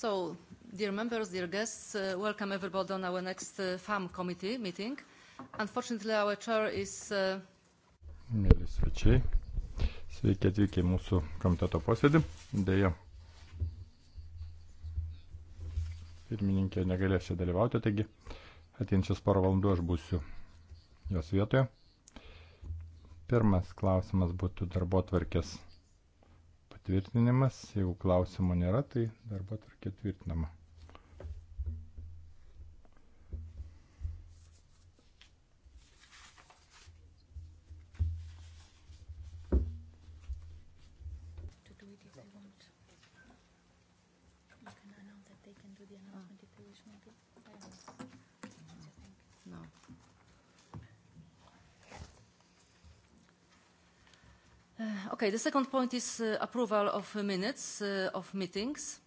So, dear members, dear guests, uh, welcome everybody on our next uh, FAM committee meeting. Unfortunately, our chair is... Uh... Mėly svečiai, sveiki atvykę į mūsų komiteto posėdį. Deja, pirmininkė negalės čia dalyvauti, taigi atinčias porą valandų aš būsiu jos vietoje. Pirmas klausimas būtų darbo tvarkės tvirtinimas. Jeigu klausimų nėra, tai darbo tvarkė tvirtinama. Okay, the second point is uh, approval of minutes uh, of meetings.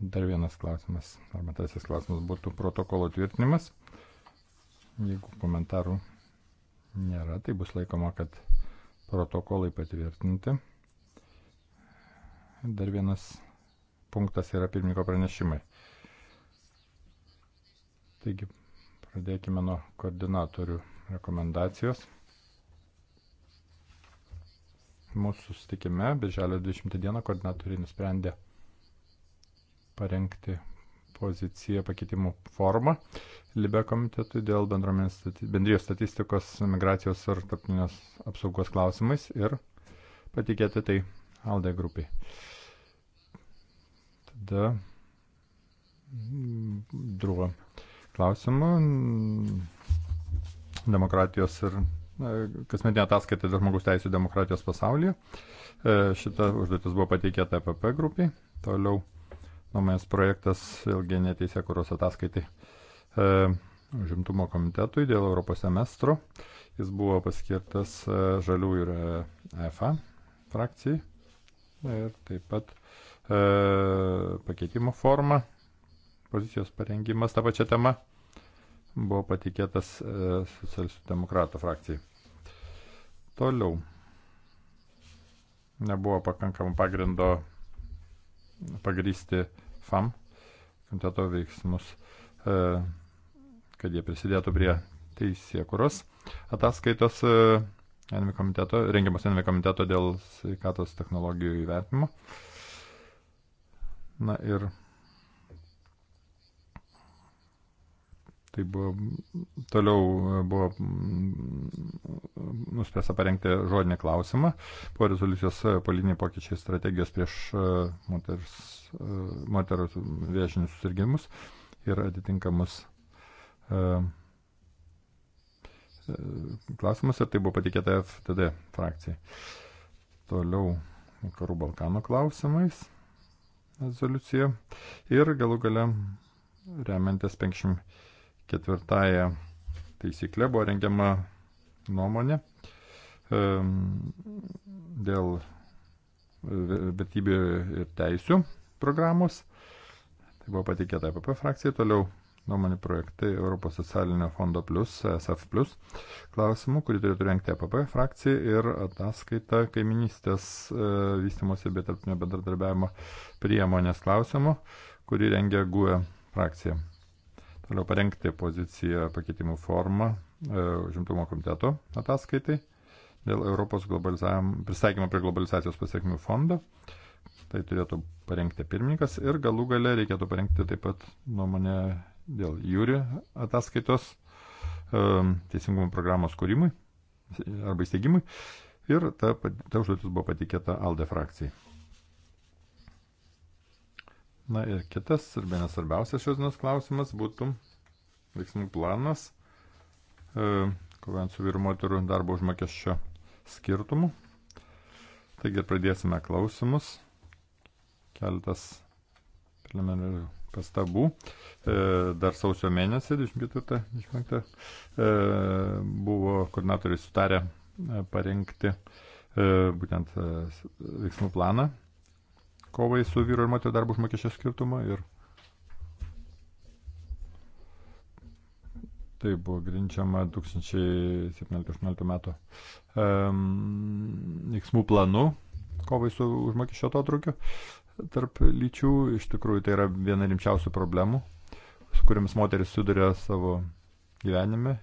Dar vienas klausimas, arba tasis klausimas būtų protokolo tvirtinimas. Jeigu komentarų nėra, tai bus laikoma, kad protokolai patvirtinti. Dar vienas punktas yra pirmininko pranešimai. Taigi, pradėkime nuo koordinatorių rekomendacijos mūsų sustikime, birželio 20 dieną, koordinatoriai nusprendė parengti poziciją pakeitimų formą Libe komitetui dėl stati bendrijos statistikos, migracijos ir tarptautinės apsaugos klausimais ir patikėti tai Alde grupiai. Tada mm, drūva klausimų mm, demokratijos ir kasmetinė ataskaita dėl žmogus teisų demokratijos pasaulyje. E, šita užduotis buvo pateikėta EPP grupiai. Toliau nuomės projektas ilgi neteisė kuros ataskaitai e, užimtumo komitetui dėl Europos semestro. Jis buvo paskirtas e, žalių ir EFA frakcijai. Ir taip pat e, pakeitimo forma, pozicijos parengimas tą pačią temą buvo patikėtas e, socialistų demokratų frakcijai. Toliau. Nebuvo pakankamų pagrindo pagrysti FAM komiteto veiksmus, e, kad jie prisidėtų prie teisėkuros ataskaitos e, NV komiteto, rengiamas NV komiteto dėl sveikatos technologijų įvertinimo. Na ir Tai buvo, toliau e, buvo mm, nuspręsta parengti žodinį klausimą po rezoliucijos e, politiniai pokyčiai strategijos prieš e, moters, moterų viešinius susirgymus ir atitinkamus klausimus ir tai buvo patikėta FTD frakcijai. Toliau Vakarų Balkano klausimais rezoliucija ir galų gale remiantis 50 ketvirtąją taisyklę buvo rengiama nuomonė dėl e, vertybių ir teisių programos. Tai buvo patikėta EPP frakcijai, toliau nuomonių projektai Europos socialinio fondo plus, SF plus klausimų, kurį turėtų rengti EPP frakcija ir ataskaita kaiminystės e, vystimosi bei tarptinio bendradarbiavimo priemonės klausimų, kurį rengia GUE frakcija toliau parengti poziciją pakeitimų formą e, užimtumo komiteto ataskaitai dėl Europos pristaikymo prie globalizacijos pasiekmių fondo. Tai turėtų parengti pirmininkas ir galų gale reikėtų parengti taip pat nuomonę dėl jūri ataskaitos e, teisingumo programos kūrimui arba įsteigimui. Ir ta, ta užduotis buvo patikėta ALDE frakcijai. Na ir kitas, ir benes svarbiausias šios dienos klausimas būtų veiksmų planas e, kovant su vyru moterų darbo užmokesčio skirtumu. Taigi pradėsime klausimus. Keletas preliminarių pastabų. E, dar sausio mėnesį, 24-25, e, buvo koordinatoriai sutarę parengti būtent veiksmų planą kovai su vyru ir moterų darbo užmokesčio skirtumu ir tai buvo grindžiama 2017-2018 metų veiksmų um, planu kovai su užmokesčio atotrukiu tarp lyčių. Iš tikrųjų, tai yra viena rimčiausių problemų, su kuriamis moteris suduria savo gyvenime.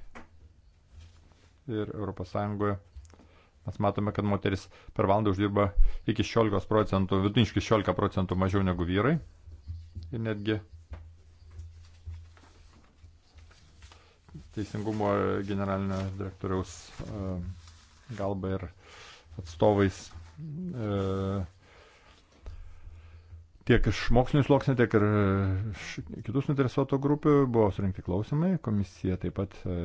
Ir ES mes matome, kad moteris per valandą uždirba iki 16 procentų, vidutiniškai 16 procentų mažiau negu vyrai. Ir netgi Teisingumo generalinio direktoriaus e, galba ir atstovais e, tiek iš mokslinių sluoksnių, tiek ir iš kitų suinteresuotų grupių buvo surinkti klausimai. Komisija taip pat e,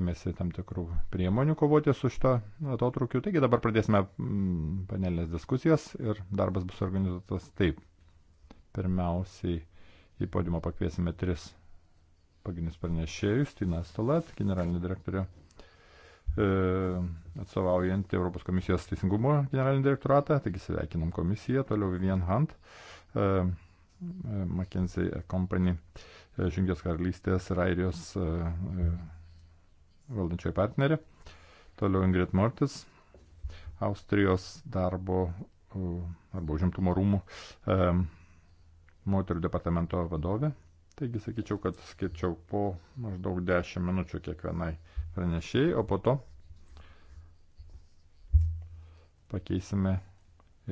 ėmėsi tam tikrų priemonių kovoti su šito atotrukiu. Taigi dabar pradėsime mm, panelės diskusijas ir darbas bus organizuotas taip. Pirmiausiai į podiumą pakviesime tris pagrindinis pranešėjus, Tina Stalat, generalinė direktorė e, atstovaujant Europos komisijos teisingumo generalinį direktoratą, taigi sveikinam komisiją, toliau Vivian Hunt, e, e, McKinsey Company, Žingės karalystės ir Airijos valdančioji partnerė, toliau Ingrid Mortis, Austrijos darbo arba užimtumo rūmų moterų departamento vadovė, Taigi sakyčiau, kad skirčiau po maždaug 10 minučių kiekvienai pranešėjai, o po to pakeisime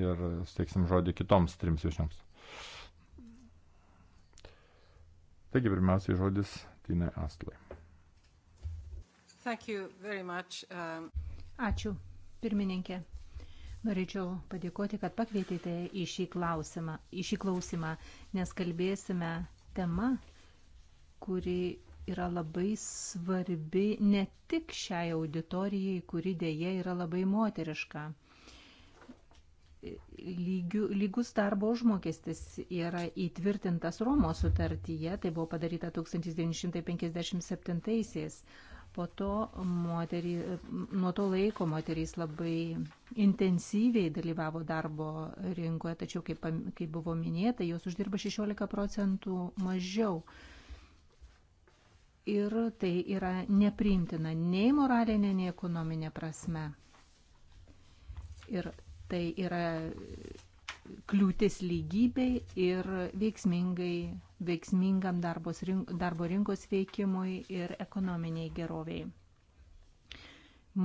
ir steiksim žodį kitoms trims viešnioms. Taigi pirmiausiai žodis Tinai Astlai. Um... Ačiū, pirmininkė. Norėčiau padėkoti, kad pakvietėte į šį klausimą, į šį klausimą nes kalbėsime tema, kuri yra labai svarbi ne tik šiai auditorijai, kuri dėje yra labai moteriška. Lygių, lygus darbo užmokestis yra įtvirtintas Romos sutartyje, tai buvo padaryta 1957-aisiais. Po to moterį, nuo to laiko moterys labai intensyviai dalyvavo darbo rinkoje, tačiau, kaip, kaip buvo minėta, jos uždirba 16 procentų mažiau. Ir tai yra nepriimtina nei moralinė, nei ekonominė prasme. Ir tai yra kliūtis lygybei ir veiksmingai veiksmingam rink, darbo rinkos veikimui ir ekonominiai geroviai.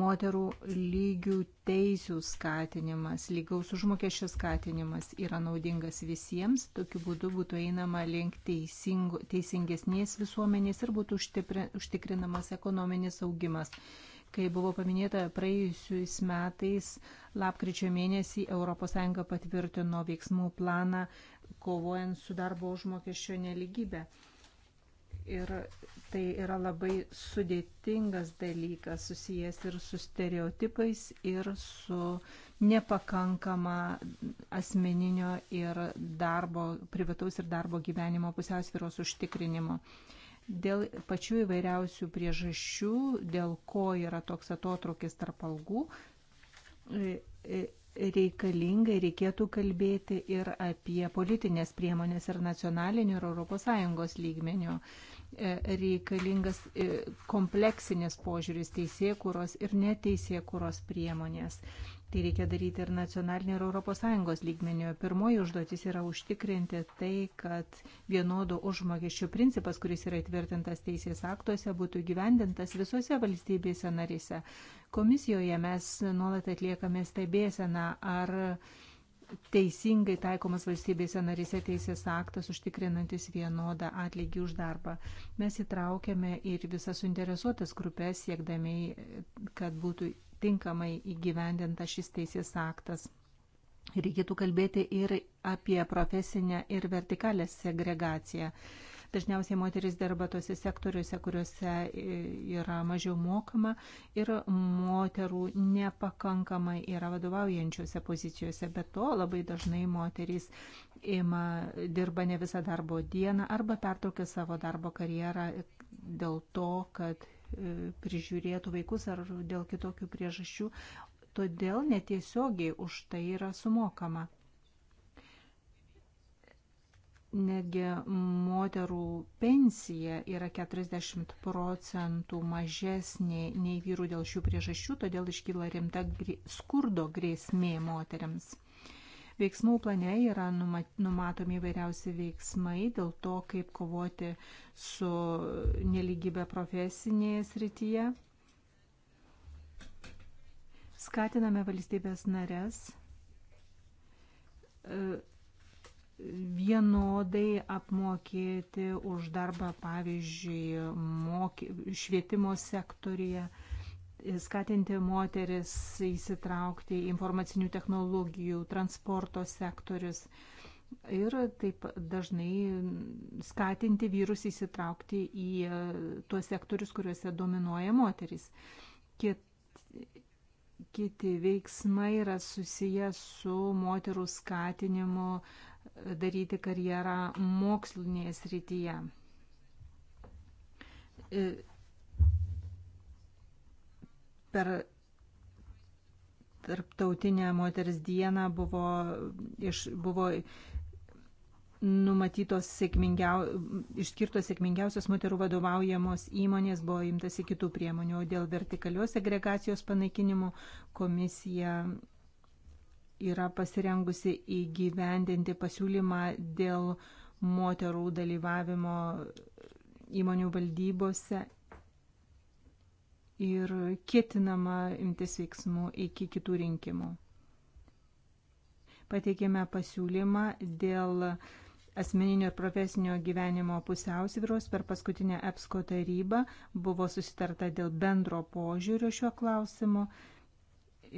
Moterų lygių teisių skatinimas, lygaus užmokesčio skatinimas yra naudingas visiems, tokiu būdu būtų einama link teisingo, teisingesnės visuomenės ir būtų užtiprinamas ekonominis augimas. Kai buvo paminėta praėjusiais metais, lapkričio mėnesį ES patvirtino veiksmų planą kovojant su darbo užmokesčio neligybė. Ir tai yra labai sudėtingas dalykas susijęs ir su stereotipais, ir su nepakankama asmeninio ir darbo, privataus ir darbo gyvenimo pusiausvyros užtikrinimo. Uh, dėl pačių įvairiausių priežasčių, dėl ko yra toks atotrukis tarp algų, e, e, reikalingai reikėtų kalbėti ir apie politinės priemonės ir nacionalinių ir ES lygmenio. E, reikalingas kompleksinis požiūris teisėkuros ir neteisėkuros priemonės. Tai reikia daryti ir nacionalinio, ir ES lygmenio. Pirmoji užduotis yra užtikrinti tai, kad vienodo užmokesčio principas, kuris yra įtvirtintas teisės aktuose, būtų gyvendintas visose valstybėse narėse. Komisijoje mes nuolat atliekame stebėseną, ar teisingai taikomas valstybėse narėse teisės aktas užtikrinantis vienodą atlygį už darbą. Mes įtraukiame ir visas suinteresuotas grupės, siekdami, kad būtų tinkamai įgyvendinta šis teisės aktas. Reikėtų kalbėti ir apie profesinę ir vertikalę segregaciją. Dažniausiai moteris dirba tose sektoriuose, kuriuose e, yra mažiau mokama ir moterų nepakankamai yra vadovaujančiose pozicijose. Be to labai dažnai moterys ima, dirba ne visą darbo dieną arba pertraukia savo darbo karjerą dėl to, kad E, prižiūrėtų vaikus ar dėl kitokių priežasčių, todėl netiesiogiai už tai yra sumokama. Netgi moterų pensija yra 40 procentų mažesnė nei vyrų dėl šių priežasčių, todėl iškyla rimta skurdo grėsmė moteriams. Veiksmų plane yra numatomi įvairiausi veiksmai dėl to, kaip kovoti su neligybė profesinėje srityje. Skatiname valstybės narės e, vienodai apmokėti už darbą, pavyzdžiui, moky, švietimo sektorija skatinti moteris įsitraukti į informacinių technologijų, transporto sektorius ir taip dažnai skatinti vyrus įsitraukti į e, tuos sektorius, kuriuose dominuoja moteris. Kit, kiti veiksmai yra susiję su moterų skatinimu daryti karjerą mokslinėje srityje e, per tarptautinę moters dieną buvo, iš, buvo numatytos sėkmingiau, išskirtos sėkmingiausios moterų vadovaujamos įmonės, buvo imtasi kitų priemonių, o dėl vertikalios agregacijos panaikinimo komisija yra pasirengusi įgyvendinti pasiūlymą dėl moterų dalyvavimo įmonių valdybose ir kėtinama imtis veiksmų iki kitų rinkimų. Pateikėme pasiūlymą dėl asmeninio ir profesinio gyvenimo pusiausvyros per paskutinę EPSCO tarybą buvo susitarta dėl bendro požiūrio šiuo klausimu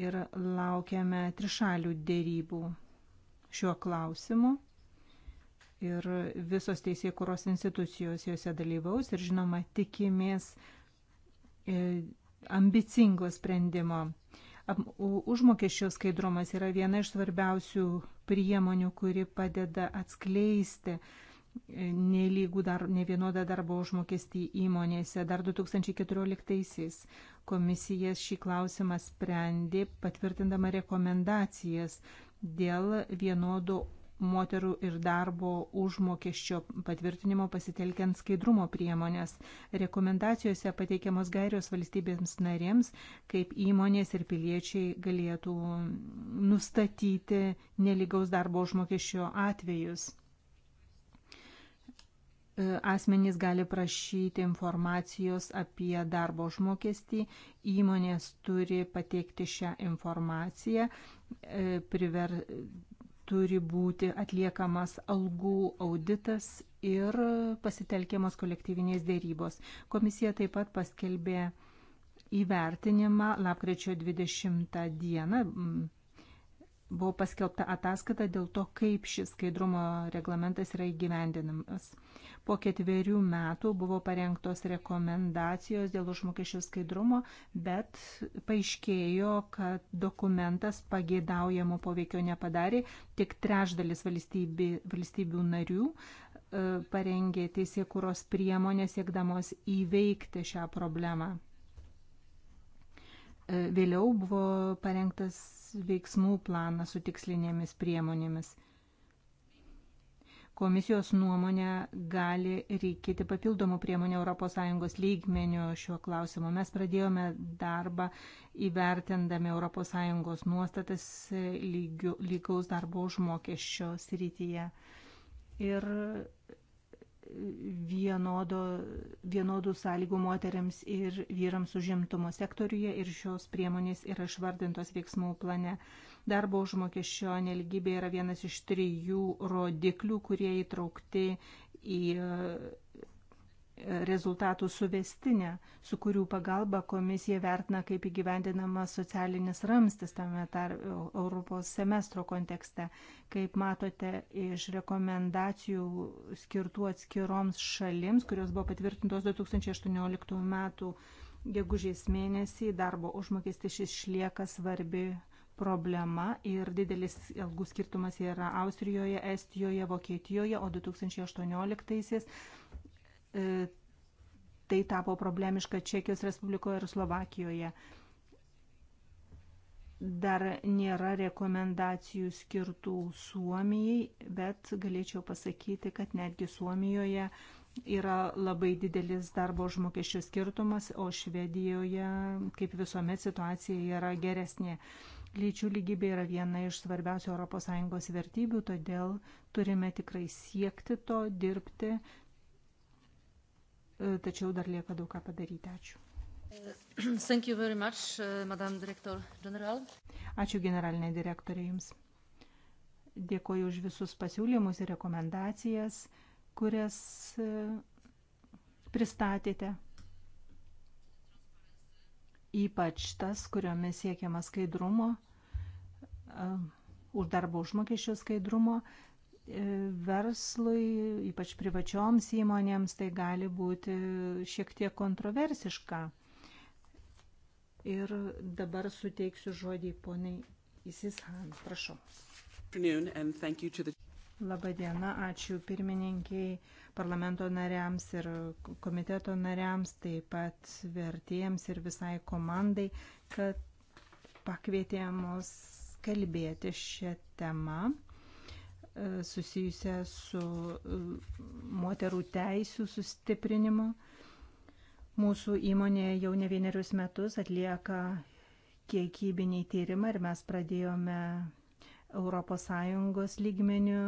ir laukiame trišalių dėrybų šiuo klausimu ir visos teisėkuros institucijos juose dalyvaus ir žinoma tikimės E, ambicingo sprendimo. Užmokesčio skaidrumas yra viena iš svarbiausių priemonių, kuri padeda atskleisti e, nelygų dar, nevienodą darbo užmokestį įmonėse. Dar 2014-aisiais komisija šį klausimą sprendė patvirtindama rekomendacijas dėl vienodo moterų ir darbo užmokesčio patvirtinimo pasitelkiant skaidrumo priemonės. Rekomendacijose pateikiamos gairios valstybėms narėms, kaip įmonės ir piliečiai galėtų nustatyti neligaus darbo užmokesčio atvejus e, asmenys gali prašyti informacijos apie darbo užmokestį, įmonės turi pateikti šią informaciją, e, priver, turi būti atliekamas algų auditas ir pasitelkiamas kolektyvinės dėrybos. Komisija taip pat paskelbė įvertinimą lapkričio 20 dieną. Buvo paskelbta ataskata dėl to, kaip šis skaidrumo reglamentas yra įgyvendinamas. Po ketverių metų buvo parengtos rekomendacijos dėl užmokesčio skaidrumo, bet paaiškėjo, kad dokumentas pageidaujamo poveikio nepadarė. Tik trečdalis valstybi, valstybių narių e, parengė teisėkuros priemonę siekdamos įveikti šią problemą. E, vėliau buvo parengtas veiksmų planas su tikslinėmis priemonėmis. Komisijos nuomonė gali reikėti papildomų priemonių ES lygmenių šiuo klausimu. Mes pradėjome darbą įvertindami ES nuostatas lygių, lygaus darbo užmokesčio srityje. Ir vienodo, vienodų sąlygų moteriams ir vyrams užimtumo sektoriuje ir šios priemonės yra išvardintos veiksmų plane. Darbo užmokesčio neligybė yra vienas iš trijų rodiklių, kurie įtraukti į e, rezultatų suvestinę, su kurių pagalba komisija vertina, kaip įgyvendinamas socialinis ramstis tame tarp e, Europos semestro kontekste. Kaip matote iš rekomendacijų skirtų atskiroms šalims, kurios buvo patvirtintos 2018 m. gegužės mėnesį, darbo užmokestis išlieka svarbi problema ir didelis algų skirtumas yra Austrijoje, Estijoje, Vokietijoje, o 2018-aisiais e, tai tapo problemiška Čekijos Respublikoje ir Slovakijoje. Dar nėra rekomendacijų skirtų Suomijai, bet galėčiau pasakyti, kad netgi Suomijoje yra labai didelis darbo užmokesčio skirtumas, o Švedijoje, kaip visuomet, situacija yra geresnė. E, Lyčių lygybė yra viena iš svarbiausių ES vertybių, todėl turime tikrai siekti to, dirbti, e, tačiau dar lieka daug ką padaryti. Ačiū. Thank you very much, e, Madam Director General. Ačiū generalinė direktorė Jums. Dėkoju už visus pasiūlymus ir rekomendacijas, kurias e, pristatėte ypač tas, kuriomis siekiama skaidrumo, e, už darbo užmokesčio skaidrumo, e, verslui, ypač privačioms įmonėms, tai gali būti šiek tiek kontroversiška. Ir dabar suteiksiu žodį poniai Isishan. Prašau. Labą dieną, ačiū pirmininkiai parlamento nariams ir komiteto nariams, taip pat vertėjams ir visai komandai, kad pakvietė mus kalbėti šią temą e, susijusią su e, moterų teisų sustiprinimu. Mūsų įmonė jau ne vienerius metus atlieka kiekybinį tyrimą ir mes pradėjome ES lygmenių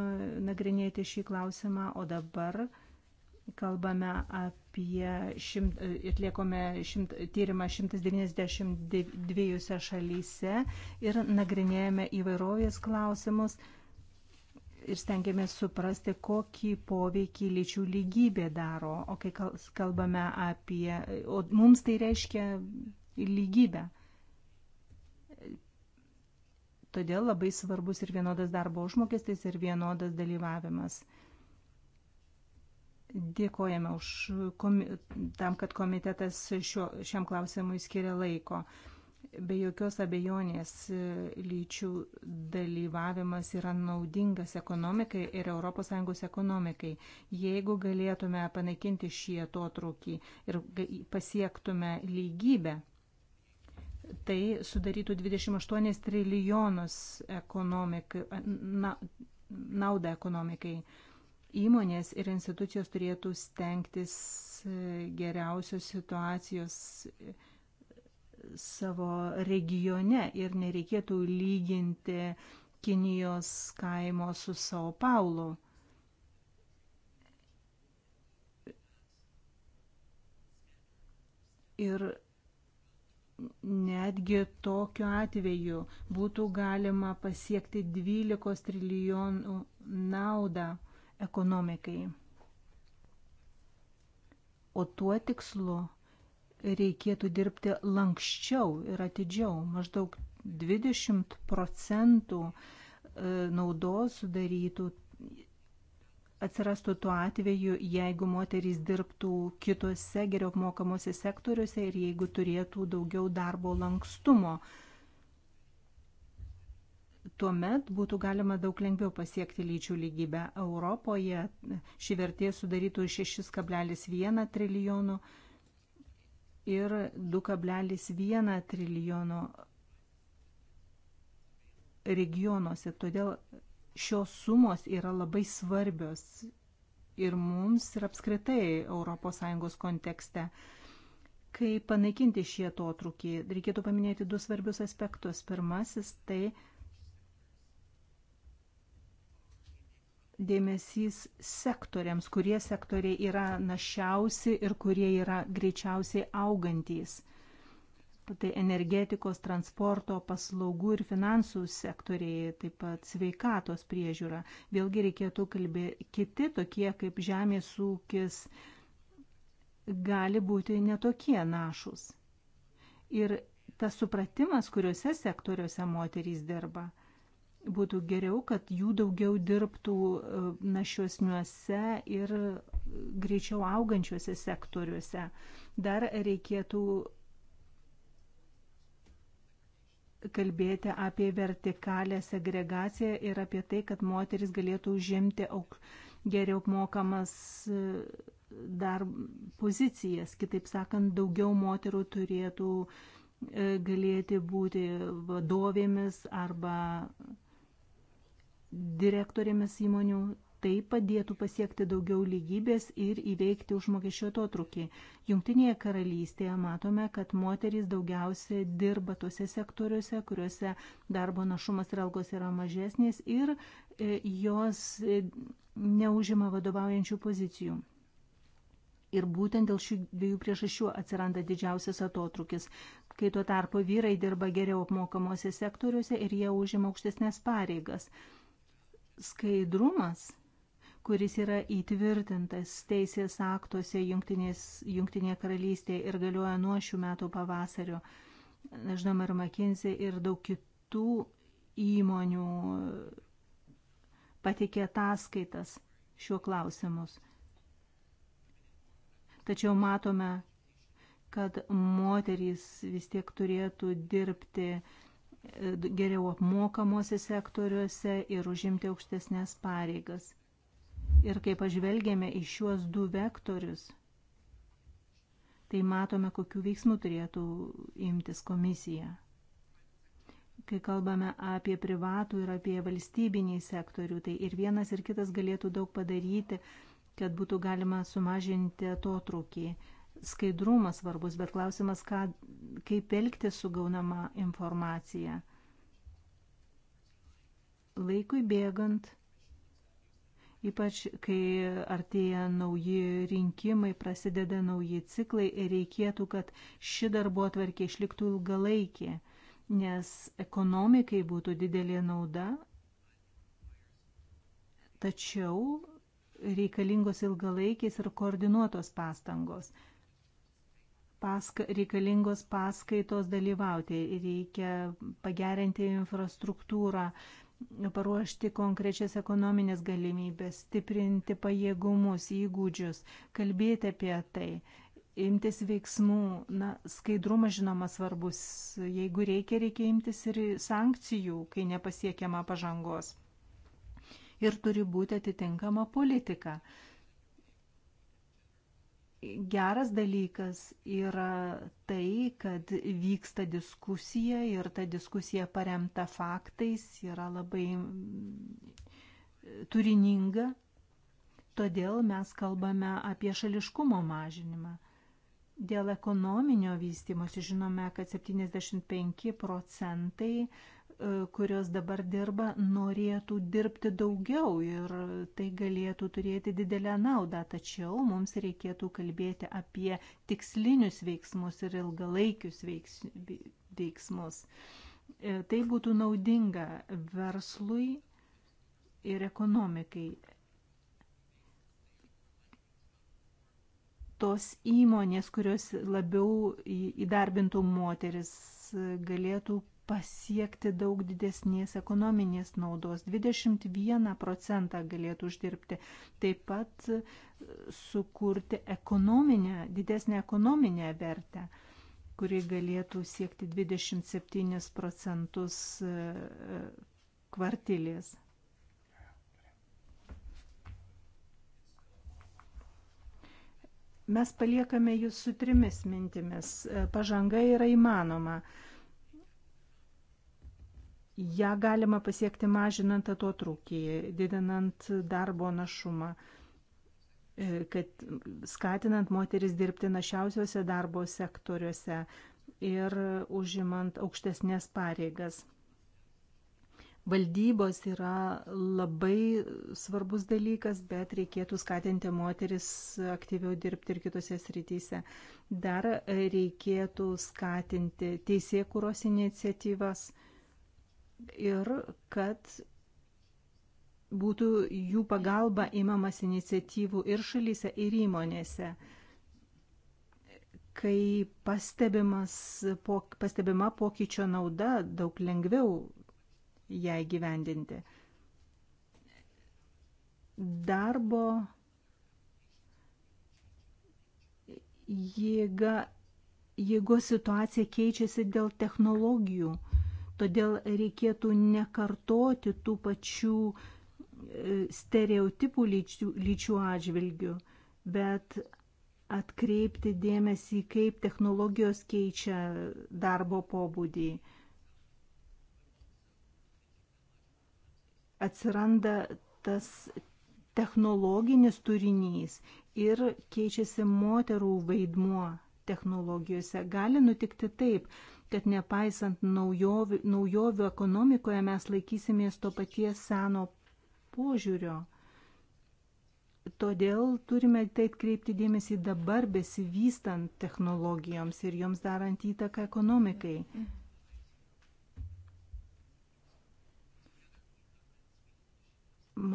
nagrinėti šį klausimą, o dabar kalbame apie, šimt, atliekome šimt, tyrimą 192 šalyse ir nagrinėjame įvairovės klausimus ir stengiamės suprasti, kokį poveikį lyčių lygybė daro, o kai kalbame apie, o mums tai reiškia lygybę. Todėl labai svarbus ir vienodas darbo užmokestis ir vienodas dalyvavimas. Dėkojame už komi tam, kad komitetas šio, šiam klausimui skiria laiko. Be jokios abejonės lyčių dalyvavimas yra naudingas ekonomikai ir ES ekonomikai. Jeigu galėtume panaikinti šį atotrūkį ir pasiektume lygybę Tai sudarytų 28 trilijonus ekonomik, na, naudą ekonomikai. Įmonės ir institucijos turėtų stengtis geriausios situacijos savo regione ir nereikėtų lyginti Kinijos kaimo su Sao Paulo. Ir netgi tokiu atveju būtų galima pasiekti 12 trilijonų naudą ekonomikai. O tuo tikslu reikėtų dirbti lankščiau ir atidžiau. Maždaug 20 procentų e, naudos sudarytų atsirastų tuo atveju, jeigu moterys dirbtų kitose geriau apmokamosi sektoriuose ir jeigu turėtų daugiau darbo lankstumo. Tuomet būtų galima daug lengviau pasiekti lyčių lygybę. Europoje ši vertė sudarytų 6,1 trilijonų ir 2,1 trilijono regionuose. Todėl šios sumos yra labai svarbios ir mums, ir apskritai ES kontekste. Kaip panaikinti šį atotrukį, reikėtų paminėti du svarbius aspektus. Pirmasis - tai dėmesys sektoriams, kurie sektoriai yra našiausi ir kurie yra greičiausiai augantys tai energetikos, transporto, paslaugų ir finansų sektoriai, taip pat sveikatos priežiūra. Vėlgi reikėtų kalbėti, kiti tokie kaip žemės ūkis gali būti netokie našus. Ir tas supratimas, kuriuose sektoriuose moterys dirba, būtų geriau, kad jų daugiau dirbtų e, našiuosniuose ir greičiau augančiuose sektoriuose. Dar reikėtų kalbėti apie vertikalę segregaciją ir apie tai, kad moteris galėtų užimti auk, geriau apmokamas e, dar pozicijas. Kitaip sakant, daugiau moterų turėtų e, galėti būti vadovėmis arba direktorėmis įmonių. Tai padėtų pasiekti daugiau lygybės ir įveikti užmokesčio atotrukį. Jungtinėje karalystėje matome, kad moterys daugiausia dirba tose sektoriuose, kuriuose darbo našumas ir algos yra mažesnės ir e, jos e, neužima vadovaujančių pozicijų. Ir būtent dėl šių dviejų priežasčių atsiranda didžiausias atotrukis, kai tuo tarpu vyrai dirba geriau apmokamosiose sektoriuose ir jie užima aukštesnės pareigas. Skaidrumas kuris yra įtvirtintas teisės aktuose Junktinėje karalystėje ir galioja nuo šių metų pavasario. Žinoma, ir McKinsey ir daug kitų įmonių patikė ataskaitas šiuo klausimus. Tačiau matome, kad moterys vis tiek turėtų dirbti e, geriau apmokamosi sektoriuose ir užimti aukštesnės pareigas. Ir kai pažvelgėme į šiuos du vektorius, tai matome, kokiu veiksmu turėtų imtis komisija. Kai kalbame apie privatų ir apie valstybinį sektorių, tai ir vienas ir kitas galėtų daug padaryti, kad būtų galima sumažinti atotrukį. Skaidrumas svarbus, bet klausimas, ką, kaip elgti su gaunama informacija. Laikui bėgant ypač kai artėja nauji rinkimai, prasideda nauji ciklai ir reikėtų, kad ši darbo atverkė išliktų ilgalaikė, nes ekonomikai būtų didelė nauda, tačiau reikalingos ilgalaikės ir koordinuotos pastangos. Paska, reikalingos paskaitos dalyvauti, reikia pagerinti infrastruktūrą, paruošti konkrečias ekonominės galimybės, stiprinti pajėgumus, įgūdžius, kalbėti apie tai, imtis veiksmų. Na, skaidrumas žinoma svarbus. Jeigu reikia, reikia imtis ir sankcijų, kai nepasiekiama pažangos. Ir turi būti atitinkama politika geras dalykas yra tai, kad vyksta diskusija ir ta diskusija paremta faktais yra labai mm, turininga. Todėl mes kalbame apie šališkumo mažinimą. Dėl ekonominio vystimosi žinome, kad 75 procentai E, kurios dabar dirba, norėtų dirbti daugiau ir tai galėtų turėti didelę naudą, tačiau mums reikėtų kalbėti apie tikslinius veiksmus ir ilgalaikius veiksmus. E, tai būtų naudinga verslui ir ekonomikai. Tos įmonės, kurios labiau įdarbintų moteris, galėtų pasiekti daug didesnės ekonominės naudos. 21 procentą galėtų uždirbti. Taip pat e, sukurti ekonominę, didesnę ekonominę vertę, kuri galėtų siekti 27 procentus e, kvartilės. Mes paliekame jūs su trimis mintimis. E, pažanga yra įmanoma ją galima pasiekti mažinant atotrūkį, didinant darbo našumą, e, kad skatinant moteris dirbti našiausiuose darbo sektoriuose ir užimant aukštesnės pareigas. Valdybos yra labai svarbus dalykas, bet reikėtų skatinti moteris aktyviau dirbti ir kitose srityse. Dar reikėtų skatinti teisėkuros iniciatyvas ir kad būtų jų pagalba įmamas iniciatyvų ir šalyse, ir įmonėse, kai po, pastebima pokyčio nauda, daug lengviau ją įgyvendinti. Darbo jėga, jėgos situacija keičiasi dėl technologijų Todėl reikėtų nekartoti tų pačių e, stereotipų lyčių, lyčių atžvilgių, bet atkreipti dėmesį, kaip technologijos keičia darbo pobūdį. Atsiranda tas technologinis turinys ir keičiasi moterų vaidmuo technologijose. Gali nutikti taip, kad nepaisant naujovių, naujovių ekonomikoje mes laikysimės to paties seno požiūrio. Todėl turime taip kreipti dėmesį dabar besivystant technologijoms ir joms darant įtaką ekonomikai.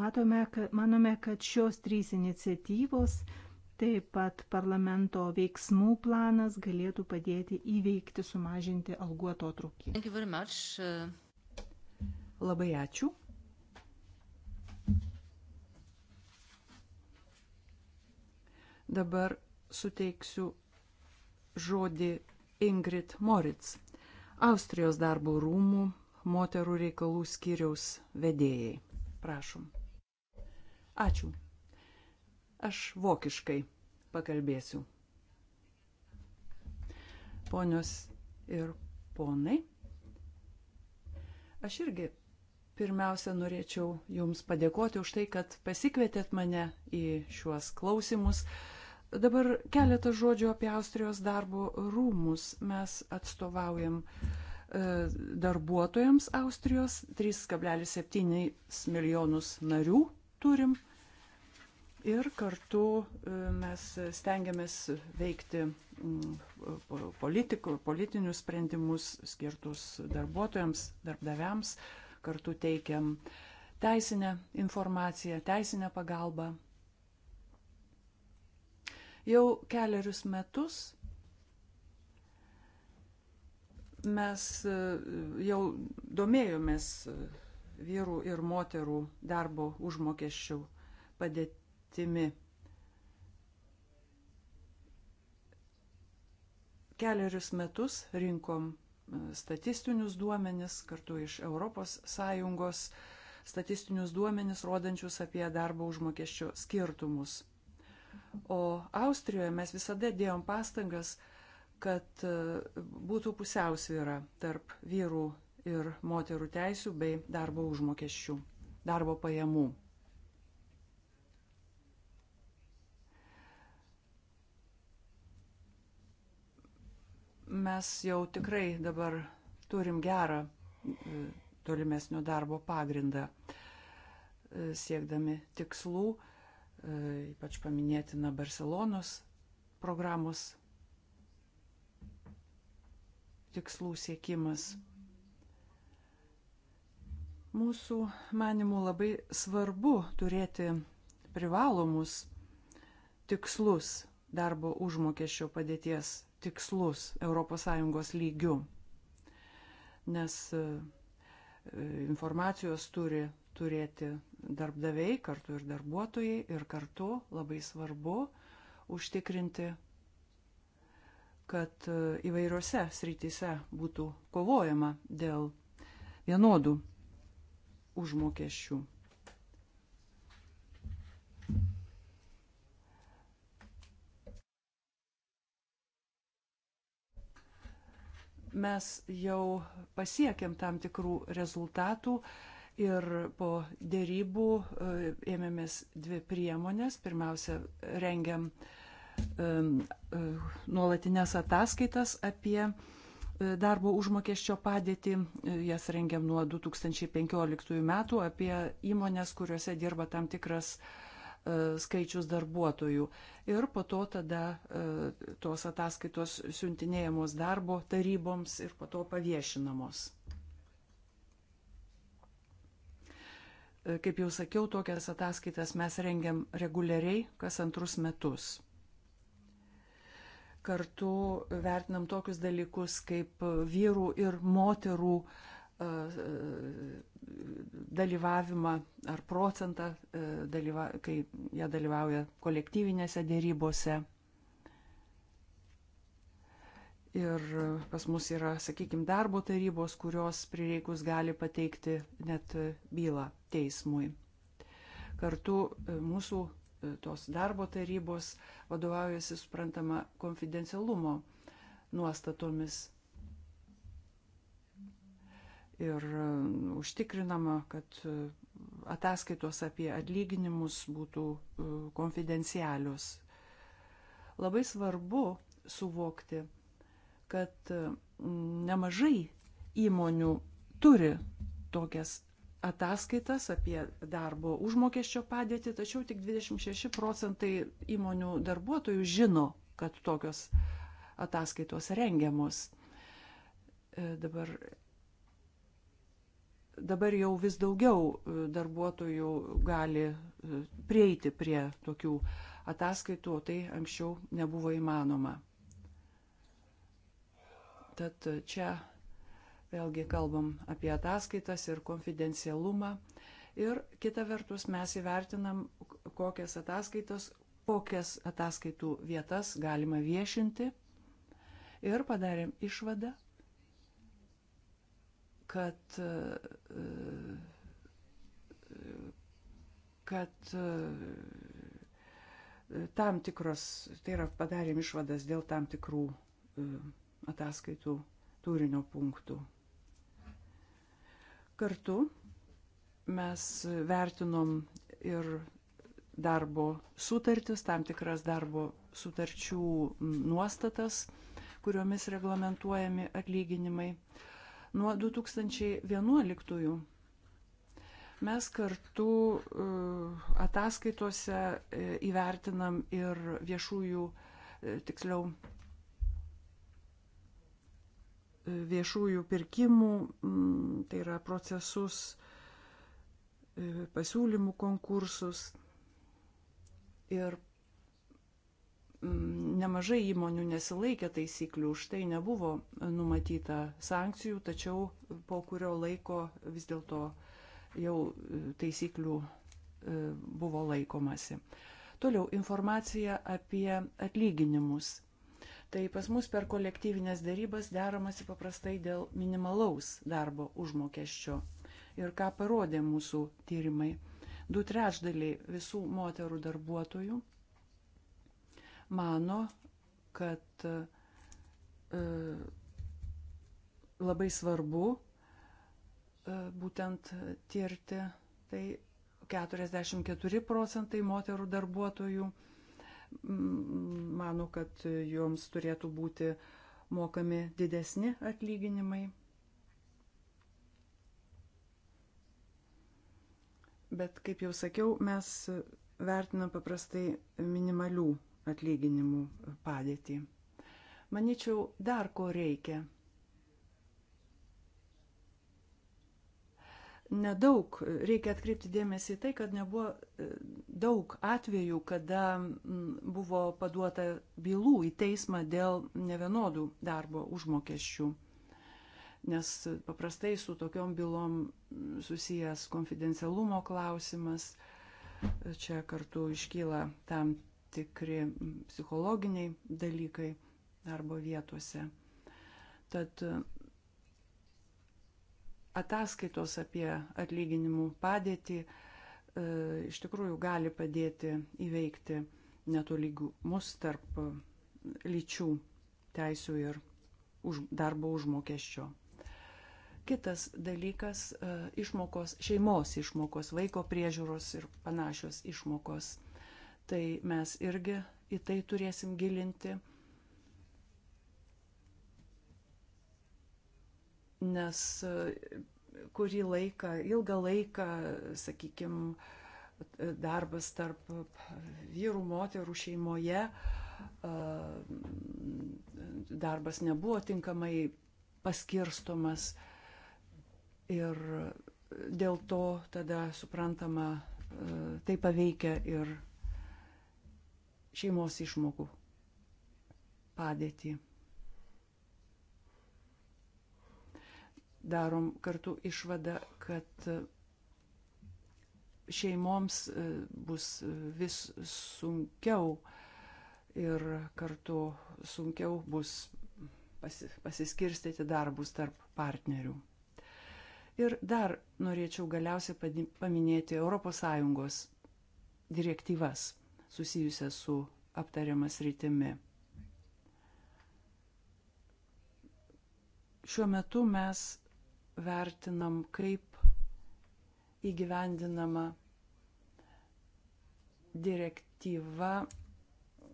Matome, kad, manome, kad šios trys iniciatyvos Taip pat parlamento veiksmų planas galėtų padėti įveikti, sumažinti algų atotrukį. Uh, Labai ačiū. Dabar suteiksiu žodį Ingrid Moritz, Austrijos darbo rūmų moterų reikalų skyriaus vedėjai. Prašom. Ačiū. Aš vokiškai pakalbėsiu. Ponios ir ponai, aš irgi pirmiausia norėčiau Jums padėkoti už tai, kad pasikvietėt mane į šiuos klausimus. Dabar keletas žodžių apie Austrijos darbo rūmus. Mes atstovaujam e, darbuotojams Austrijos 3,7 milijonus narių turim. Ir kartu e, mes stengiamės veikti politikų, politinius sprendimus skirtus darbuotojams, darbdaviams, kartu teikiam teisinę informaciją, teisinę pagalbą. Jau keliarius metus mes e, jau domėjomės vyrų ir moterų darbo užmokesčių padėti kryptimi. Keliarius metus rinkom e, statistinius duomenis kartu iš ES statistinius duomenis rodančius apie darbo užmokesčio skirtumus. O Austrijoje mes visada dėjom pastangas, kad e, būtų pusiausvyra tarp vyrų ir moterų teisių bei darbo užmokesčių, darbo pajamų. mes jau tikrai dabar turim gerą e, tolimesnio darbo pagrindą e, siekdami tikslų, e, ypač paminėtina Barcelonos programos tikslų siekimas. Mūsų manimų labai svarbu turėti privalomus tikslus darbo užmokesčio padėties tikslus ES lygių, nes e, e, informacijos turi turėti darbdaviai, kartu ir darbuotojai, ir kartu labai svarbu užtikrinti, kad e, įvairiose srityse būtų kovojama dėl vienodų užmokesčių. mes jau pasiekėm tam tikrų rezultatų ir po dėrybų e, ėmėmės dvi priemonės. Pirmiausia, rengiam e, e, nuolatinės ataskaitas apie darbo užmokesčio padėtį. Jas rengiam nuo 2015 metų apie įmonės, kuriuose dirba tam tikras uh, E, skaičius darbuotojų. Ir po to tada e, tos ataskaitos siuntinėjamos darbo taryboms ir po to paviešinamos. E, kaip jau sakiau, tokias ataskaitas mes rengiam reguliariai kas antrus metus kartu vertinam tokius dalykus kaip vyrų ir moterų dalyvavimą ar procentą, e, dalyva, kai jie dalyvauja kolektyvinėse dėrybose. Ir pas mus yra, sakykime, darbo tarybos, kurios prireikus gali pateikti net bylą teismui. Kartu e, mūsų e, tos darbo tarybos vadovaujasi, suprantama, konfidencialumo nuostatomis ir e, užtikrinama, kad e, ataskaitos apie atlyginimus būtų e, konfidencialios. Labai svarbu suvokti, kad nemažai įmonių turi tokias ataskaitas apie darbo užmokesčio padėtį, tačiau tik 26 procentai įmonių darbuotojų žino, kad tokios ataskaitos rengiamos. Dabar dabar jau vis daugiau e, darbuotojų gali e, prieiti prie tokių ataskaitų, o tai anksčiau nebuvo įmanoma. Tad čia vėlgi kalbam apie ataskaitas ir konfidencialumą. Ir kita vertus mes įvertinam, kokias ataskaitas, kokias ataskaitų vietas galima viešinti. Ir padarėm išvadą, kad, kad tam tikros, tai yra padarėm išvadas dėl tam tikrų ataskaitų turinio punktų. Kartu mes vertinom ir darbo sutartis, tam tikras darbo sutarčių nuostatas, kuriomis reglamentuojami atlyginimai nuo 2011. Mes kartu uh, ataskaitose uh, įvertinam ir viešųjų, uh, tiksliau, viešųjų pirkimų, mm, tai yra procesus, pasiūlymų konkursus ir Mm, nemažai įmonių nesilaikė taisyklių, už tai nebuvo numatyta sankcijų, tačiau po kurio laiko vis dėlto jau e, taisyklių e, buvo laikomasi. Toliau informacija apie atlyginimus. Tai pas mus per kolektyvinės dėrybas deramasi paprastai dėl minimalaus darbo užmokesčio. Ir ką parodė mūsų tyrimai. Du trečdaliai visų moterų darbuotojų mano, kad e, labai svarbu e, būtent tirti. Tai 44 procentai moterų darbuotojų mano, kad joms turėtų būti mokami didesni atlyginimai. Bet, kaip jau sakiau, mes vertinam paprastai minimalių atlyginimų padėtį. Maničiau, dar ko reikia. Nedaug reikia atkreipti dėmesį į tai, kad nebuvo e, daug atvejų, kada buvo paduota bylų į teismą dėl nevienodų darbo užmokesčių nes paprastai su tokiom bylom susijęs konfidencialumo klausimas, čia kartu iškyla tam tikri psichologiniai dalykai darbo vietuose. Tad e, ataskaitos apie atlyginimų padėtį e, iš tikrųjų gali padėti įveikti netolygumus tarp e, lyčių teisų ir už, darbo užmokesčio. Kitas dalykas e, - išmokos, šeimos išmokos, vaiko priežiūros ir panašios išmokos tai mes irgi į tai turėsim gilinti. Nes e, kurį laiką, ilgą laiką, sakykime, darbas tarp vyrų, moterų šeimoje, e, darbas nebuvo tinkamai paskirstomas ir dėl to tada suprantama, e, tai paveikia ir šeimos išmokų padėtį. Darom kartu išvadą, kad šeimoms e, bus vis sunkiau ir kartu sunkiau bus pasiskirstyti darbus tarp partnerių. Ir dar norėčiau galiausiai paminėti ES direktyvas susijusią su aptariamas rytimi. Šiuo metu mes vertinam, kaip įgyvendinama direktyva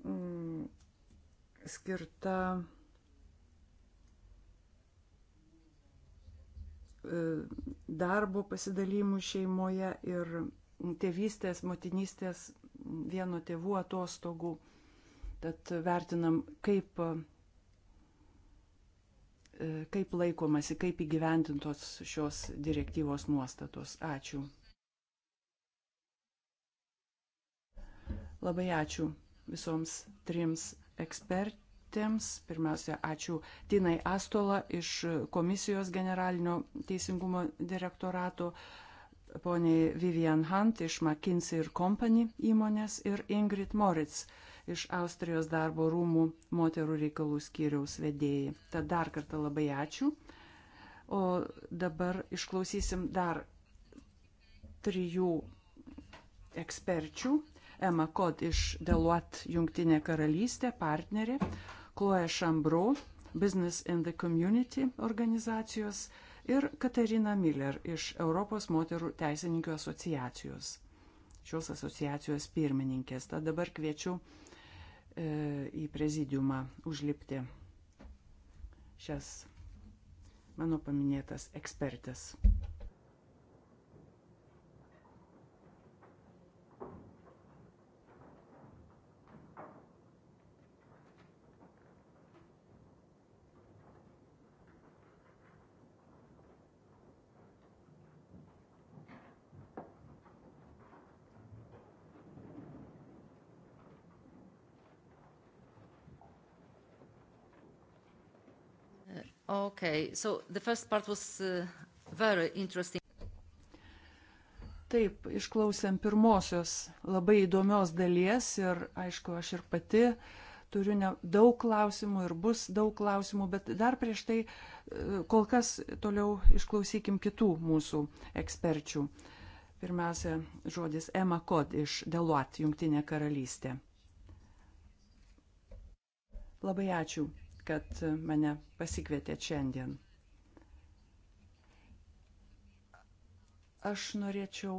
mm, skirta e, darbo pasidalymų šeimoje ir tėvystės, motinystės vieno tėvų atostogų. Tad vertinam, kaip, e, kaip laikomasi, kaip įgyvendintos šios direktyvos nuostatos. Ačiū. Labai ačiū visoms trims ekspertams ekspertėms. Pirmiausia, ačiū Tinai Astola iš Komisijos generalinio teisingumo direktorato, poniai Vivian Hunt iš McKinsey ir Company įmonės ir Ingrid Moritz iš Austrijos darbo rūmų moterų reikalų skyriaus vedėjai. Tad dar kartą labai ačiū. O dabar išklausysim dar trijų eksperčių. Emma Kod iš Deluat Jungtinė karalystė, partnerė, Chloe Chambro, Business in the Community organizacijos ir Katarina Miller iš Europos moterų teisininkų asociacijos. Šios asociacijos pirmininkės. Tad dabar kviečiu e, į prezidiumą užlipti šias mano paminėtas ekspertės. Okay, so the first part was uh, very interesting. Taip, išklausėm pirmosios labai įdomios dalies ir, aišku, aš ir pati turiu ne, daug klausimų ir bus daug klausimų, bet dar prieš tai uh, kol kas toliau išklausykim kitų mūsų eksperčių. Pirmiausia, žodis Emma Kod iš Deluat, Junktinė karalystė. Labai ačiū kad mane pasikvietėt šiandien. Aš norėčiau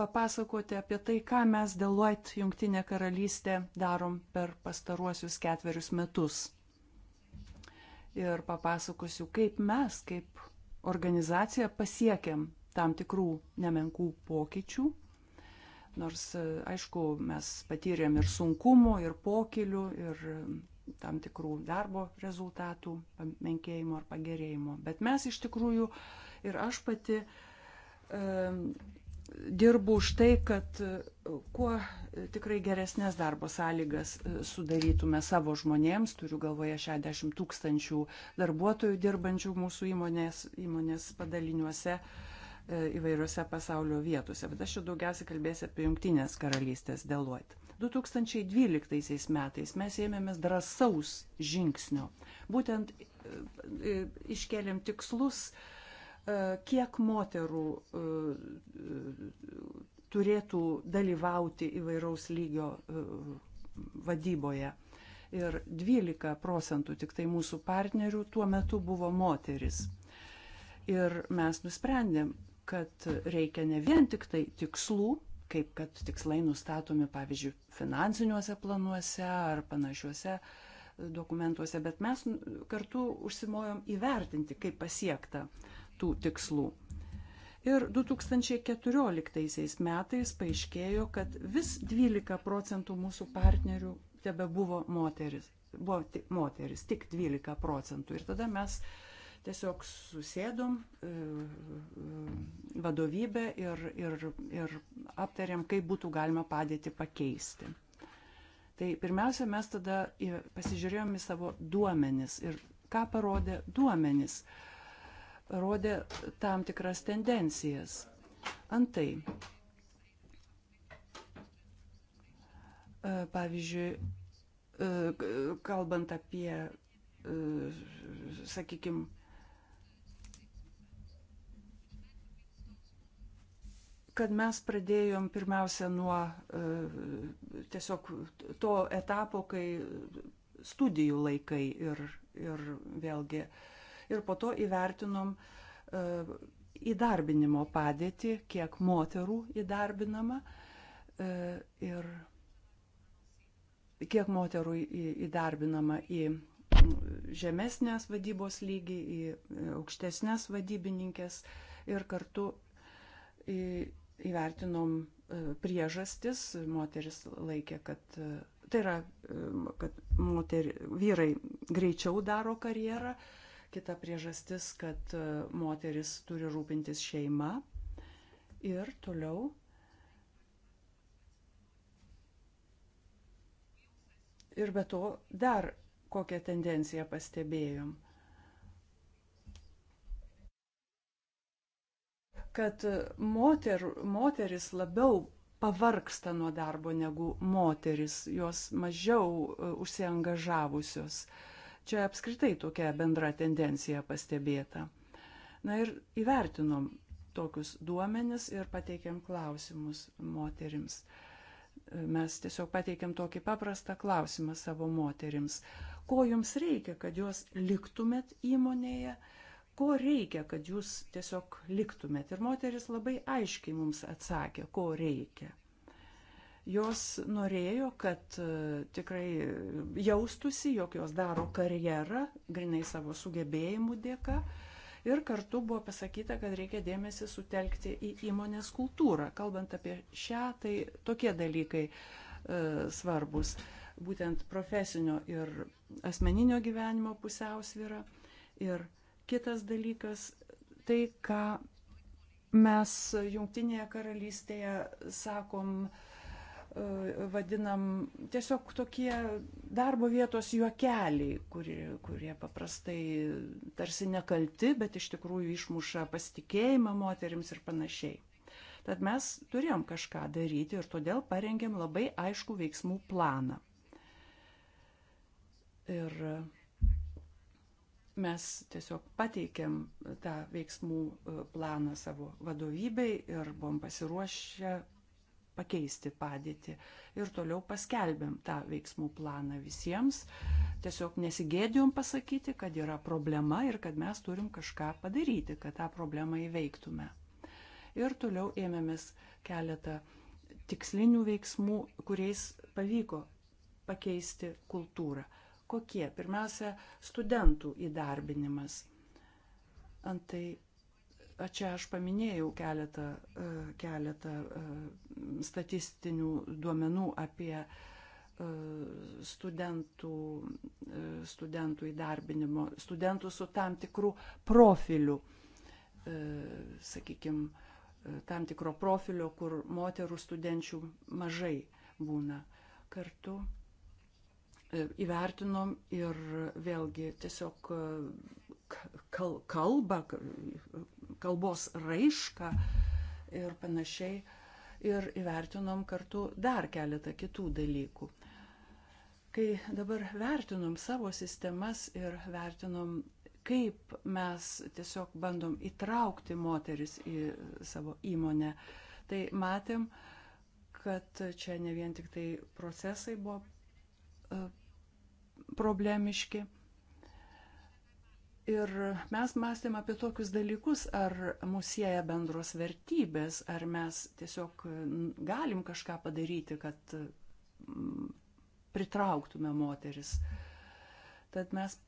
papasakoti apie tai, ką mes Deloitte Junktinė karalystė darom per pastaruosius ketverius metus. Ir papasakosiu, kaip mes, kaip organizacija, pasiekėm tam tikrų nemenkų pokyčių. Nors, e, aišku, mes patyrėm ir sunkumų, ir pokilių, ir tam tikrų darbo rezultatų menkėjimo ar pagerėjimo. Bet mes iš tikrųjų ir aš pati e, dirbu už tai, kad e, kuo tikrai geresnės darbo sąlygas e, sudarytume savo žmonėms, turiu galvoje 60 tūkstančių darbuotojų dirbančių mūsų įmonės, įmonės padaliniuose e, įvairiose pasaulio vietose. Bet aš jau daugiausiai kalbėsiu apie Junktinės karalystės Deloitte. 2012 metais mes ėmėmės drąsaus žingsnio. Būtent e, e, iškeliam tikslus, e, kiek moterų turėtų dalyvauti įvairaus lygio vadyboje. Ir 12 procentų tik tai mūsų partnerių tuo metu buvo moteris. Ir mes nusprendėm, kad reikia ne vien tik tai tikslų, kaip kad tikslai nustatomi, pavyzdžiui, finansiniuose planuose ar panašiuose e, dokumentuose, bet mes kartu užsimojom įvertinti, kaip pasiekta tų tikslų. Ir 2014 metais paaiškėjo, kad vis 12 procentų mūsų partnerių tebe buvo moteris. Buvo tik moteris, tik 12 procentų. Ir tada mes uh, Tiesiog susėdom e, e, vadovybę ir, ir, ir aptarėm, kaip būtų galima padėti pakeisti. Tai pirmiausia, mes tada pasižiūrėjom į savo duomenis ir ką parodė duomenis. Parodė tam tikras tendencijas. Antai, e, pavyzdžiui, kalbant apie, sakykime, kad mes pradėjom pirmiausia nuo e, tiesiog to etapo, kai studijų laikai ir, ir vėlgi. Ir po to įvertinom e, įdarbinimo padėtį, kiek moterų įdarbinama e, ir kiek moterų įdarbinama į mm, žemesnės vadybos lygį, į aukštesnės vadybininkės ir kartu į įvertinom e, priežastis, moteris laikė, kad e, tai yra, e, kad moteri, vyrai greičiau daro karjerą, kita priežastis, kad moteris turi rūpintis šeima ir toliau. Ir be to dar kokią tendenciją pastebėjom. kad moter, moteris labiau pavarksta nuo darbo negu moteris, jos mažiau e, užsiangažavusios. Čia apskritai tokia bendra tendencija pastebėta. Na ir įvertinom tokius duomenis ir pateikėm klausimus moterims. E, mes tiesiog pateikėm tokį paprastą klausimą savo moterims. Ko jums reikia, kad jūs liktumėt įmonėje? ko reikia, kad jūs tiesiog liktumėt. Ir moteris labai aiškiai mums atsakė, ko reikia. Jos norėjo, kad e, tikrai jaustusi, jog jos daro karjerą, grinai savo sugebėjimų dėka. Ir kartu buvo pasakyta, kad reikia dėmesį sutelkti į įmonės kultūrą. Kalbant apie šią, tai tokie dalykai e, svarbus. Būtent profesinio ir asmeninio gyvenimo pusiausvyrą. Ir Kitas dalykas - tai, ką mes Junktinėje karalystėje sakom, e, vadinam tiesiog tokie darbo vietos juokeliai, kurie, kurie paprastai tarsi nekalti, bet iš tikrųjų išmuša pasitikėjimą moteriams ir panašiai. Tad mes turėjom kažką daryti ir todėl parengėm labai aišku veiksmų planą. Ir mes tiesiog pateikėm tą veiksmų e, planą savo vadovybei ir buvom pasiruošę pakeisti padėtį. Ir toliau paskelbėm tą veiksmų planą visiems. Tiesiog nesigėdėjom pasakyti, kad yra problema ir kad mes turim kažką padaryti, kad tą problemą įveiktume. Ir toliau ėmėmės keletą tikslinių veiksmų, kuriais pavyko pakeisti kultūrą kokie. Pirmiausia, studentų įdarbinimas. Antai čia aš paminėjau keletą, e, keletą e, statistinių duomenų apie e, studentų, studentų įdarbinimo, studentų su tam tikrų profilių, sakykime, tam tikro profilio, kur moterų studenčių mažai būna. Kartu E, įvertinom ir vėlgi tiesiog e, kalbą, kalbos raišką ir panašiai. Ir įvertinom kartu dar keletą kitų dalykų. Kai dabar vertinom savo sistemas ir vertinom, kaip mes tiesiog bandom įtraukti moteris į savo įmonę, tai matėm, kad čia ne vien tik tai procesai buvo e, problemiški. Ir mes mąstėm apie tokius dalykus, ar mūsų sieja bendros vertybės, ar mes tiesiog galim kažką padaryti, kad mm, pritrauktume moteris. Tad mes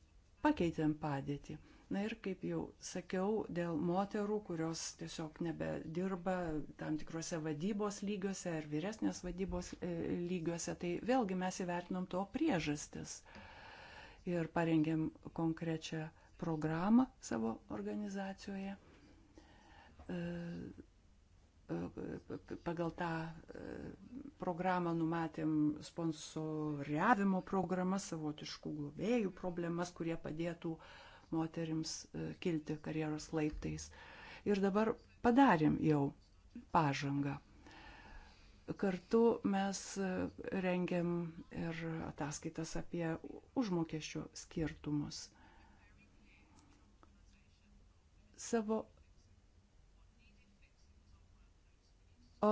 pakeitėm padėtį. Na ir kaip jau sakiau, dėl moterų, kurios tiesiog nebedirba tam tikrose vadybos lygiuose ar vyresnės vadybos e, lygiuose, tai vėlgi mes įvertinom to priežastis. Uh, ir parengėm konkrečią programą savo organizacijoje. E, e, pagal tą e, programą numatėm sponsoriavimo programas, savotiškų globėjų problemas, kurie padėtų moterims kilti karjeros laiptais. Ir dabar padarėm jau pažangą. Kartu mes e, rengiam ir ataskaitas apie užmokesčio skirtumus. Savo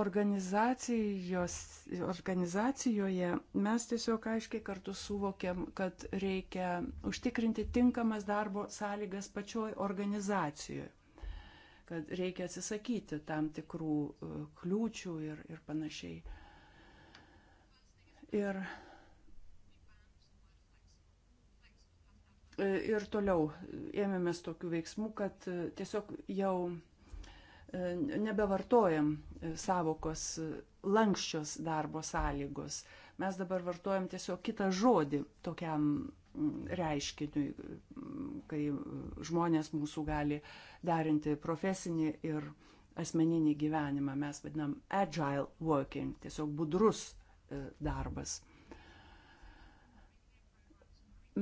organizacijoje mes tiesiog aiškiai kartu suvokiam, kad reikia užtikrinti tinkamas darbo sąlygas pačioj organizacijoje kad reikia atsisakyti tam tikrų e, kliūčių ir, ir panašiai. Ir, e, ir toliau ėmėmės tokių veiksmų, kad e, tiesiog jau nebevartojam savokos lankščios darbo sąlygos. Mes dabar vartojam tiesiog kitą žodį tokiam reiškiniui, kai žmonės mūsų gali derinti profesinį ir asmeninį gyvenimą. Mes vadinam agile working, tiesiog budrus e, darbas.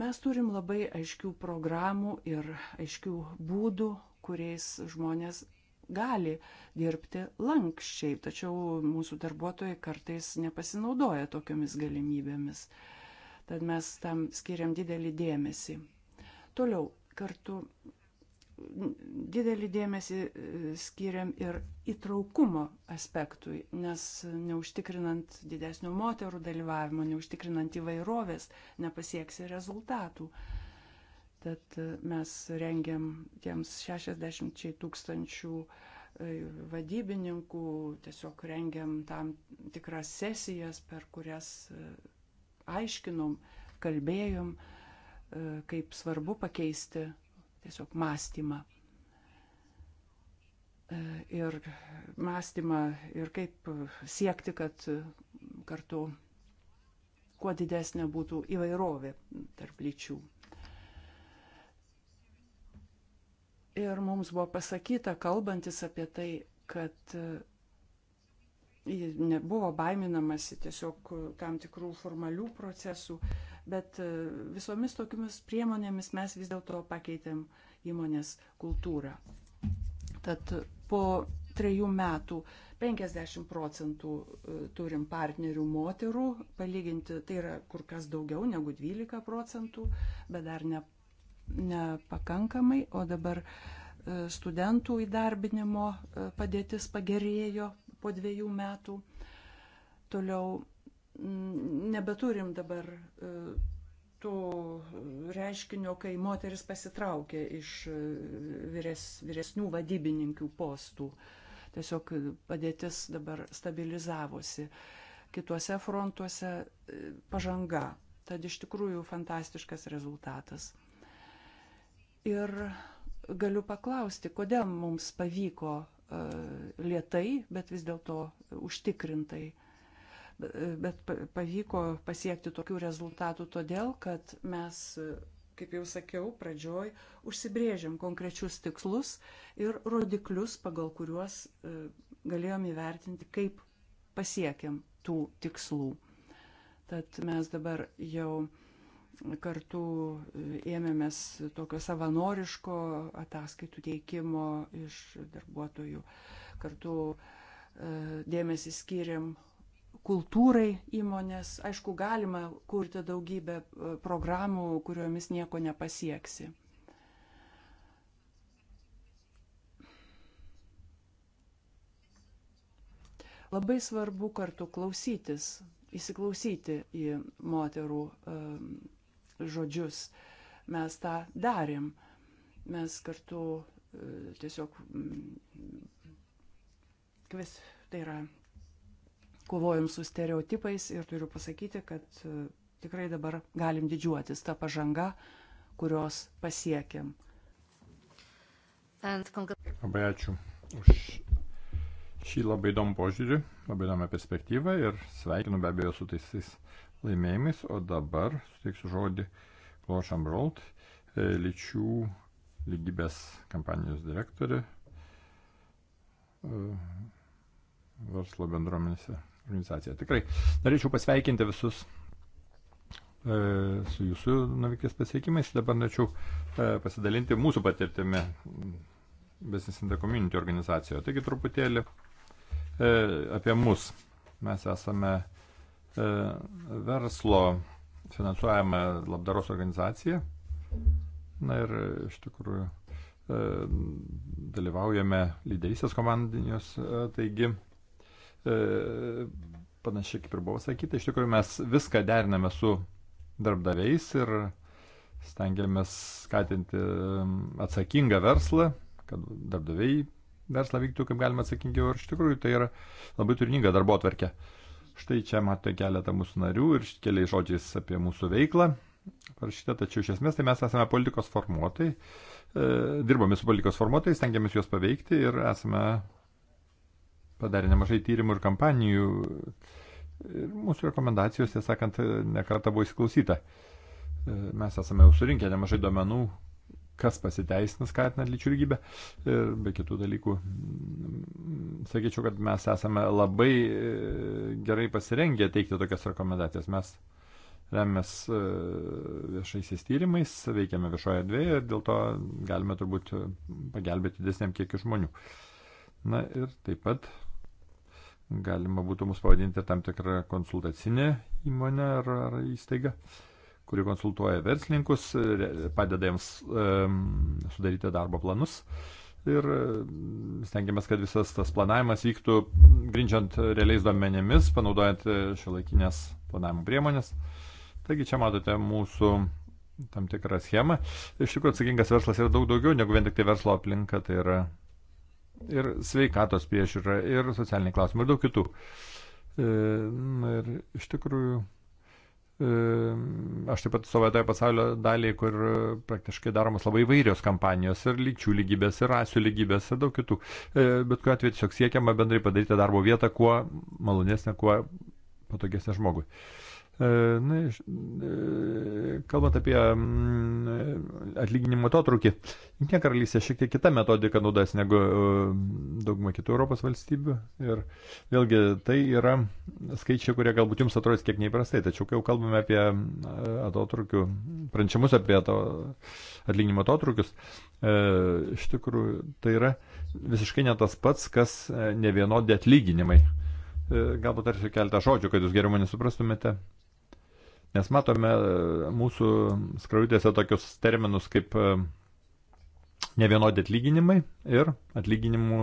Mes turim labai aiškių programų ir aiškių būdų, kuriais žmonės gali dirbti lankščiai, tačiau mūsų darbuotojai kartais nepasinaudoja tokiomis galimybėmis. Uh, tad mes tam skiriam didelį dėmesį. Toliau kartu didelį dėmesį e, skiriam ir įtraukumo aspektui, nes neužtikrinant didesnio moterų dalyvavimo, neužtikrinant įvairovės, nepasieksi rezultatų. Tad e, mes rengiam tiems 60 tūkstančių e, vadybininkų, tiesiog rengiam tam tikras sesijas, per kurias aiškinom, kalbėjom, e, kaip svarbu pakeisti tiesiog mąstymą. E, ir mąstymą ir kaip siekti, kad kartu kuo didesnė būtų įvairovė tarp lyčių. Ir mums buvo pasakyta, kalbantis apie tai, kad nebuvo baiminamasi tiesiog tam tikrų formalių procesų, bet e, visomis tokiamis priemonėmis mes vis dėlto pakeitėm įmonės kultūrą. Tad po trejų metų 50 procentų e, turim partnerių moterų, palyginti tai yra kur kas daugiau negu 12 procentų, bet dar ne, nepakankamai, o dabar e, studentų įdarbinimo padėtis pagerėjo po dviejų metų. Toliau mm, nebeturim dabar e, to reiškinio, kai moteris pasitraukia iš e, vyres, vyresnių vadybininkių postų. Tiesiog padėtis dabar stabilizavosi. Kituose frontuose e, pažanga. Tad iš tikrųjų fantastiškas rezultatas. Ir galiu paklausti, kodėl mums pavyko E, lietai, bet vis dėlto užtikrintai. Bet pavyko pasiekti tokių rezultatų todėl, kad mes, kaip jau sakiau, pradžioj užsibrėžėm konkrečius tikslus ir rodiklius, pagal kuriuos e, galėjom įvertinti, kaip pasiekėm tų tikslų. Tad mes dabar jau kartu e, ėmėmės tokio savanoriško ataskaitų teikimo iš darbuotojų. Kartu e, dėmesį skiriam kultūrai įmonės. Aišku, galima kurti daugybę e, programų, kuriomis nieko nepasieksi. Labai svarbu kartu klausytis, įsiklausyti į moterų žodžius. Mes tą darėm. Mes kartu e, tiesiog mm, kvis, tai yra, kovojom su stereotipais ir turiu pasakyti, kad e, tikrai dabar galim didžiuotis tą pažangą, kurios pasiekėm. Labai ačiū už šį labai įdomų požiūrį, labai įdomią perspektyvą ir sveikinu be abejo su tais laimėjimais, o dabar suteiksiu žodį Klošam Rolt, e, lyčių lygybės kampanijos direktorė e, verslo bendruomenėse organizacija. Tikrai norėčiau pasveikinti visus e, su jūsų nuveiktais pasiekimais. Dabar norėčiau pasidalinti mūsų patirtimi Business in the Community organizacijoje. Taigi truputėlį apie mus. Mes esame E, verslo finansuojama labdaros organizacija. Na ir iš tikrųjų e, dalyvaujame lyderystės komandinius, e, taigi panašiai kaip ir buvo sakyta, iš tikrųjų mes viską deriname su darbdaviais ir stengiamės skatinti atsakingą verslą, kad darbdaviai verslą vyktų kaip galima atsakingiau ir iš tikrųjų tai yra labai turininga darbo atverkė. Uh, Štai čia matote keletą mūsų narių ir keliais žodžiais apie mūsų veiklą parašyta, tačiau iš esmės tai mes esame politikos formuotojai, e, dirbame su politikos formuotojais, stengiamės juos paveikti ir esame padarę nemažai tyrimų ir kampanijų. Ir mūsų rekomendacijos, tiesą sakant, nekarta buvo įsiklausyta. E, mes esame jau surinkę nemažai duomenų, kas pasiteisina skatinant lyčių lygybę ir be kitų dalykų. Mm, sakyčiau, kad mes esame labai e, gerai pasirengę teikti tokias rekomendacijas. Mes remiamės e, viešaisiais tyrimais, veikiame viešoje erdvėje ir dėl to galime turbūt pagelbėti didesniam kiekiu žmonių. Na ir taip pat galima būtų mus pavadinti tam tikrą konsultacinę įmonę ar, ar įstaigą. Uh, kuri konsultuoja verslininkus, padeda jiems sudaryti darbo planus. Ir stengiamės, kad visas tas planavimas vyktų grindžiant realiais duomenėmis, panaudojant e, šiuolaikinės planavimo priemonės. Taigi čia matote mūsų tam tikrą schemą. Iš tikrųjų atsakingas verslas yra daug daugiau negu vien tik tai verslo aplinka, tai yra ir sveikatos priežiūra, ir socialiniai klausimai, ir daug kitų. E, ir iš tikrųjų Ehm, aš taip pat savo toje pasaulio dalyje, kur e, praktiškai daromos labai įvairios kampanijos ir lyčių lygybės, ir rasių lygybės, ir daug kitų. E, bet kuriuo atveju tiesiog siekiama bendrai padaryti darbo vietą kuo malonesnę, kuo patogesnę žmogui. Uh, E, na, e, kalbant apie mm, atlyginimo atotrukį, Junktinė karalystė šiek tiek kita metodika naudas negu e, dauguma kitų Europos valstybių. Ir vėlgi tai yra skaičiai, kurie galbūt jums atrodys kiek neįprastai, tačiau kai jau kalbame apie atotrukių, pranešimus apie to atlyginimo atotrukius, iš tikrųjų tai yra visiškai ne tas pats, kas nevienodi atlyginimai. Galbūt tarsi keltą žodžių, kad jūs geriau mane suprastumėte. Nes matome e, mūsų skrajutėse tokius terminus kaip e, nevienodi atlyginimai ir atlyginimų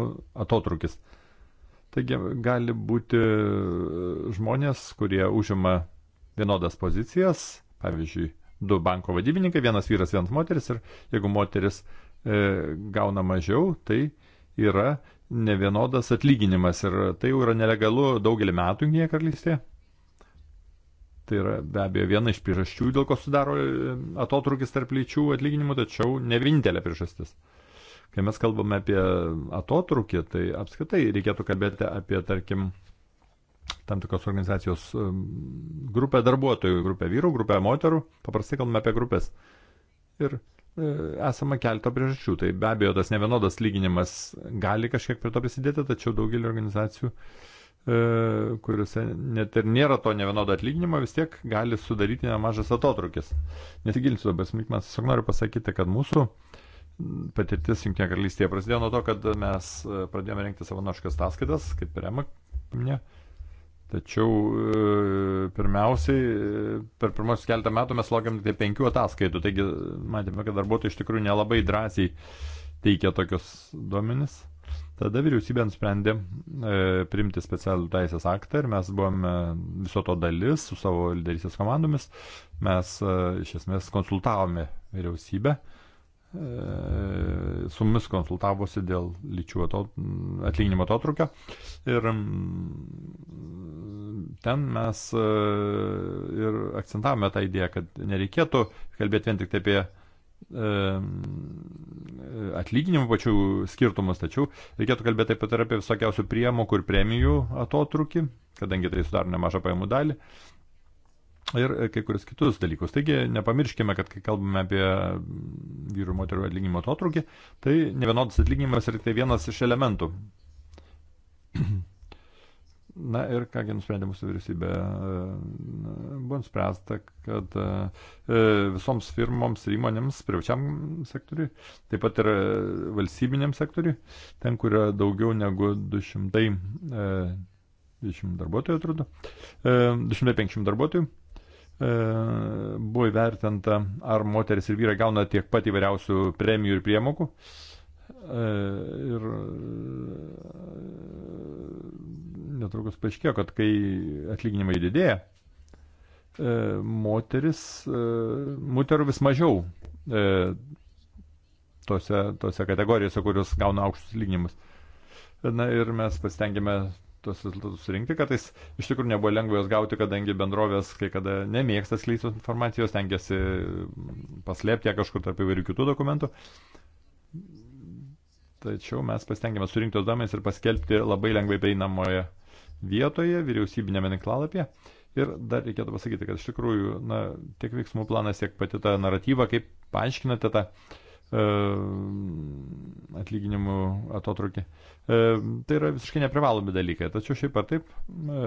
atotrukis. Taigi gali būti e, žmonės, kurie užima vienodas pozicijas, pavyzdžiui, du banko vadybininkai, vienas vyras, vienas moteris ir jeigu moteris e, gauna mažiau, tai yra nevienodas atlyginimas ir tai jau yra nelegalu daugelį metų Junktinėje karalystėje. Tai yra be abejo viena iš priežasčių, dėl ko sudaro e, atotrukis tarp lyčių atlyginimų, tačiau ne vienintelė priežastis. Kai mes kalbame apie atotrukį, tai apskritai reikėtų kalbėti apie, tarkim, tam tikros organizacijos e, grupę darbuotojų, grupę vyrų, grupę moterų, paprastai kalbame apie grupės. Ir e, esama kelto priežasčių. Tai be abejo, tas nevienodas lyginimas gali kažkiek prie to prisidėti, tačiau daugelį organizacijų uh, E, kuriuose net ir nėra to nevienodo atlyginimo, vis tiek gali sudaryti nemažas atotrukis. Nesigilinsiu dabar smikmens, tiesiog noriu pasakyti, kad mūsų patirtis Junktinė karalystėje prasidėjo nuo to, kad mes e, pradėjome renkti savanoriškas taskaitas, kaip ir Ema paminėjo. Tačiau e, pirmiausiai per pirmosius keletą metų mes laukiam tik tai penkių ataskaitų, taigi matėme, kad darbuotojai iš tikrųjų nelabai drąsiai teikia tokius duomenis. Tada vyriausybė nusprendė e, primti specialų teisės aktą ir mes buvome viso to dalis su savo lyderystės komandomis. Mes e, iš esmės konsultavome vyriausybę, e, su mumis konsultavosi dėl lyčių ato, atlyginimo atotrukio. Ir ten mes e, ir akcentavome tą idėją, kad nereikėtų kalbėti vien tik tai apie atlyginimų pačių skirtumas, tačiau reikėtų kalbėti taip pat ir apie visokiausių priemokų ir premijų atotrukį, kadangi tai sudaro nemažą pajamų dalį. Ir kai kurius kitus dalykus. Taigi nepamirškime, kad kai kalbame apie vyrų ir moterų atlyginimo atotrukį, tai ne vienodas atlyginimas yra tai vienas iš elementų. Na ir kągi nusprendė mūsų vyriausybė, e, buvo nuspręsta, kad e, visoms firmoms ir įmonėms, privačiam sektoriui, taip pat ir e, valstybiniam sektoriui, ten, kur yra daugiau negu 200 20 darbuotojų, atrodo, 250 darbuotojų, buvo įvertinta, ar moteris ir vyrai gauna tiek pat įvairiausių premijų ir priemokų. E, ir e, netrukus paaiškėjo, kad kai atlyginimai didėja, e, moteris, moterų vis mažiau tose, tose kategorijose, kurios gauna aukštus atlyginimus. Na ir mes pasitengėme tuos rezultatus surinkti, kad jis iš tikrųjų nebuvo lengva juos gauti, kadangi bendrovės kai kada nemėgsta skleistos informacijos, tengiasi paslėpti ją kažkur tarp įvairių kitų dokumentų. Tačiau mes pasitengėme surinkti tos duomenys ir paskelbti labai lengvai prieinamoje vietoje, vyriausybinėme tinklalapyje. Ir dar reikėtų pasakyti, kad iš tikrųjų na, tiek veiksmų planas, tiek pati ta naratyva, kaip paaiškinate tą e, atlyginimų atotrukį, e, tai yra visiškai neprivalomi dalykai. Tačiau šiaip ar taip, e,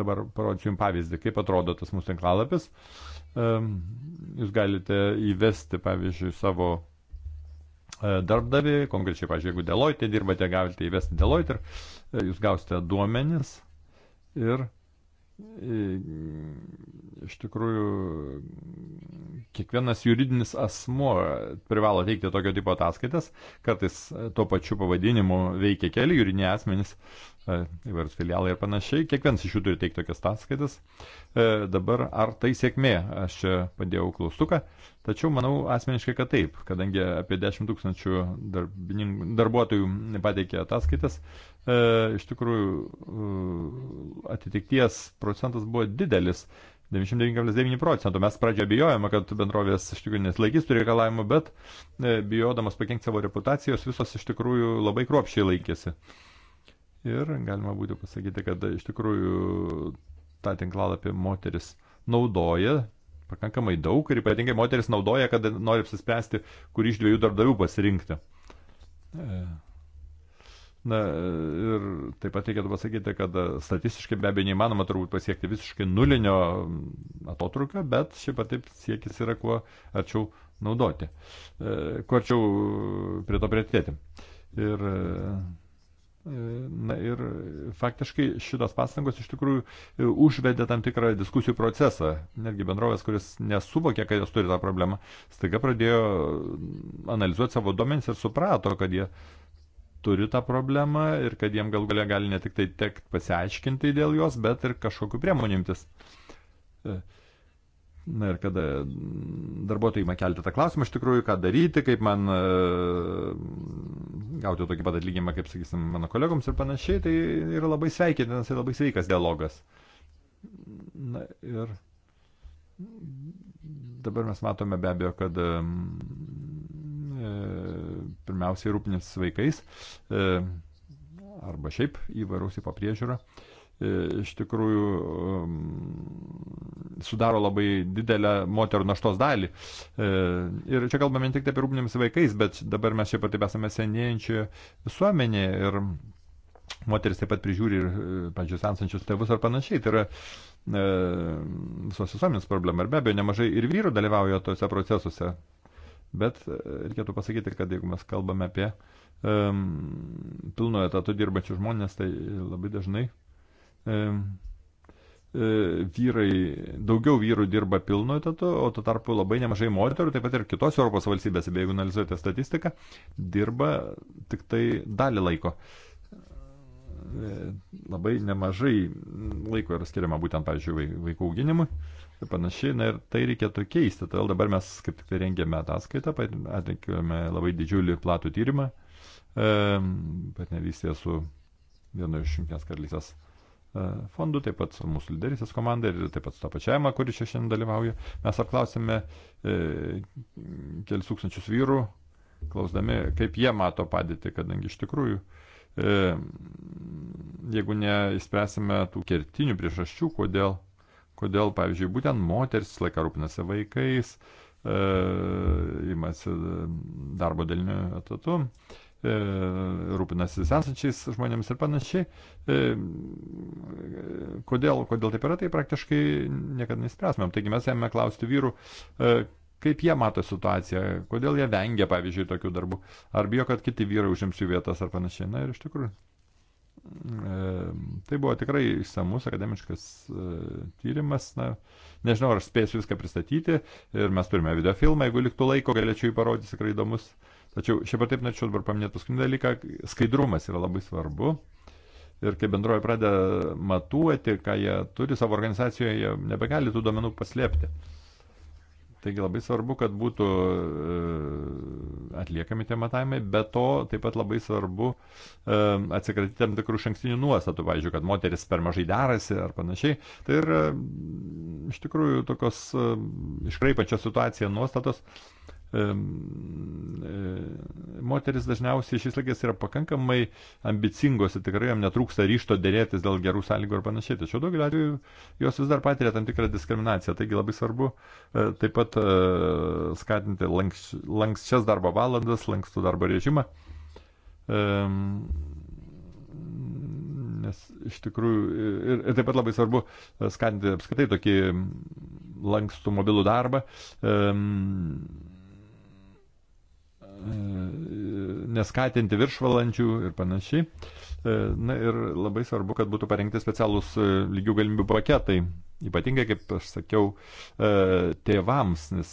dabar parodysiu jums pavyzdį, kaip atrodo tas mūsų tinklalapis. E, jūs galite įvesti, pavyzdžiui, savo E, darbdavi, konkrečiai, pažiūrėjau, jeigu Deloitte dirbate, galite įvesti Deloitte ir e, jūs gausite duomenis ir e, iš tikrųjų kiekvienas juridinis asmo privalo teikti tokio tipo ataskaitas, kartais tuo pačiu pavadinimu veikia keli juridiniai asmenys E, įvairūs filialai ir panašiai. Kiekvienas iš jų turi teikti tokias ataskaitas. E, dabar ar tai sėkmė? Aš čia padėjau klaustuką, tačiau manau asmeniškai, kad taip, kadangi apie 10 tūkstančių darbuotojų pateikė ataskaitas, e, iš tikrųjų e, atitikties procentas buvo didelis. 99,9 procentų. Mes pradžioje bijojame, kad bendrovės iš tikrųjų nesilaikys tų reikalavimų, bet e, bijodamas pakengti savo reputacijos, visos iš tikrųjų labai kruopščiai laikėsi. Uh, Ir galima būtų pasakyti, kad iš tikrųjų tą tinklalapį moteris naudoja pakankamai daug ir ypatingai moteris naudoja, kad nori apsispręsti, kurį iš dviejų darbdavių pasirinkti. Na ir taip pat reikėtų pasakyti, kad statistiškai be abejo neįmanoma turbūt pasiekti visiškai nulinio atotrukio, bet šiaip ar taip siekis yra kuo arčiau naudoti, kuo arčiau prie to prieartėti. Ir Na ir faktiškai šitos pastangos iš tikrųjų e, užvedė tam tikrą diskusijų procesą. Netgi bendrovės, kuris nesuvokė, kad jos turi tą problemą, staiga pradėjo analizuoti savo duomenys ir suprato, kad jie turi tą problemą ir kad jiem gal galia gali ne tik tai tekti pasiaiškinti dėl jos, bet ir kažkokiu priemonimtis. E, Na ir kada darbuotojai man kelti tą klausimą iš tikrųjų, ką daryti, kaip man e, gauti tokį pat atlyginimą, kaip, sakysim, mano kolegoms ir panašiai, tai yra labai sveikintinas ir labai sveikas dialogas. Na ir dabar mes matome be abejo, kad e, pirmiausiai rūpinės vaikais e, arba šiaip įvairiausiai papriežiūra. E, E, iš tikrųjų um, sudaro labai didelę moterų naštos dalį. E, ir čia kalbame ne tik apie rūpinimus vaikais, bet dabar mes čia pat taip esame senėjančioje visuomenėje ir moteris taip pat prižiūri ir, e, pažiūrėjau, sensančius tėvus ar panašiai. Tai yra visos visuomenės problema. Ir be abejo, nemažai ir vyrų dalyvauja tose procesuose. Bet reikėtų pasakyti, kad jeigu mes kalbame apie um, pilnoje tatu dirbančių žmonės, tai labai dažnai uh, E, vyrai, daugiau vyrų dirba pilnu etatu, o tuo tarpu labai nemažai moterų, taip pat ir kitos Europos valstybėse, jeigu analizuojate statistiką, dirba tik tai dalį laiko. E, labai nemažai laiko yra skiriama būtent, pavyzdžiui, vaikų auginimui ir panašiai, na ir tai reikėtų keisti. Todėl dabar mes kaip tik tai rengėme ataskaitą, atlikėme labai didžiulį platų tyrimą, e, partnerystėje su vienu iš Junkinės karalystės E, fondu, taip pat mūsų lyderysės komandai ir taip pat tą pačiamą, kuri čia šiandien dalyvauja. Mes apklausėme e, kelius tūkstančius vyrų, klausdami, kaip jie mato padėtį, kadangi iš tikrųjų e, jeigu neįspręsime tų kertinių priežasčių, kodėl, kodėl pavyzdžiui, būtent moteris laiką rūpinasi vaikais, e, imasi darbo daliniu etatu, E, rūpinasi sensančiais žmonėms ir panašiai. E, kodėl, kodėl taip yra, tai praktiškai niekada nespręsmėm. Taigi mes ėmėme klausti vyrų, e, kaip jie mato situaciją, kodėl jie vengia, pavyzdžiui, tokių darbų, ar bijo, kad kiti vyrai užims jų vietas ar panašiai. Na ir iš tikrųjų, tai buvo tikrai išsamus akademiškas tyrimas. Na, nežinau, ar spėsiu viską pristatyti ir mes turime videofilmą, jeigu liktų laiko, galėčiau jį parodyti, tikrai įdomus. Tačiau šiaip ar taip norėčiau dabar paminėti paskutinį dalyką, skaidrumas yra labai svarbu. Ir kai bendroje pradeda matuoti, ką jie turi savo organizacijoje, jie nebegali tų duomenų paslėpti. Taigi labai svarbu, kad būtų e, atliekami tie matavimai, bet to taip pat labai svarbu e, atsikratyti tam tikrų šankstinių nuostatų, pavyzdžiui, kad moteris per mažai derasi ar panašiai. Tai yra e, iš tikrųjų tokios iškraipančios situaciją nuostatos, E, moteris dažniausiai šis laikas yra pakankamai ambicingos ir tikrai jam netrūksta ryšto dėrėtis dėl gerų sąlygų ir panašiai. Tačiau daugelį atvejų jos vis dar patiria tam tikrą diskriminaciją. Taigi labai svarbu e, taip pat e, skatinti lanks, lankščias darbo valandas, lankstų darbo režimą. Nes iš tikrųjų ir, ir taip pat labai svarbu skatinti apskritai tokį lankstų mobilų darbą. Um, E, neskatinti viršvalandžių ir panašiai. E, na ir labai svarbu, kad būtų parengti specialūs e, lygių galimybių paketai. Ypatingai, kaip aš sakiau, tėvams, nes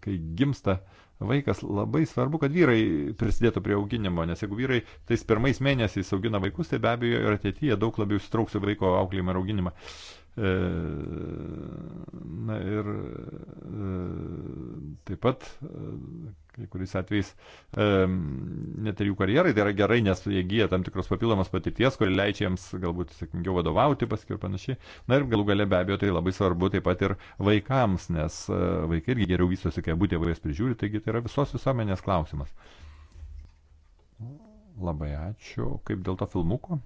kai gimsta vaikas, labai svarbu, kad vyrai prisidėtų prie auginimo, nes jeigu vyrai tais pirmais mėnesiais augina vaikus, tai be abejo ir ateityje daug labiau įsitrauksiu vaiko auklėjimą ir auginimą. Na ir taip pat kai kuriais atvejais e, net ir jų karjerai tai yra gerai, nes jie gyja tam tikros papildomos patirties, kuri leidžia jiems galbūt sėkmingiau vadovauti paskui ir panašiai. Na ir galų gale be abejo tai labai svarbu taip pat ir vaikams, nes e, vaikai irgi geriau vystosi, kai būtė vaikas prižiūri, taigi tai yra visos visuomenės klausimas. Labai ačiū. Kaip dėl to filmuko?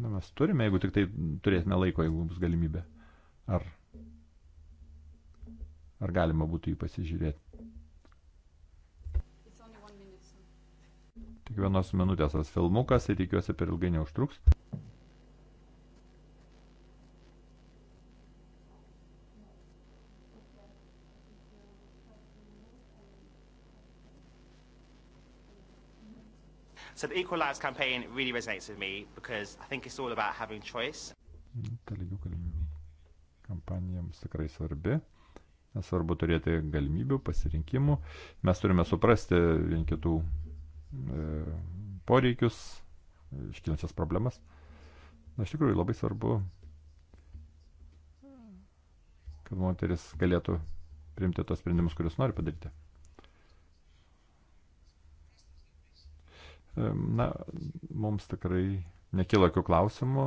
Na, mes turime, jeigu tik tai turėsime laiko, jeigu bus galimybė. Ar, ar galima būtų jį pasižiūrėti? Tik vienos minutės tas filmukas ir tikiuosi per ilgai neužtruks. So the Equal Lives campaign really resonates with me because I think it's all about having choice. Ta lygių galimybių kampanija mums tikrai svarbi. Nesvarbu turėti galimybių, pasirinkimų. Mes turime suprasti vien kitų E, poreikius, iškilančias problemas. Na, iš tikrųjų, labai svarbu, kad moteris galėtų priimti tos sprendimus, kuriuos nori padaryti. E, na, mums tikrai nekyla jokių klausimų,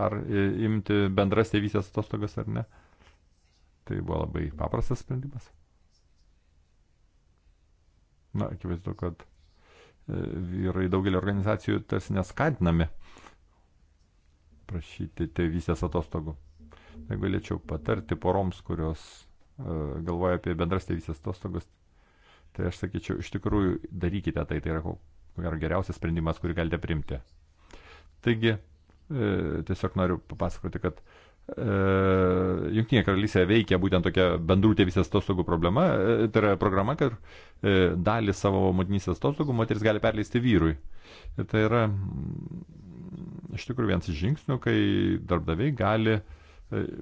ar imti bendras tėvysės atostogas ar ne. Tai buvo labai paprastas sprendimas. Na, akivaizdu, kad vyrai daugelį organizacijų tas neskatinami prašyti tėvysės atostogų. Jeigu tai galėčiau patarti poroms, kurios e, galvoja apie bendras tėvysės atostogas, tai aš sakyčiau, iš tikrųjų darykite tai, tai yra ko gero geriausias sprendimas, kurį galite primti. Taigi, e, tiesiog noriu papasakoti, kad E, Junktinėje karalystėje veikia būtent tokia bendrų tėvysės atostogų problema, e, tai yra programa, kad e, dalį savo motinysės atostogų moteris gali perleisti vyrui. Ir tai yra mm, iš tikrųjų vienas iš žingsnių, kai darbdaviai gali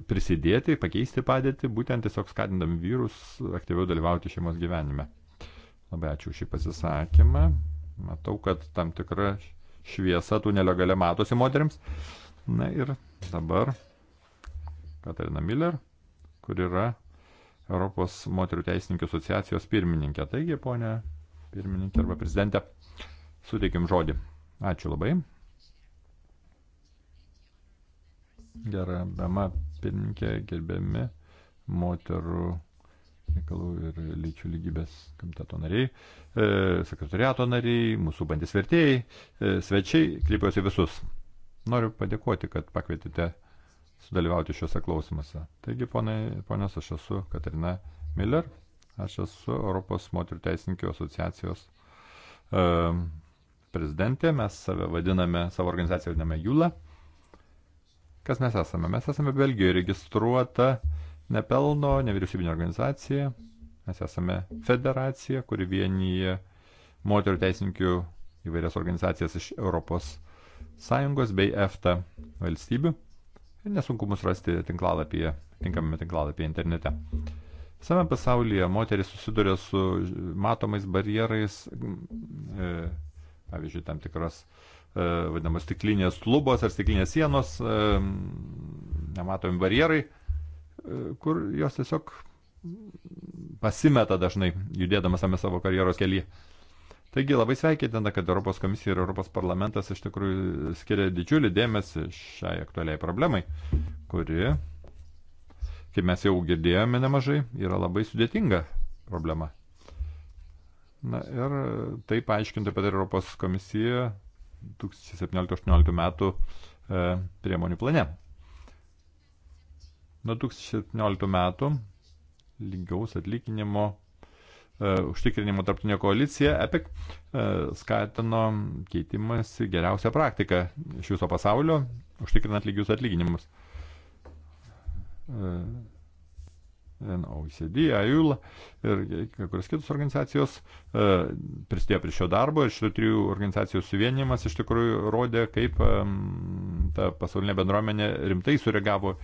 prisidėti, pakeisti padėtį, būtent tiesiog skatindami vyrus aktyviau dalyvauti šeimos gyvenime. Labai ačiū šį pasisakymą. Matau, kad tam tikra šviesa tunelio gale matosi moteriams. Na ir dabar Katarina Miller, kur yra Europos moterų teisininkų asociacijos pirmininkė. Taigi, ponė pirmininkė arba prezidentė, suteikim žodį. Ačiū labai. Gerbama pirmininkė, gerbiami moterų reikalų ir lyčių lygybės komiteto nariai, e, sekretariato nariai, mūsų bandys vertėjai, e, svečiai, kreipiuosi visus. Noriu padėkoti, kad pakvietėte sudalyvauti šiuose klausimuose. Taigi, ponai, ponios, aš esu Katarina Miller, aš esu Europos moterų teisininkų asociacijos e, prezidentė, mes save vadiname, savo organizaciją vadiname Jūla. Kas mes esame? Mes esame Belgijoje registruota nepelno nevyriausybinė organizacija, mes esame federacija, kuri vienyje moterų teisininkų įvairias organizacijas iš Europos Sąjungos bei EFTA valstybių ir nesunku mus rasti tinklalapyje, tinkamame tinklalapyje internete. Visame pasaulyje moteris susiduria su matomais barjerais, e, pavyzdžiui, tam tikros e, vadinamos stiklinės lubos ar stiklinės sienos, e, nematomi barjerai, e, kur jos tiesiog pasimeta dažnai judėdamas tame savo karjeros kelyje. Taigi labai sveikintina, kad Europos komisija ir Europos parlamentas iš tikrųjų skiria didžiulį dėmesį šiai aktualiai problemai, kuri, kaip mes jau girdėjome nemažai, yra labai sudėtinga problema. Na ir tai paaiškinta pat ir Europos komisija 2017-2018 metų e, priemonių plane. Nuo 2017 metų lygaus atlikinimo E, užtikrinimo tarptinė koalicija EPIC e, skatino keitimąsi geriausią praktiką iš viso pasaulio, užtikrinant lygius atlyginimus. E, OECD, AIUL ir kai kurios kitos organizacijos prisidėjo prie šio darbo ir šitų trijų organizacijų suvienimas iš tikrųjų rodė, kaip ta pasaulinė bendruomenė rimtai sureagavo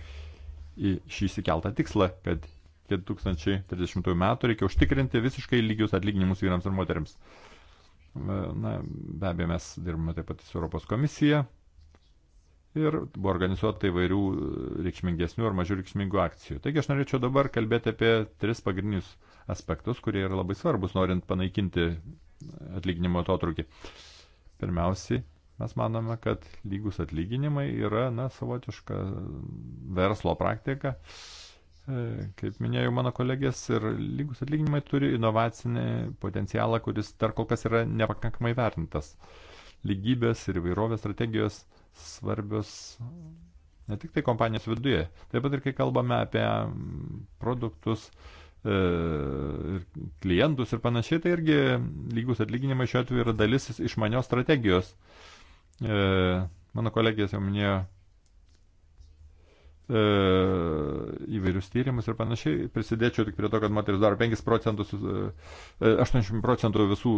į šį įsikeltą tikslą, kad iki 2030 metų reikia užtikrinti visiškai lygius atlyginimus vyrams ir moteriams. Na, be abejo, mes dirbame taip pat su Europos komisija ir buvo organizuota įvairių reikšmingesnių ar mažiau reikšmingų akcijų. Taigi aš norėčiau dabar kalbėti apie tris pagrindinius aspektus, kurie yra labai svarbus, norint panaikinti atlyginimo atotrukį. Pirmiausiai, mes manome, kad lygus atlyginimai yra, na, savotiška verslo praktika. Uh, kaip minėjau mano kolegės, ir lygus atlyginimai turi inovacinį potencialą, kuris dar kol kas yra nepakankamai vertintas. Lygybės ir įvairovės strategijos svarbios ne tik tai kompanijos viduje, taip pat ir kai kalbame apie produktus e, ir klientus ir panašiai, tai irgi lygus atlyginimai šiuo atveju yra dalis išmanios strategijos. E, mano kolegės jau minėjo E, įvairius tyrimus ir panašiai. Prisidėčiau tik prie to, kad moteris daro 5 procentus, 80 e, e, procentų visų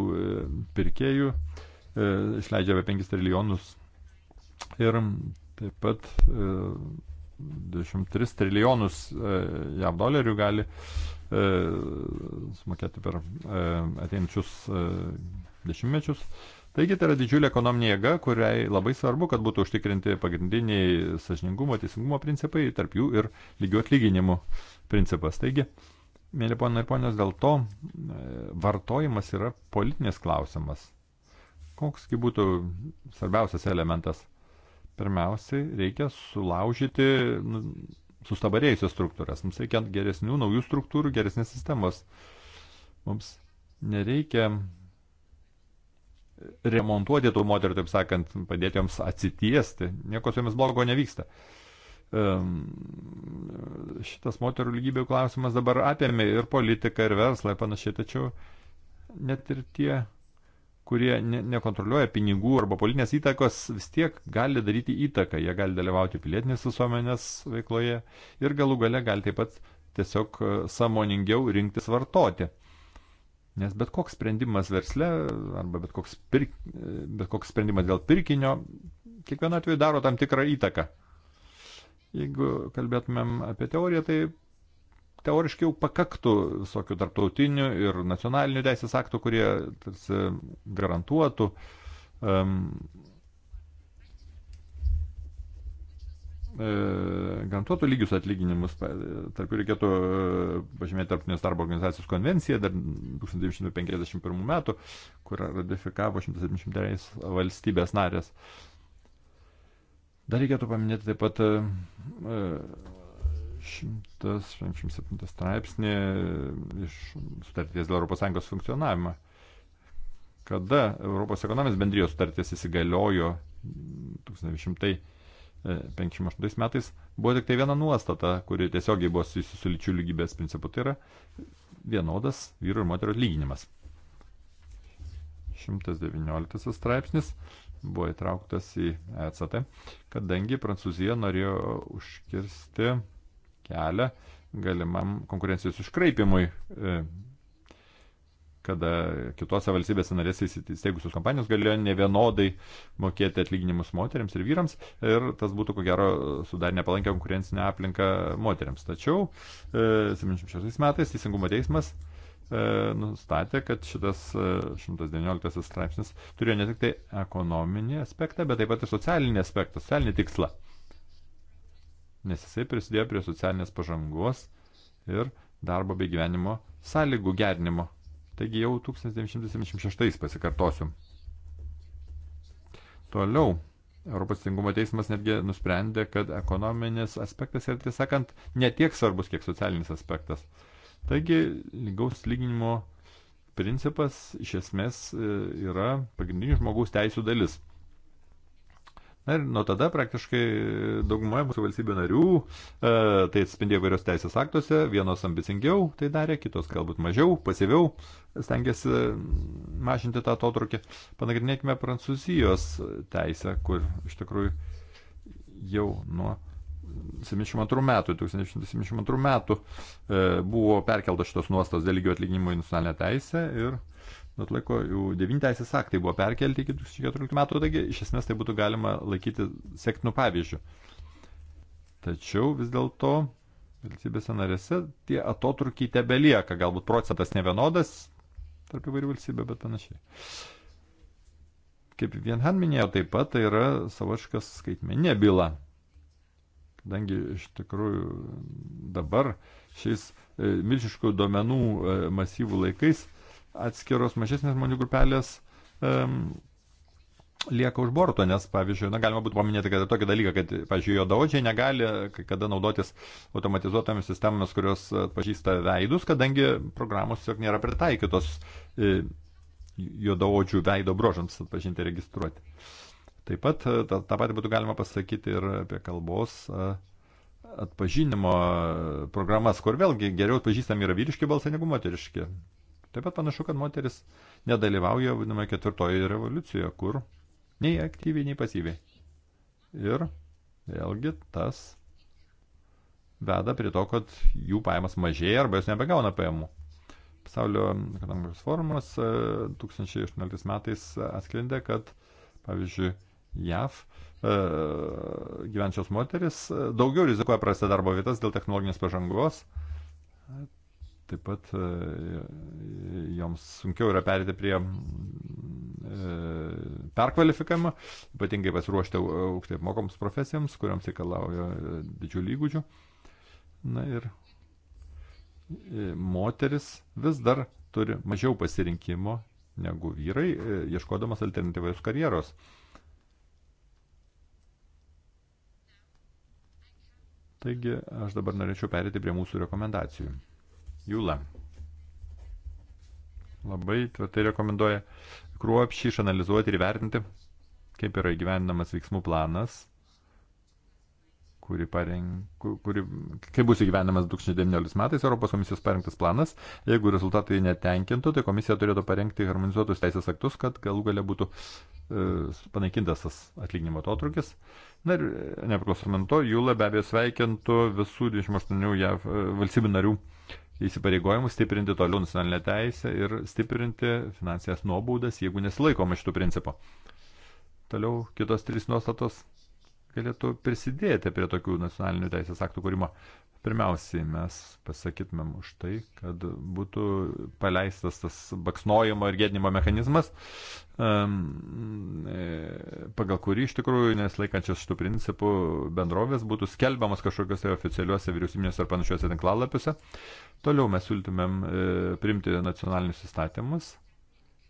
pirkėjų, išleidžia apie 5 trilijonus. Ir taip pat 23 trilijonus jav dolerių gali sumokėti per ateinančius dešimtmečius. Taigi tai yra didžiulė ekonominė jėga, kuriai labai svarbu, kad būtų užtikrinti pagrindiniai sažiningumo, teisingumo principai, tarp jų ir lygių atlyginimų principas. Taigi, mėly ponai ir ponios, dėl to e, vartojimas yra politinės klausimas. Koksgi būtų svarbiausias elementas? Pirmiausiai, reikia sulaužyti nu, sustabarėjusios struktūras. Mums reikia geresnių, naujų struktūrų, geresnės sistemos. Mums nereikia remontuoti tų moterų, taip sakant, padėti joms atsitiesti. Nieko su jomis blogo nevyksta. Šitas moterų lygybių klausimas dabar apėmė ir politiką, ir verslą, ir panašiai, tačiau net ir tie, kurie ne, nekontroliuoja pinigų arba politinės įtakos, vis tiek gali daryti įtaką. Jie gali dalyvauti pilietinės visuomenės veikloje ir galų gale gali taip pat tiesiog e, samoningiau rinktis vartoti. Nes bet koks sprendimas versle arba bet koks, pirk, bet koks sprendimas dėl pirkinio, kiekvienu atveju daro tam tikrą įtaką. Jeigu kalbėtumėm apie teoriją, tai teoriškai jau pakaktų visokių tarptautinių ir nacionalinių teisės aktų, kurie tarsi garantuotų um, E, garantuotų lygius atlyginimus, tarp jų reikėtų e, pažymėti Tarptautinės darbo organizacijos konvenciją dar 1951 metų, kurią ratifikavo 173 valstybės narės. Dar reikėtų paminėti taip pat 177 e, straipsnį iš sutarties dėl ES funkcionavimą, kada Europos ekonomijos bendrijos sutarties įsigaliojo 1900. 58 e, metais buvo tik tai viena nuostata, kuri tiesiogiai buvo susijusi su lyčių lygybės principu, tai yra vienodas vyru ir moterio atlyginimas. 119 straipsnis buvo įtrauktas į ECT, kadangi Prancūzija norėjo užkirsti kelią galimam konkurencijos iškraipimui e, kada kitose valstybėse narėse įsteigusios kompanijos galėjo nevienodai mokėti atlyginimus moteriams ir vyrams ir tas būtų ko gero sudarė nepalankę konkurencinę aplinką moteriams. Tačiau 76 e, metais Teisingumo teismas e, nustatė, kad šitas 119 e, straipsnis turėjo ne tik tai ekonominį aspektą, bet taip pat ir socialinį aspektą, socialinį tikslą. Nes jisai prisidėjo prie socialinės pažangos ir darbo bei gyvenimo sąlygų gerinimo. Taigi jau 1976 pasikartosiu. Toliau Europos teisingumo teismas netgi nusprendė, kad ekonominis aspektas yra tiesą sakant ne tiek svarbus, kiek socialinis aspektas. Taigi lygaus lyginimo principas iš esmės e, yra pagrindinių žmogaus teisų dalis. Na ir nuo tada praktiškai daugumoje mūsų valstybių narių e, tai atspindėjo vairios teisės aktuose, vienos ambicingiau tai darė, kitos galbūt mažiau, pasyviau stengiasi mažinti tą atotrukį. Panagrinėkime Prancūzijos teisę, kur iš tikrųjų jau nuo 72 metų, 1972 metų e, buvo perkeltas šitos nuostos dėl lygio atlyginimo į nacionalinę teisę ir bet laiko jau devyni teisės aktai buvo perkelti iki 2014 metų, taigi iš esmės tai būtų galima laikyti sektinų pavyzdžių. Tačiau vis dėlto valstybėse narėse tie atotrukiai tebelieka, galbūt procentas ne vienodas tarp įvairių valstybių, bet panašiai. Kaip Vienhan minėjo, taip pat tai yra savaškas skaitmeninė byla. Kadangi iš tikrųjų dabar šiais e, milžiškų duomenų e, masyvų laikais atskiros mažesnės žmonių grupelės um, lieka už borto, nes, pavyzdžiui, na, galima būtų paminėti, kad tokį dalyką, kad, pavyzdžiui, juodaodžiai negali kada naudotis automatizuotomis sistemomis, kurios pažįsta veidus, kadangi programos tiesiog nėra pritaikytos e, juodaodžių veido brožams atpažinti ir registruoti. Taip pat e, tą, tą patį būtų galima pasakyti ir apie kalbos e, atpažinimo programas, kur vėlgi geriau atpažįstami yra vyriški balsai negu moteriški. Taip pat panašu, kad moteris nedalyvauja vadinama ketvirtoje revoliucijoje, kur nei aktyviai, nei pasyviai. Ir vėlgi tas veda prie to, kad jų pajamas mažėja arba jos nebegauna pajamų. Pasaulio ekonomikos forumas 2018 e, metais atsklendė, kad pavyzdžiui JAV e, gyvenčios moteris e, daugiau rizikuoja prarasti darbo vietas dėl technologinės pažangos, Taip pat e, joms sunkiau yra perėti prie e, perkvalifikavimo, ypatingai pasiruošti aukštai apmokoms profesijoms, kuriams reikalauja e, didžiulių įgūdžių. Na ir moteris vis dar turi mažiau pasirinkimo negu vyrai, ieškodamas alternatyvios karjeros. Taigi aš dabar norėčiau perėti prie mūsų rekomendacijų. Jūla labai tvirtai rekomenduoja kruopšį išanalizuoti ir vertinti, kaip yra įgyvendinamas veiksmų planas, kuri pareng, kuri, kaip bus įgyvendinamas 2019 metais Europos komisijos parengtas planas. Jeigu rezultatai netenkintų, tai komisija turėtų parengti harmonizuotus teisės aktus, kad galų galia būtų e, panaikintas tas atlyginimo atotrukis. Na ir e, nepriklausomai to, Jūla be abejo sveikintų visų 28 JAV e, valstybių narių įsipareigojimus stiprinti toliau nacionalinę teisę ir stiprinti finansinės nuobaudas, jeigu nesilaikoma šitų principų. Toliau kitos trys nuostatos galėtų prisidėti prie tokių nacionalinių teisės aktų kūrimo. Pirmiausiai mes pasakytumėm už tai, kad būtų paleistas tas baksnojimo ir gėdinimo mechanizmas, e, pagal kurį iš tikrųjų neslaikančias šitų principų bendrovės būtų skelbiamas kažkokiuose oficialiuose vyriausybinėse ar panašiuose tinklalapiuose. Toliau mes siūlytumėm e, priimti nacionalinius įstatymus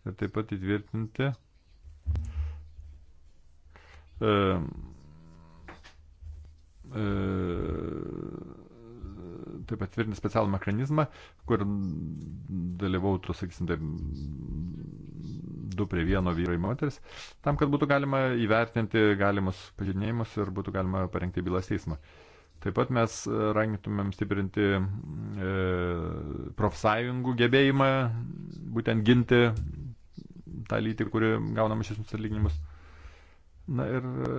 ir taip pat įtvirtinti. Um, E, taip pat tvirtinti specialų mechanizmą, kur dalyvautų, sakysim, taip, du prie vieno vyrai moteris, tam, kad būtų galima įvertinti galimus pažydinėjimus ir būtų galima parengti bylas teismą. Taip pat mes rangintumėm stiprinti e, profsąjungų gebėjimą būtent ginti tą lytį, kuri gaunama šis atlyginimus. E, Na ir e,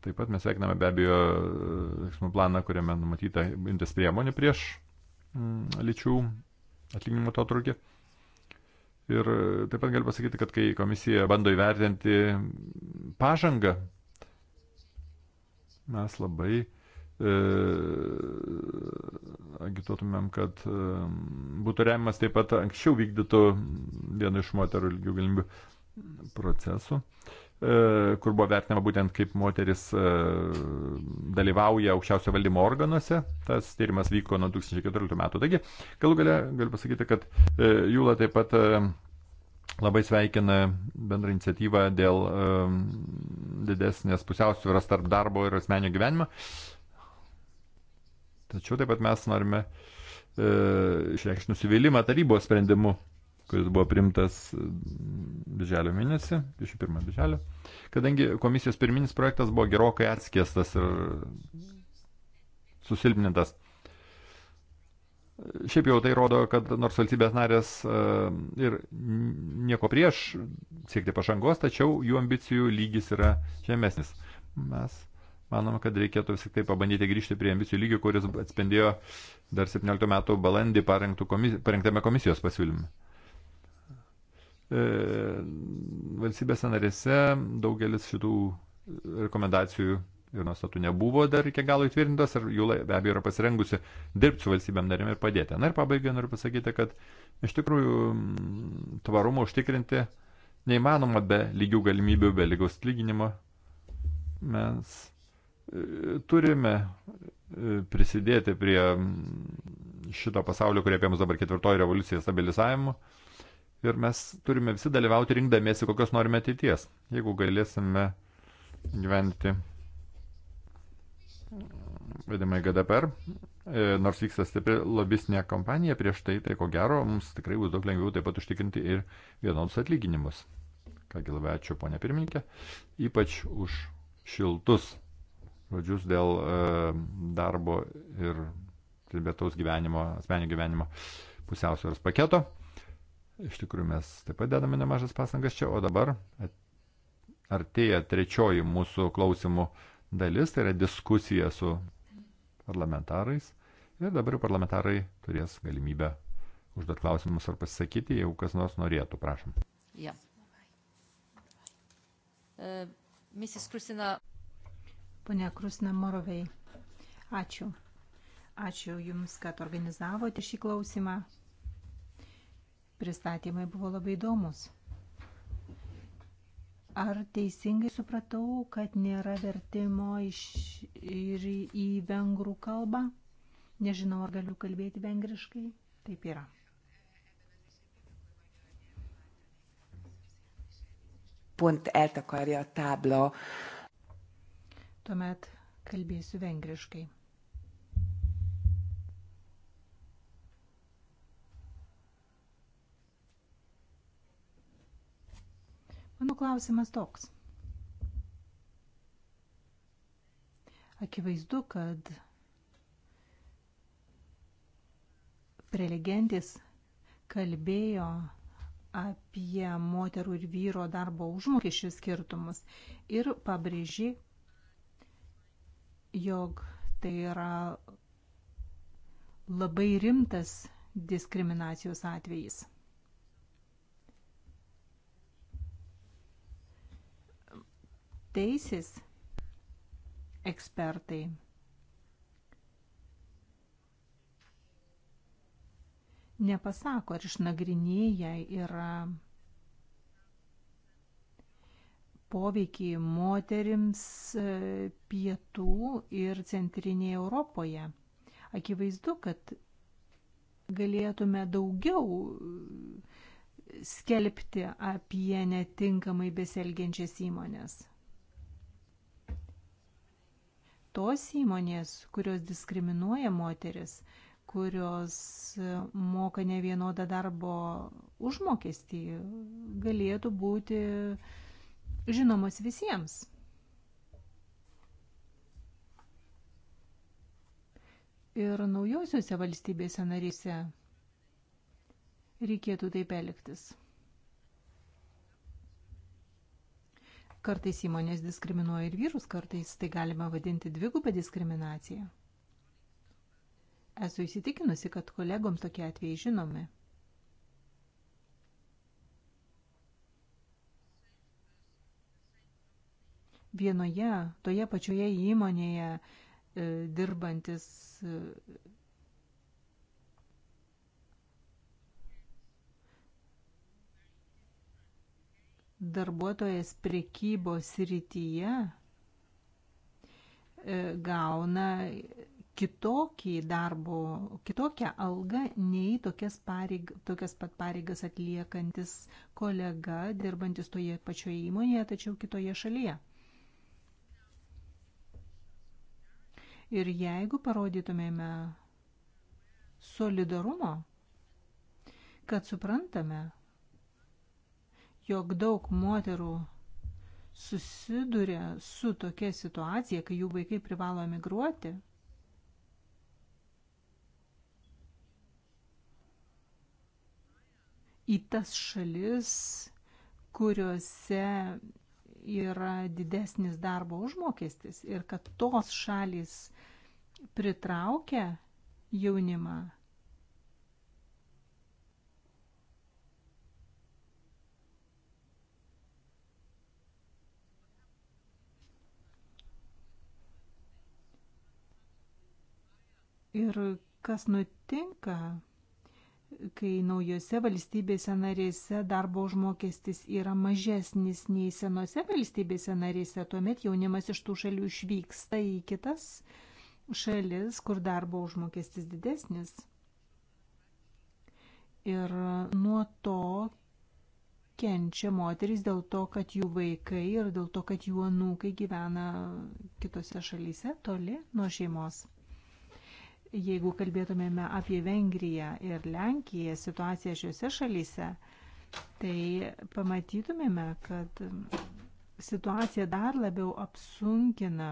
taip pat mes sveikiname be abejo e, veiksmų planą, kuriame numatyta imtis priemonių prieš mm, lyčių atlyginimo to trūkį. Ir e, taip pat galiu pasakyti, kad kai komisija bando įvertinti pažangą, mes labai e, agituotumėm, kad e, būtų remiamas taip pat anksčiau vykdytų vieno iš moterų lygių galimybių procesų. E, E, kur buvo vertinama būtent kaip moteris e, dalyvauja aukščiausio valdymo organuose. Tas tyrimas vyko nuo 2014 metų. Taigi, galų gale galiu pasakyti, kad e, Jūla taip pat labai sveikina bendrą iniciatyvą dėl didesnės pusiausvyros tarp darbo ir asmenio gyvenimo. Tačiau taip pat mes norime išreikšti nusivylimą tarybos sprendimu kuris buvo primtas mm, birželio mėnesį, 21 birželio, kadangi komisijos pirminis projektas buvo gerokai atskiestas ir susilpnintas. Šiaip jau tai rodo, kad nors valstybės narės e, ir nieko prieš siekti pažangos, tačiau jų ambicijų lygis yra žemesnis. Mes manome, kad reikėtų vis tik tai pabandyti grįžti prie ambicijų lygio, kuris atspindėjo dar 17 metų balandį komisiją, parengtame komisijos pasiūlymą. E, valstybėse narėse daugelis šitų rekomendacijų ir nuostatų nebuvo dar iki galo įtvirtintas ir jų be abejo yra pasirengusi dirbti su valstybėm narėm ir padėti. Na ir pabaigai noriu pasakyti, kad iš tikrųjų mm, tvarumą užtikrinti neįmanoma be lygių galimybių, be lygaus atlyginimo. Mes e, turime e, prisidėti prie mm, šito pasaulio, kurie apie mus dabar ketvirtoji revoliucija stabilizavimo. Ir mes turime visi dalyvauti rinkdamiesi, kokios norime ateities. Jeigu galėsime gyventi vadinamai GDPR, e, nors vyksta stipri lobistinė kampanija prieš tai, tai ko gero, mums tikrai bus daug lengviau taip pat užtikrinti ir vienodus atlyginimus. Kągi labai ačiū, ponė pirmininkė, ypač už šiltus žodžius dėl e, darbo ir pribėtaus gyvenimo, asmenio gyvenimo pusiausvėros paketo. Iš tikrųjų, mes taip pat dedame nemažas pasangas čia, o dabar artėja trečioji mūsų klausimų dalis, tai yra diskusija su parlamentarais. Ir dabar parlamentarai turės galimybę užduoti klausimus ar pasisakyti, jeigu kas nors norėtų, prašom. Ja. Uh, e, Mrs. Kristina. Pone Krusina Morovei, ačiū. Ačiū Jums, kad organizavote šį klausimą. Pristatymai buvo labai įdomus. Ar teisingai supratau, kad nėra vertimo iš, ir į vengrų kalbą? Nežinau, ar galiu kalbėti vengriškai. Taip yra. pont eltakarja a tábla. Tuomet kalbėsiu vengriškai. Mano klausimas toks. Akivaizdu, kad prelegentis kalbėjo apie moterų ir vyro darbo užmokesčių skirtumus ir pabrėži, jog tai yra labai rimtas diskriminacijos atvejis. teisės ekspertai. Nepasako, ar išnagrinėję yra poveikį moterims e, pietų ir centrinėje Europoje. Akivaizdu, kad galėtume daugiau e, skelbti apie netinkamai beselgiančias įmonės tos įmonės, kurios diskriminuoja moteris, kurios e, moka ne vienodą darbo užmokestį, galėtų būti žinomos visiems. Ir naujosiuose valstybėse narise reikėtų taip elgtis. Kartais įmonės diskriminuoja ir vyrus, kartais tai galima vadinti dvigubą diskriminaciją. Esu įsitikinusi, kad kolegoms tokie atvejai žinomi. Vienoje, toje pačioje įmonėje e, dirbantis e, darbuotojas prekybos rytyje e, gauna kitokį darbo, kitokią algą nei tokias, pareig, tokias pat pareigas atliekantis kolega, dirbantis toje pačioje įmonėje, tačiau kitoje šalyje. Ir jeigu parodytumėme solidarumo, kad suprantame, jog daug moterų susiduria su tokia situacija, kai jų vaikai privalo emigruoti? Į tas šalis, kuriuose yra didesnis darbo užmokestis ir kad tos šalis pritraukia jaunimą Ir kas nutinka, kai naujose valstybėse narėse darbo užmokestis yra mažesnis nei senose valstybėse narėse, tuomet jaunimas iš tų šalių išvyksta į kitas šalis, kur darbo užmokestis didesnis. Ir nuo to kenčia moteris dėl to, kad jų vaikai ir dėl to, kad jų anūkai gyvena kitose šalyse toli nuo šeimos. Jeigu kalbėtumėme apie Vengriją ir Lenkiją, situaciją šiuose šalyse, tai pamatytumėme, kad situacija dar labiau apsunkina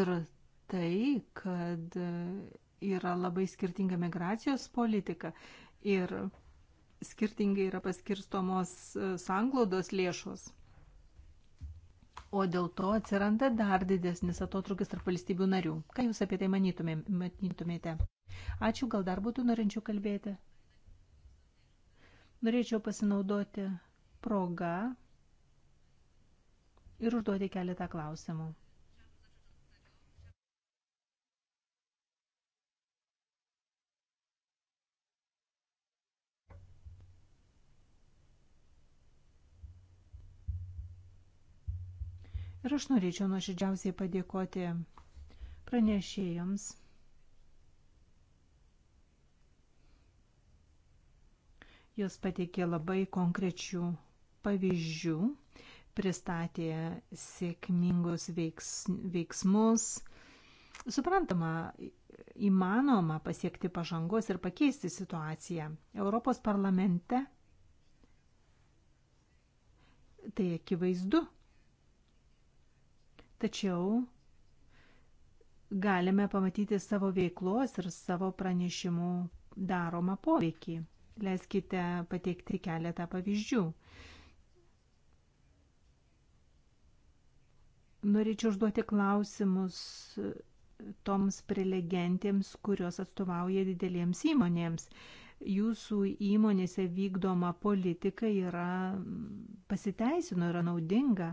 ir tai, kad yra labai skirtinga migracijos politika ir skirtingai yra paskirstomos sanglaudos lėšos o dėl to atsiranda dar didesnis atotrukis tarp valstybių narių. Ką Jūs apie tai manytumė, manytumėte? Ačiū, gal dar būtų norinčių kalbėti? Norėčiau pasinaudoti progą ir užduoti keletą klausimų. Ir aš norėčiau nuoširdžiausiai padėkoti pranešėjams. Jos pateikė labai konkrečių pavyzdžių, pristatė sėkmingus veiks, veiksmus. Suprantama, įmanoma pasiekti pažangos ir pakeisti situaciją. Europos parlamente tai akivaizdu Tačiau galime pamatyti savo veiklos ir savo pranešimų daromą poveikį. Leiskite pateikti keletą pavyzdžių. Norėčiau užduoti klausimus toms prelegentėms, kurios atstovauja didelėms įmonėms. Jūsų įmonėse vykdoma politika yra pasiteisino, yra naudinga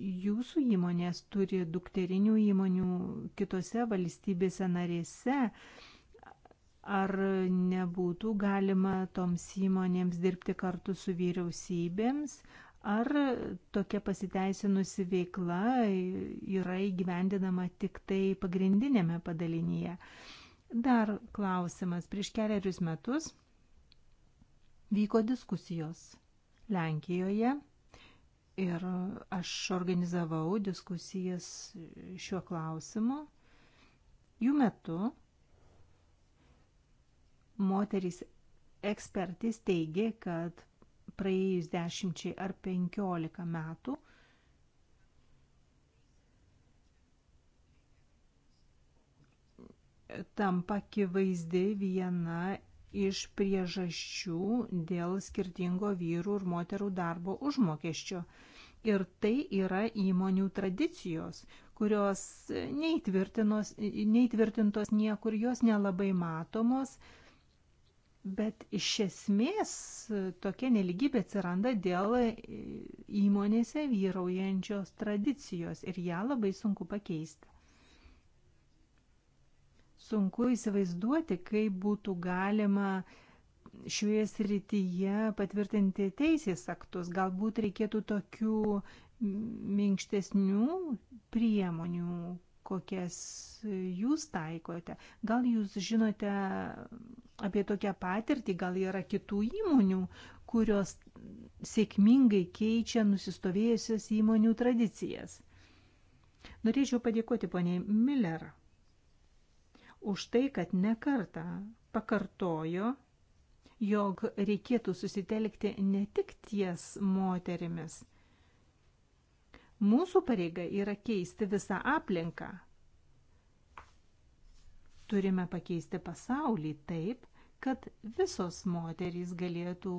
jūsų įmonės turi dukterinių įmonių kitose valstybėse narėse, ar nebūtų galima toms įmonėms dirbti kartu su vyriausybėms, ar tokia pasiteisinusi veikla yra įgyvendinama tik tai pagrindinėme padalinyje. Dar klausimas. Prieš keliarius metus vyko diskusijos Lenkijoje Ir aš organizavau diskusijas šiuo klausimu. Jų metu moterys ekspertys teigia, kad praėjus dešimčiai ar penkiolika metų tampa akivaizdi viena iš priežasčių dėl skirtingo vyrų ir moterų darbo užmokesčio. Ir tai yra įmonių tradicijos, kurios neįtvirtintos niekur, jos nelabai matomos, bet iš esmės tokia neligybė atsiranda dėl įmonėse vyraujančios tradicijos ir ją labai sunku pakeisti. Sunku įsivaizduoti, kaip būtų galima uh, šioje srityje patvirtinti teisės aktus. Galbūt reikėtų tokių minkštesnių priemonių, kokias jūs taikote. Gal jūs žinote apie tokią patirtį, gal yra kitų įmonių, kurios sėkmingai keičia nusistovėjusias įmonių tradicijas. Norėčiau padėkoti poniai Miller už tai, kad nekartą pakartojo jog reikėtų susitelkti ne tik ties moterimis. Mūsų pareiga yra keisti visą aplinką. Turime pakeisti pasaulį taip, kad visos moterys galėtų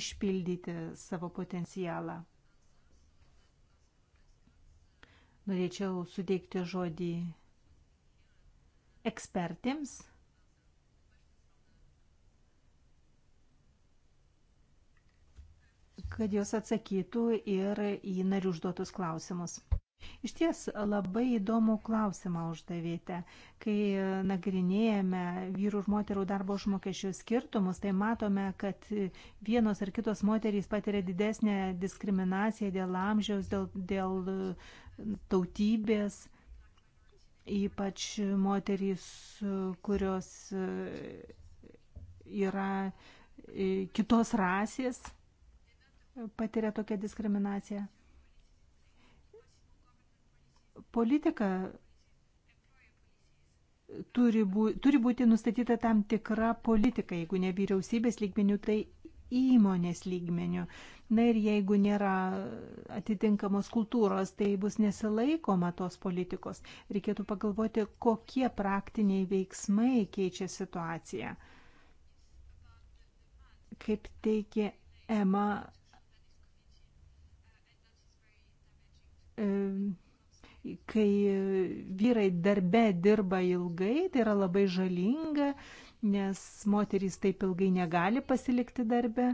išpildyti savo potencialą. Norėčiau suteikti žodį ekspertėms kad jos atsakytų ir į narių užduotus klausimus. Iš ties labai įdomų klausimą uždavėte. Kai nagrinėjame vyrų ir moterų darbo užmokesčių skirtumus, tai matome, kad vienos ar kitos moterys patiria didesnę diskriminaciją dėl amžiaus, dėl, dėl tautybės, ypač moterys, kurios yra kitos rasės patiria tokią diskriminaciją. Politika turi, bū, turi būti nustatyta tam tikra politika, jeigu ne vyriausybės lygmenių, tai įmonės lygmenių. Na ir jeigu nėra atitinkamos kultūros, tai bus nesilaikoma tos politikos. Reikėtų pagalvoti, kokie praktiniai veiksmai keičia situaciją. Kaip teigia Ema, kai vyrai darbe dirba ilgai, tai yra labai žalinga, nes moterys taip ilgai negali pasilikti darbe.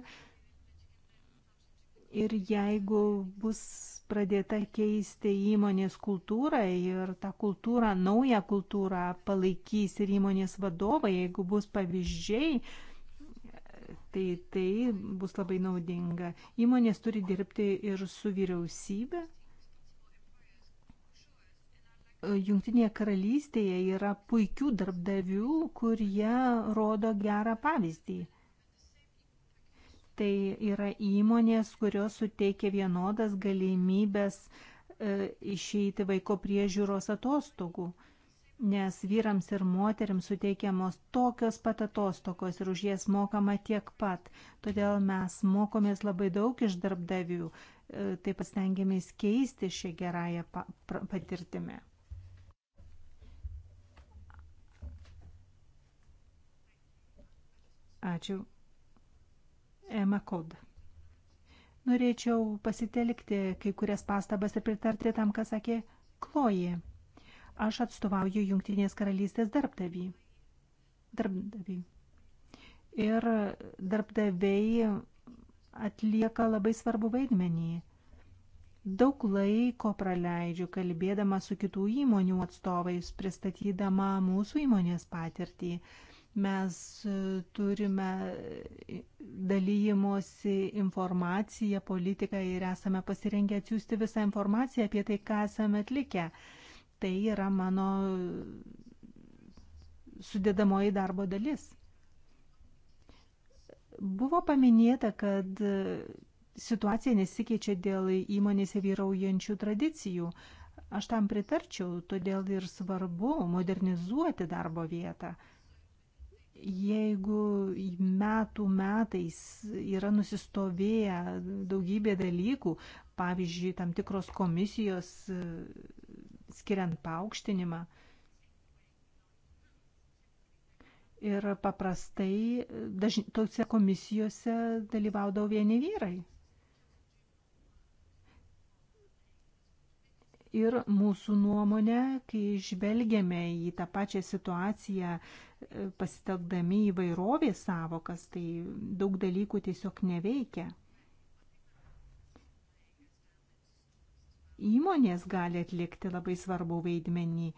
Ir jeigu bus pradėta keisti įmonės kultūrą ir tą kultūrą, naują kultūrą palaikys ir įmonės vadovai, jeigu bus pavyzdžiai, tai tai bus labai naudinga. Įmonės turi dirbti ir su vyriausybė. Jungtinėje karalystėje yra puikių darbdavių, kurie rodo gerą pavyzdį. Tai yra įmonės, kurios suteikia vienodas galimybės e, išeiti vaiko priežiūros atostogų, nes vyrams ir moteriams suteikiamos tokios pat atostogos ir už jas mokama tiek pat. Todėl mes mokomės labai daug iš darbdavių, e, taip pat stengiamės keisti šią gerąją patirtimę. Ačiū. Ema Kod. Norėčiau pasitelkti kai kurias pastabas ir pritarti tam, ką sakė Kloji. Aš atstovauju Junktinės karalystės darbdavį. Darbdavį. Ir darbdaviai atlieka labai svarbu vaidmenį. Daug laiko praleidžiu kalbėdama su kitų įmonių atstovais, pristatydama mūsų įmonės patirtį. Mes e, turime e, dalyjimosi informaciją, politiką ir esame pasirengę atsiųsti visą informaciją apie tai, ką esame atlikę. Tai yra mano sudėdamoji darbo dalis. Buvo paminėta, kad e, situacija nesikeičia dėl įmonėse vyraujančių tradicijų. Aš tam pritarčiau, todėl ir svarbu modernizuoti darbo vietą jeigu metų metais yra nusistovėję daugybė dalykų, pavyzdžiui, tam tikros komisijos e, skiriant paaukštinimą. Ir paprastai e, dažn... tose komisijose dalyvaudavo vieni vyrai. ir mūsų nuomonė, kai žvelgiame į tą pačią situaciją, e, pasitelkdami įvairovės savokas, tai daug dalykų tiesiog neveikia. Įmonės gali atlikti labai svarbų vaidmenį.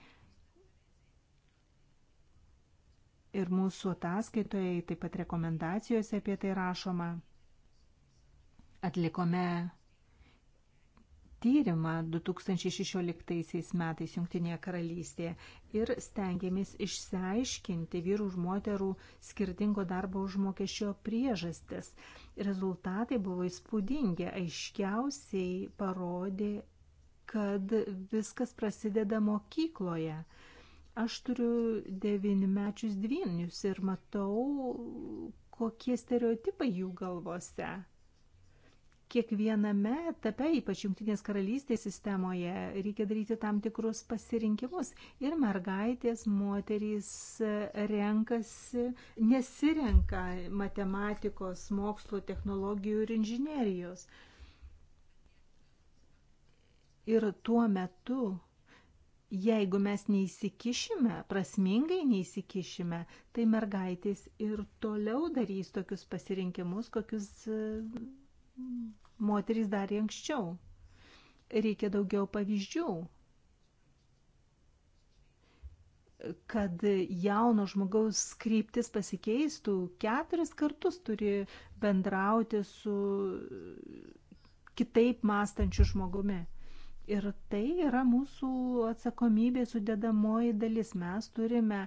Ir mūsų ataskaitoje, taip pat rekomendacijose apie tai rašoma. Atlikome tyrimą 2016 metais Junktinėje karalystėje ir stengiamės išsiaiškinti vyrų ir moterų skirtingo darbo užmokesčio priežastis. Rezultatai buvo įspūdingi, aiškiausiai parodė, kad viskas prasideda mokykloje aš turiu devynimečius dvynius ir matau, kokie stereotipai jų galvose kiekviename etape, ypač Junktinės karalystės sistemoje, reikia daryti tam tikrus pasirinkimus. Ir mergaitės, moterys e, renkasi, nesirenka matematikos, mokslo, technologijų ir inžinierijos. Ir tuo metu, jeigu mes neįsikišime, prasmingai neįsikišime, tai mergaitės ir toliau darys tokius pasirinkimus, kokius e, moterys darė anksčiau. Reikia daugiau pavyzdžių, kad jauno žmogaus kryptis pasikeistų, keturis kartus turi bendrauti su kitaip mąstančiu žmogumi. Ir tai yra mūsų atsakomybė sudėdamoji dalis. Mes turime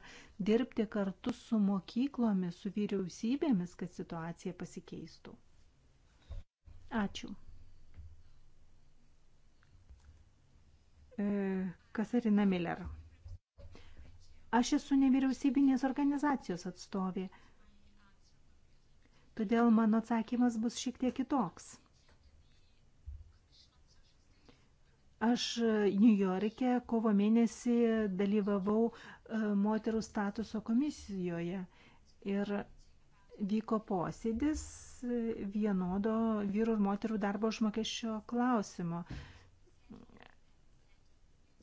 dirbti kartu su mokyklomis, su vyriausybėmis, kad situacija pasikeistų. Ačiū. E, Kasarina Miller. Aš esu nevyriausybinės organizacijos atstovė, todėl mano atsakymas bus šiek tiek kitoks. Aš New York'e kovo mėnesį dalyvavau e, moterų statuso komisijoje ir vyko posėdis vienodo vyrų ir moterų darbo užmokesčio klausimo.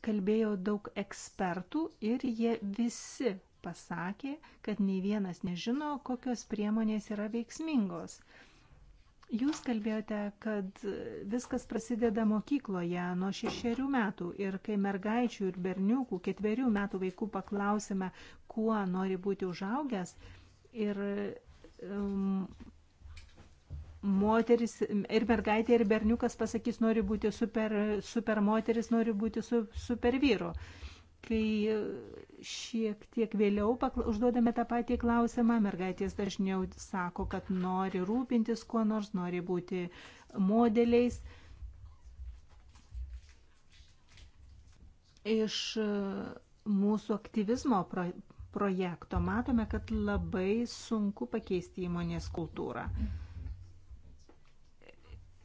Kalbėjau daug ekspertų ir jie visi pasakė, kad nei vienas nežino, kokios priemonės yra veiksmingos. Jūs kalbėjote, kad viskas prasideda mokykloje nuo šešerių metų ir kai mergaičių ir berniukų ketverių metų vaikų paklausime, kuo nori būti užaugęs ir um, moteris ir mergaitė ir berniukas pasakys, nori būti super, super moteris, nori būti su, super vyru. Kai šiek tiek vėliau pakla, užduodame tą patį klausimą, mergaitės dažniau sako, kad nori rūpintis kuo nors, nori būti modeliais. Iš mūsų aktyvizmo pro, projekto matome, kad labai sunku pakeisti įmonės kultūrą. Mm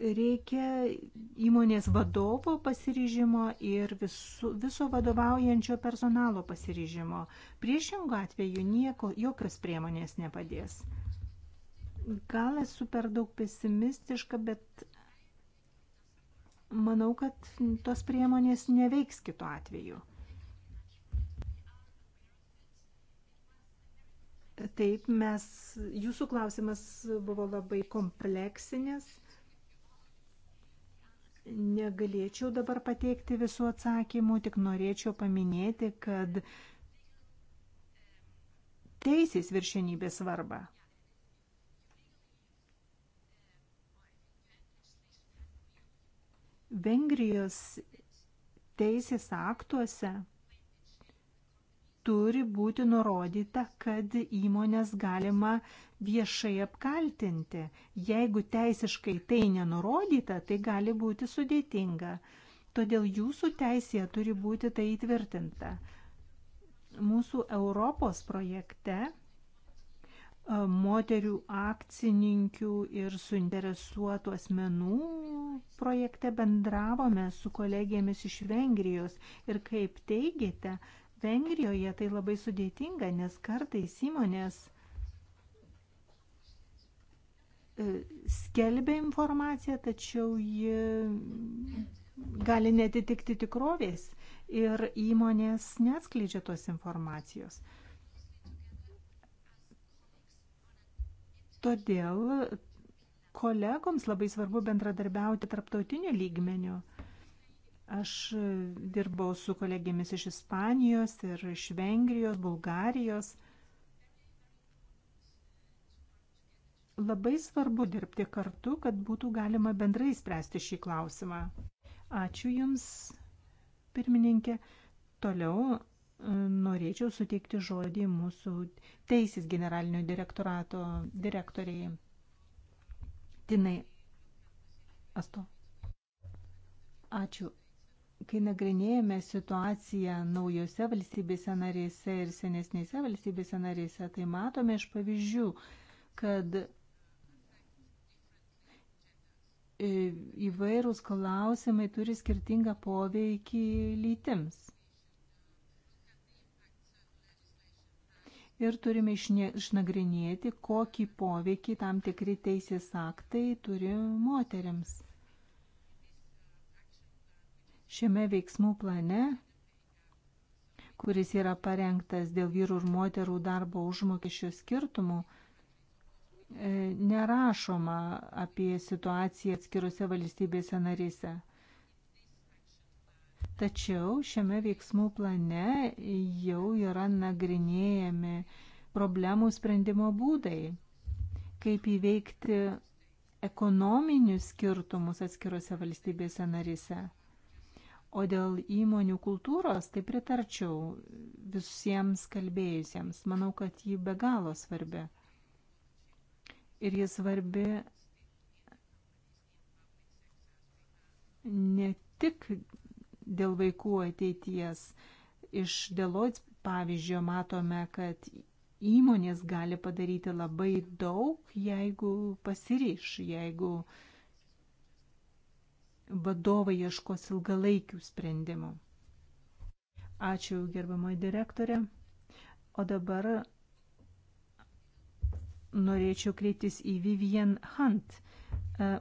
reikia įmonės vadovo pasiryžimo ir visu, viso vadovaujančio personalo pasiryžimo. Priešingų atveju nieko, jokios priemonės nepadės. Gal esu per daug pesimistiška, bet manau, kad tos priemonės neveiks kitu atveju. Taip, mes, jūsų klausimas buvo labai kompleksinis Negalėčiau dabar pateikti visų atsakymų, tik norėčiau paminėti, kad teisės viršenybės svarbą. Vengrijos teisės aktuose turi būti nurodyta, kad įmonės galima viešai apkaltinti. Jeigu teisiškai tai nenurodyta, tai gali būti sudėtinga. Todėl jūsų teisėje turi būti tai įtvirtinta. Mūsų Europos projekte e, moterių akcininkių ir suinteresuotų asmenų projekte bendravome su kolegėmis iš Vengrijos ir kaip teigiate, Vengrijoje tai labai sudėtinga, nes kartais įmonės e, skelbia informaciją, tačiau ji gali netitikti tikrovės ir įmonės neatskleidžia tos informacijos. Todėl kolegoms labai svarbu bendradarbiauti tarptautiniu lygmeniu – Aš dirbau su kolegėmis iš Ispanijos ir iš Vengrijos, Bulgarijos. Labai svarbu dirbti kartu, kad būtų galima bendrai spręsti šį klausimą. Ačiū Jums, pirmininkė. Toliau e, norėčiau suteikti žodį mūsų teisės generalinio direktorato direktoriai Tinai Asto. Ačiū kai nagrinėjame situaciją naujose valstybėse narėse ir senesnėse valstybėse narėse, tai matome iš pavyzdžių, kad e, įvairūs klausimai turi skirtingą poveikį lytims. Ir turime išnagrinėti, kokį poveikį tam tikri teisės aktai turi moteriams. Šiame veiksmų plane, kuris yra parengtas dėl vyrų ir moterų darbo užmokesčio skirtumų, e, nerašoma apie situaciją atskirose valstybėse narėse. Tačiau šiame veiksmų plane jau yra nagrinėjami problemų sprendimo būdai, kaip įveikti ekonominius skirtumus atskirose valstybėse narise. O dėl įmonių kultūros, tai pritarčiau visiems kalbėjusiems. Manau, kad ji be galo svarbi. Ir ji svarbi ne tik dėl vaikų ateities. Iš Deloitte pavyzdžio matome, kad įmonės gali padaryti labai daug, jeigu pasiryš, jeigu uh, vadovai ieškos ilgalaikių sprendimų. Ačiū gerbamoji direktorė. O dabar norėčiau kreiptis į Vivian Hunt, e,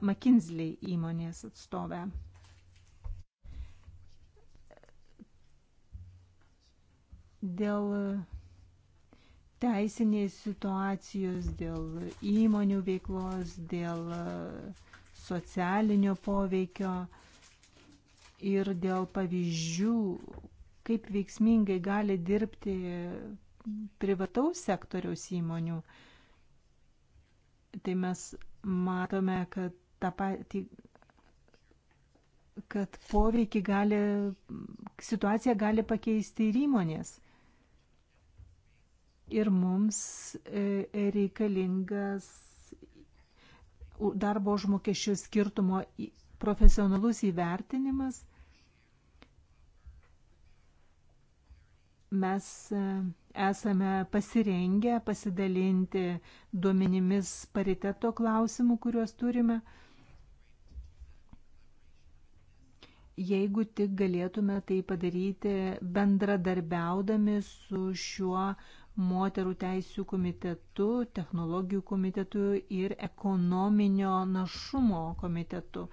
McKinsey įmonės atstovę. Dėl teisinės situacijos, dėl įmonių veiklos, dėl uh, socialinio poveikio ir dėl pavyzdžių, kaip veiksmingai gali dirbti privataus sektoriaus įmonių. Tai mes matome, kad tą patį kad poveikį gali, situaciją gali pakeisti ir įmonės. Ir mums e, reikalingas darbo užmokesčio skirtumo profesionalus įvertinimas. Mes e, esame pasirengę pasidalinti duomenimis pariteto klausimų, kuriuos turime, jeigu tik galėtume tai padaryti bendradarbiaudami su šiuo moterų teisų komitetu, technologijų komitetu ir ekonominio našumo komitetu,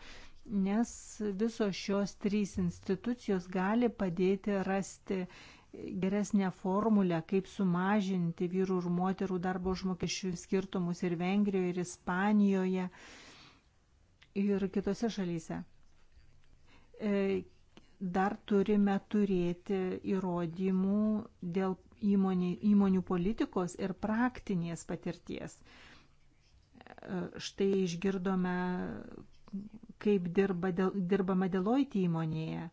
nes visos šios trys institucijos gali padėti rasti geresnę formulę, kaip sumažinti vyrų ir moterų darbo užmokesčių skirtumus ir Vengrijoje, ir Ispanijoje, ir kitose šalyse. E, dar turime turėti įrodymų dėl įmonė, įmonių politikos ir praktinės patirties. E, štai išgirdome, kaip dirba, dirbama Deloitte įmonėje.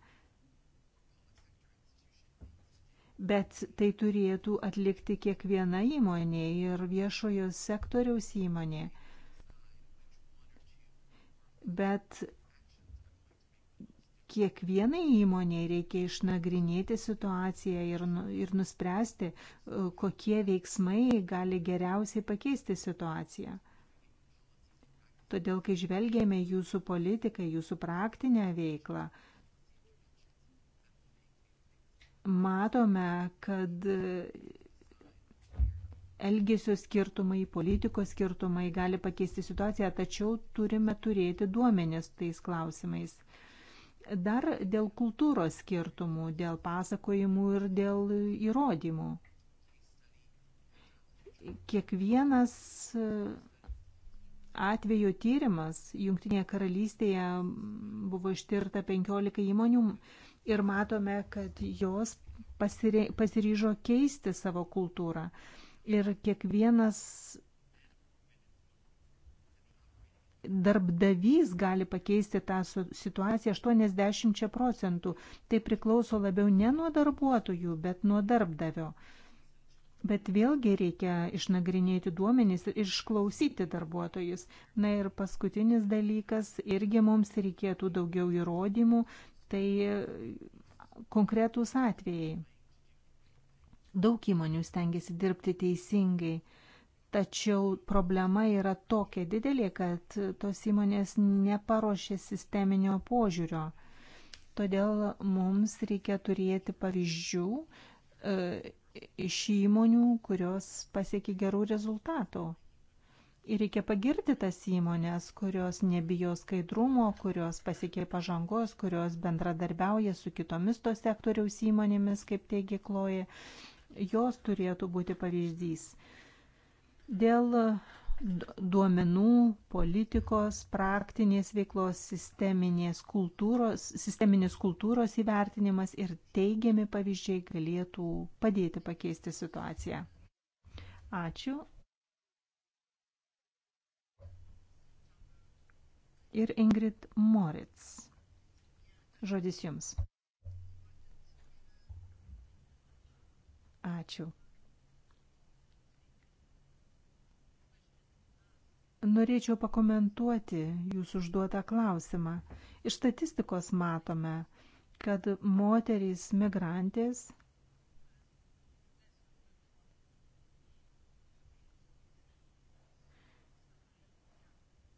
Bet tai turėtų atlikti kiekviena įmonė ir viešojo sektoriaus įmonė. Bet kiekvienai įmoniai reikia išnagrinėti situaciją ir, nu, ir nuspręsti, e, kokie veiksmai gali geriausiai pakeisti situaciją. Todėl, kai žvelgėme jūsų politiką, jūsų praktinę veiklą, matome, kad elgesio skirtumai, politikos skirtumai gali pakeisti situaciją, tačiau turime turėti duomenis tais klausimais. Dar dėl kultūros skirtumų, dėl pasakojimų ir dėl įrodymų. Kiekvienas e, atvejo tyrimas Junktinėje karalystėje buvo ištirta 15 įmonių ir matome, kad jos pasiryžo keisti savo kultūrą. Ir kiekvienas darbdavys gali pakeisti tą situaciją 80 procentų. Tai priklauso labiau ne nuo darbuotojų, bet nuo darbdavio. Bet vėlgi reikia išnagrinėti duomenys ir išklausyti darbuotojus. Na ir paskutinis dalykas, irgi mums reikėtų daugiau įrodymų, tai konkretūs atvejai. Daug įmonių stengiasi dirbti teisingai Tačiau problema yra tokia didelė, kad tos įmonės neparuošė sisteminio požiūrio. Todėl mums reikia turėti pavyzdžių e, iš įmonių, kurios pasiekė gerų rezultatų. Ir reikia pagirti tas įmonės, kurios nebijo skaidrumo, kurios pasiekė pažangos, kurios bendradarbiauja su kitomis to sektoriaus įmonėmis, kaip teigia Kloja. Jos turėtų būti pavyzdys. Dėl e, duomenų, politikos, praktinės veiklos, sisteminės kultūros, sisteminės kultūros įvertinimas ir teigiami pavyzdžiai galėtų padėti pakeisti situaciją. Ačiū. Ir Ingrid Moritz. Žodis jums. Ačiū. Norėčiau pakomentuoti jūsų užduotą klausimą. Iš statistikos matome, kad moterys migrantės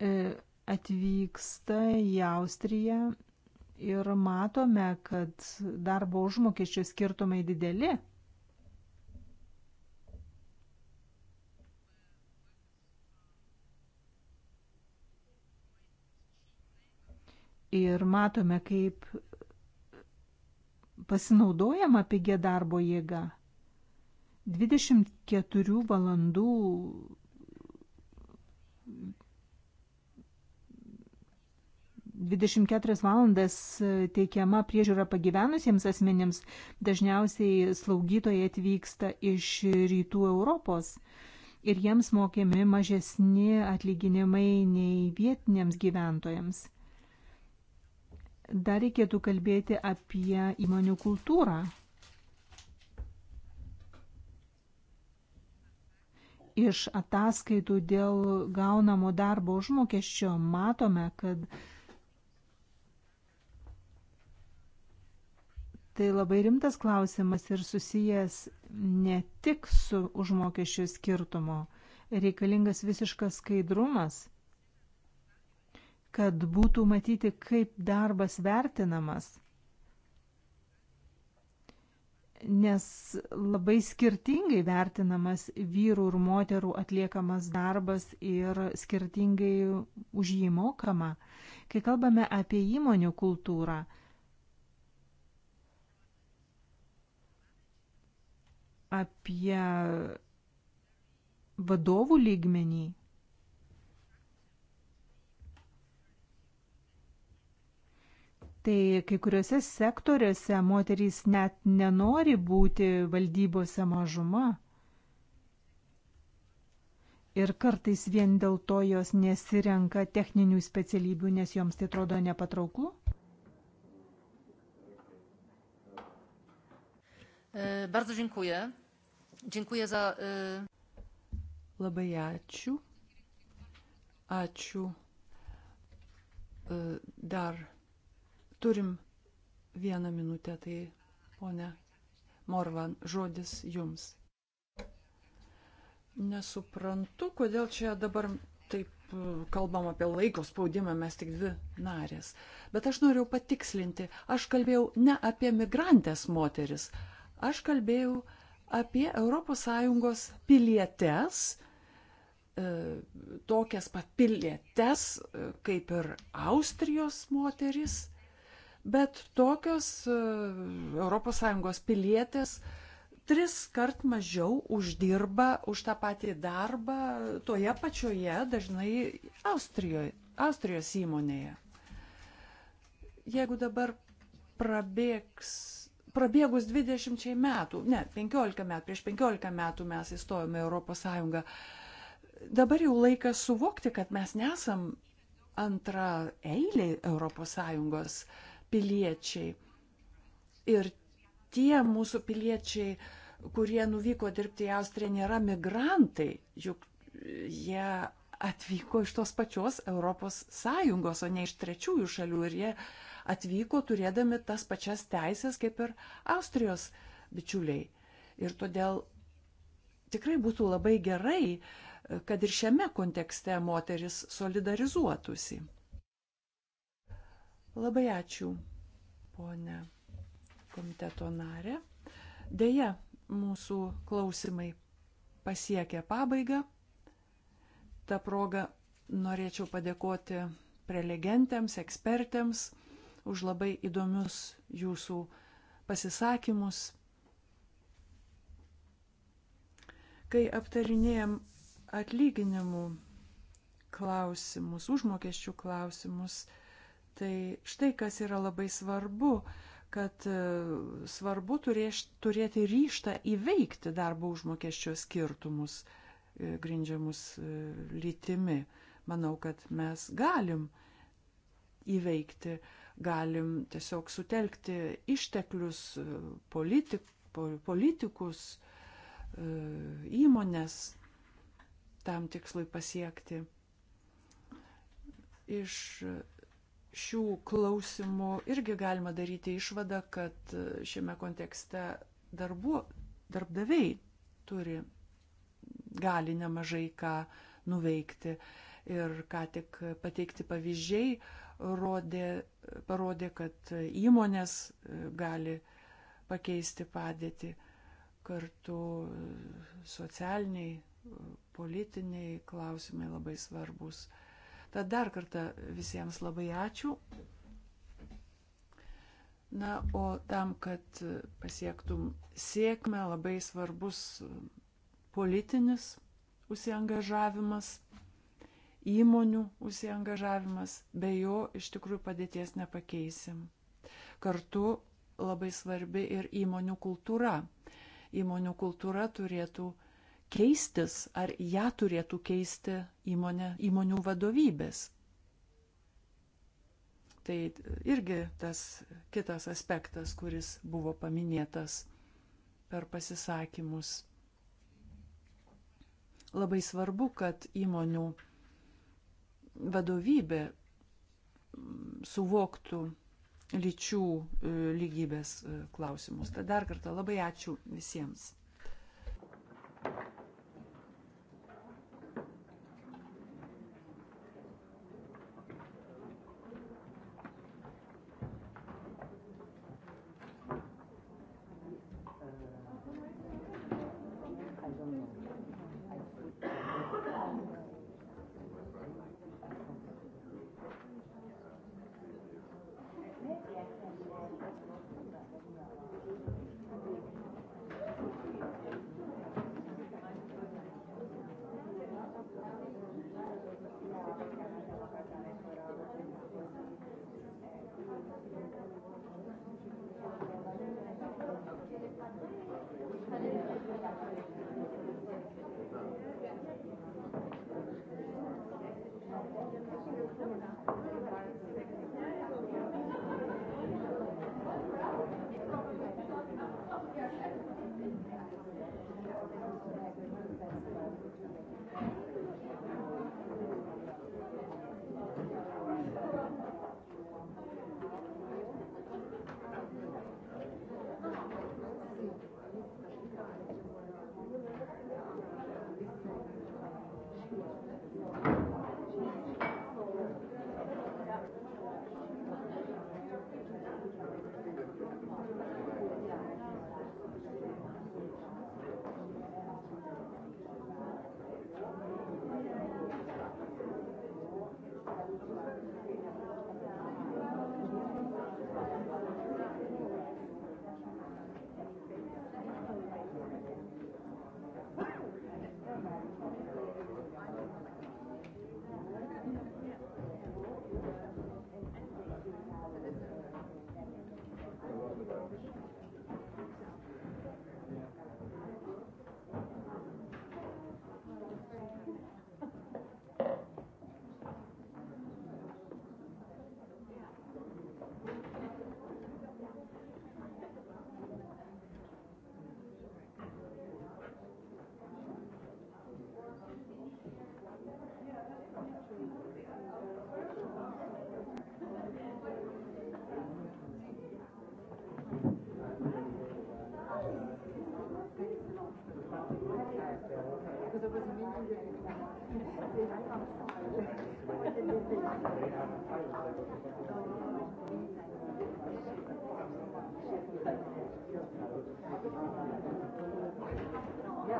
e, atvyksta į Austriją ir matome, kad darbo užmokesčio skirtumai dideli ir matome, kaip pasinaudojama pigia darbo jėga. 24 valandų Dvidešimt keturias valandas teikiama priežiūra pagyvenusiems asmenims, dažniausiai slaugytojai atvyksta iš rytų Europos ir jiems mokėmi mažesni atlyginimai nei vietiniams gyventojams. Dar reikėtų kalbėti apie įmonių kultūrą. Iš ataskaitų dėl gaunamo darbo užmokesčio matome, kad tai labai rimtas klausimas ir susijęs ne tik su užmokesčio skirtumo. Reikalingas visiškas skaidrumas – kad būtų matyti, kaip darbas vertinamas. Nes labai skirtingai vertinamas vyrų ir moterų atliekamas darbas ir skirtingai už jį mokama. Kai kalbame apie įmonių kultūrą, apie vadovų lygmenį, tai kai kuriuose sektoriuose moterys net nenori būti valdybose mažuma. Ir kartais vien dėl to jos nesirenka techninių specialybių, nes joms tai atrodo nepatrauklu. E, bardzo dziękuję. Dziękuję za. E... Labai ačiū. Ačiū. E, dar Turim vieną minutę, tai ponia Morvan, žodis jums. Nesuprantu, kodėl čia dabar taip e, kalbam apie laiko spaudimą, mes tik dvi narės. Bet aš noriu patikslinti, aš kalbėjau ne apie migrantės moteris, aš kalbėjau apie ES pilietės, e, tokias pat pilietės e, kaip ir Austrijos moteris bet tokios ES pilietės tris kart mažiau uždirba už tą patį darbą toje pačioje, dažnai Austrijoje, Austrijos įmonėje. Jeigu dabar prabėgs, prabėgus 20 metų, ne, 15 metų, prieš 15 metų mes įstojome Europos Sąjungą, dabar jau laikas suvokti, kad mes nesam antra eilė Europos Sąjungos piliečiai. Ir tie mūsų piliečiai, kurie nuvyko dirbti į Austriją, nėra migrantai, juk jie atvyko iš tos pačios Europos Sąjungos, o ne iš trečiųjų šalių. Ir jie atvyko turėdami tas pačias teisės kaip ir Austrijos bičiuliai. Ir todėl tikrai būtų labai gerai, kad ir šiame kontekste moteris solidarizuotųsi. Labai ačiū, ponė komiteto narė. Deja, mūsų klausimai pasiekė pabaigą. Ta proga norėčiau padėkoti prelegentėms, ekspertėms už labai įdomius jūsų pasisakymus. Kai aptarinėjom atlyginimų klausimus, užmokesčių klausimus, Tai štai kas yra labai svarbu, kad e, svarbu turėš, turėti ryštą įveikti darbo užmokesčio skirtumus e, grindžiamus e, lytimi. Manau, kad mes galim įveikti, galim tiesiog sutelkti išteklius politik, politikus, įmonės tam tikslui pasiekti. Iš šių klausimų irgi galima daryti išvadą, kad e, šiame kontekste darbu, darbdaviai turi, gali nemažai ką nuveikti. Ir ką tik pateikti pavyzdžiai rodė, parodė, kad įmonės e, gali pakeisti padėtį kartu socialiniai, e, politiniai klausimai labai svarbus. Tad dar kartą visiems labai ačiū. Na, o tam, kad pasiektum sėkmę, labai svarbus politinis užsiengažavimas, įmonių užsiengažavimas, be jo iš tikrųjų padėties nepakeisim. Kartu labai svarbi ir įmonių kultūra. Įmonių kultūra turėtų keistis, ar ją turėtų keisti įmonė, įmonių vadovybės. Tai irgi tas kitas aspektas, kuris buvo paminėtas per pasisakymus. Labai svarbu, kad įmonių vadovybė suvoktų lyčių e, lygybės e, klausimus. Tad dar kartą labai ačiū visiems. Ja,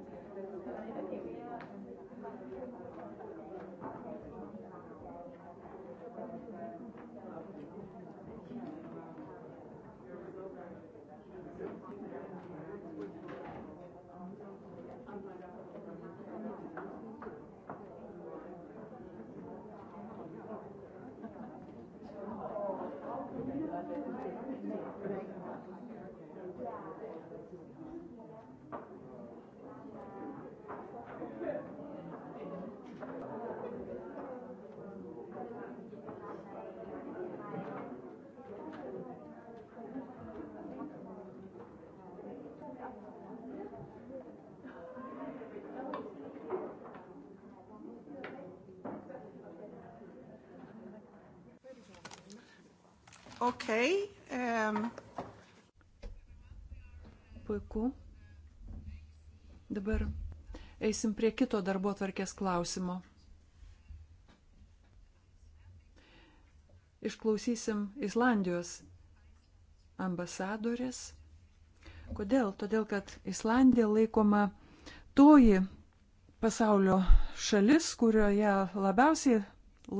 Okay. Um. Puiku. Dabar eisim prie kito darbo tvarkės klausimo. Išklausysim Islandijos ambasadorės. Kodėl? Todėl, kad Islandija laikoma toji pasaulio šalis, kurioje labiausiai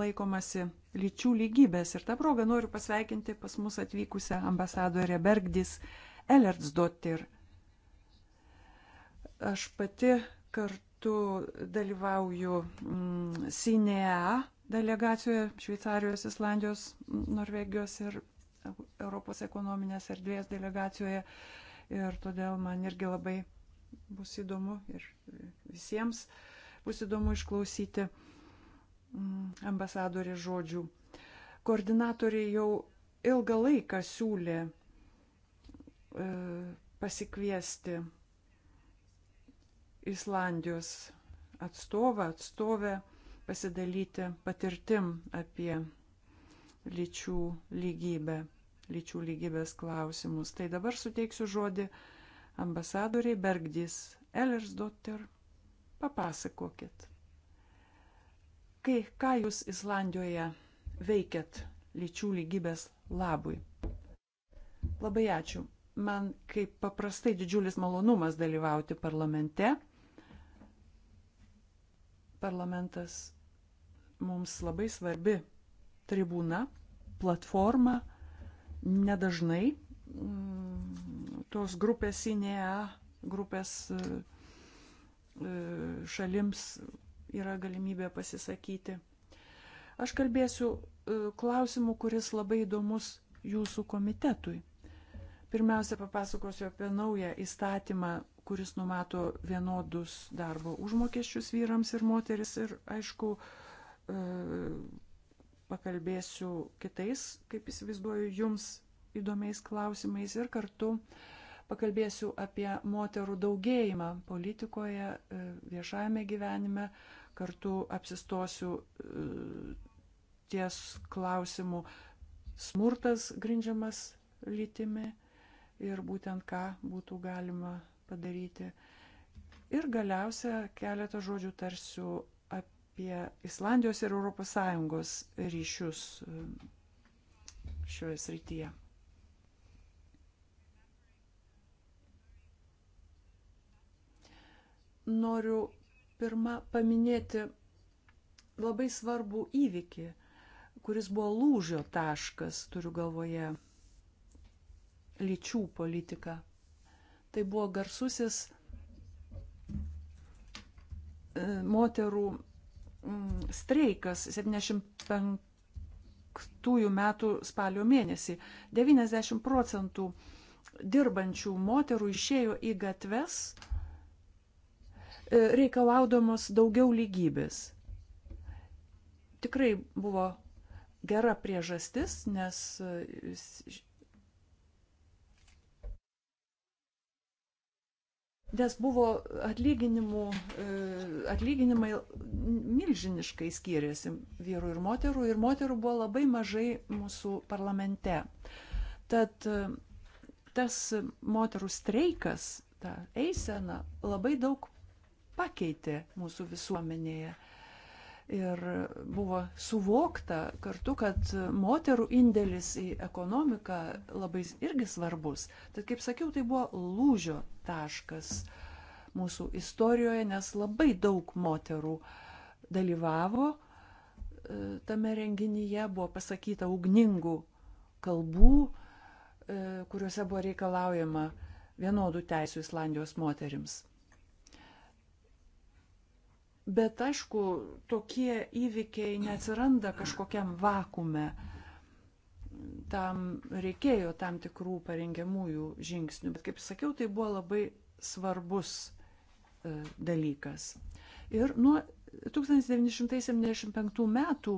laikomasi lyčių lygybės. Ir tą progą noriu pasveikinti pas mus atvykusią ambasadorę Bergdys Elertsdottir. Aš pati kartu dalyvauju mm, SINEA delegacijoje Šveicarijos, Islandijos, mm, Norvegijos ir Europos ekonominės erdvės delegacijoje. Ir todėl man irgi labai bus įdomu ir visiems bus įdomu išklausyti uh, Mm, ambasadorė žodžių. Koordinatoriai jau ilgą laiką siūlė e, pasikviesti Islandijos atstovą, atstovę, pasidalyti patirtim apie lyčių lygybę, lyčių lygybės klausimus. Tai dabar suteiksiu žodį ambasadoriai Bergdys Elersdotter. Papasakokit. Kai, ką jūs Islandijoje veikiat lyčių lygybės labui? Labai ačiū. Man kaip paprastai didžiulis malonumas dalyvauti parlamente. Parlamentas mums labai svarbi tribūna, platforma, nedažnai mm, tos grupės INEA, grupės e, e, šalims yra galimybė pasisakyti. Aš kalbėsiu e, klausimu, kuris labai įdomus jūsų komitetui. Pirmiausia, papasakosiu apie naują įstatymą, kuris numato vienodus darbo užmokesčius vyrams ir moteris. Ir aišku, e, pakalbėsiu kitais, kaip įsivaizduoju, jums įdomiais klausimais ir kartu pakalbėsiu apie moterų daugėjimą politikoje, e, viešajame gyvenime, kartu apsistosiu e, ties klausimu smurtas grindžiamas lytimi ir būtent ką būtų galima padaryti. Ir galiausia keletą žodžių tarsiu apie Islandijos ir ES ryšius e, šioje srityje. Noriu pirma paminėti labai svarbų įvykį, kuris buvo lūžio taškas, turiu galvoje, lyčių politiką. Tai buvo garsusis e, moterų mm, streikas 75 metų spalio mėnesį. 90 procentų dirbančių moterų išėjo į gatves E, reikalaudamos daugiau lygybės. Tikrai buvo gera priežastis, nes nes buvo atlyginimų, e, atlyginimai milžiniškai skyrėsi vyrų ir moterų, ir moterų buvo labai mažai mūsų parlamente. Tad e, tas moterų streikas, ta eisena labai daug pakeitė mūsų visuomenėje. Ir buvo suvokta kartu, kad moterų indėlis į ekonomiką labai irgi svarbus. Tad, kaip sakiau, tai buvo lūžio taškas mūsų istorijoje, nes labai daug moterų dalyvavo e, tame renginyje, buvo pasakyta ugningų kalbų, e, kuriuose buvo reikalaujama vienodų teisų Islandijos moterims. Bet aišku, tokie įvykiai neatsiranda kažkokiam vakume. Tam reikėjo tam tikrų parengiamųjų žingsnių. Bet kaip sakiau, tai buvo labai svarbus e, dalykas. Ir nuo 1975 metų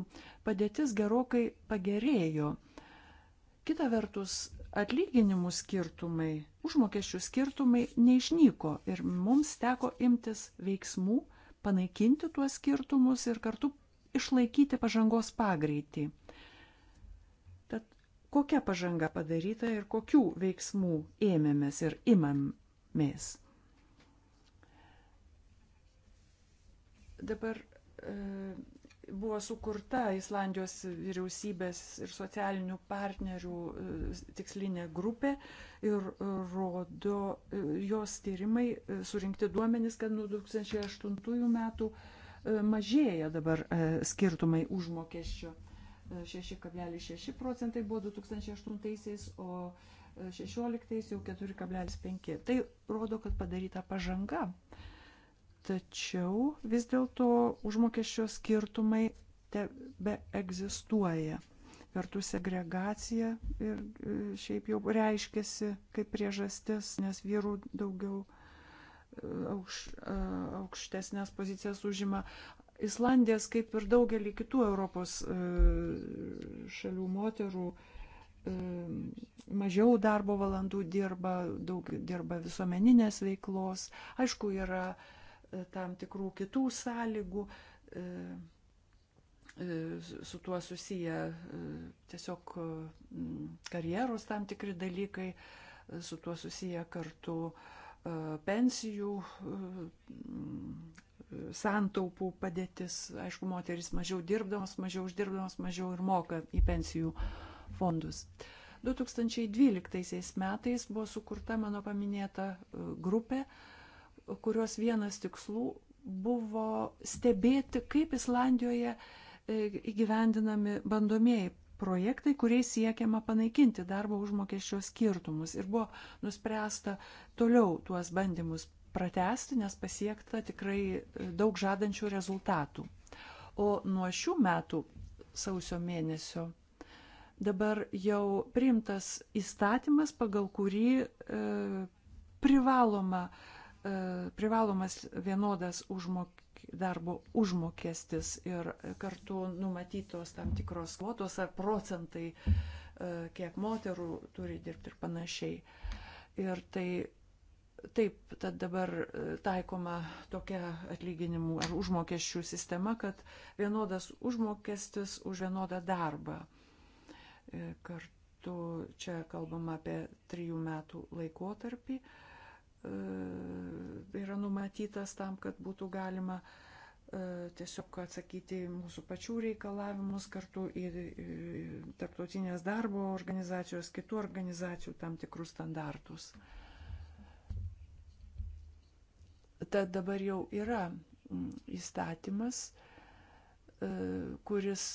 padėtis gerokai pagerėjo. Kita vertus, atlyginimų skirtumai, užmokesčių skirtumai neišnyko ir mums teko imtis veiksmų, panaikinti tuos skirtumus ir kartu išlaikyti pažangos pagreitį. Tad kokia pažanga padaryta ir kokių veiksmų ėmėmės ir imamės. Dabar e, buvo sukurta Islandijos vyriausybės ir socialinių partnerių e, tikslinė grupė ir rodo e, jos tyrimai e, surinkti duomenys, kad nuo 2008 metų mažėja dabar skirtumai užmokesčio. 6,6 procentai buvo 2008-aisiais, o 16-aisiais jau 4,5. Tai rodo, kad padaryta pažanga. Uh, tačiau vis dėlto užmokesčio skirtumai tebe egzistuoja. Vertų segregacija ir e, šiaip jau reiškėsi kaip priežastis, nes vyrų daugiau e, aukš, e, aukštesnės pozicijas užima. Islandijas, kaip ir daugelį kitų Europos šalių moterų, mažiau darbo valandų dirba, daug dirba visuomeninės veiklos. Aišku, yra uh, tam tikrų kitų sąlygų e, e, su tuo susiję e, tiesiog karjeros tam tikri dalykai, su tuo susiję kartu pensijų santaupų padėtis. Aišku, moteris mažiau dirbdamos, mažiau uždirbdamos, mažiau ir moka į pensijų fondus. 2012 metais buvo sukurta mano paminėta grupė, kurios vienas tikslų buvo stebėti, kaip Islandijoje e, įgyvendinami bandomieji projektai, kuriais siekiama panaikinti darbo užmokesčio skirtumus. Ir buvo nuspręsta toliau tuos bandymus pratesti, nes pasiekta tikrai e, daug žadančių rezultatų. O nuo šių metų sausio mėnesio dabar jau priimtas įstatymas, pagal kurį e, privaloma e, E, privalomas vienodas užmok, darbo užmokestis ir kartu numatytos tam tikros kvotos ar procentai, e, kiek moterų turi dirbti ir panašiai. Ir tai taip, tad dabar e, taikoma tokia atlyginimų ar užmokesčių sistema, kad vienodas užmokestis už vienodą darbą. Kartu čia kalbama apie trijų metų laikotarpį. E, yra numatytas tam, kad būtų galima e, tiesiog atsakyti mūsų pačių reikalavimus kartu į tarptautinės darbo organizacijos, kitų organizacijų tam tikrus standartus. Tad dabar jau yra įstatymas, e, kuris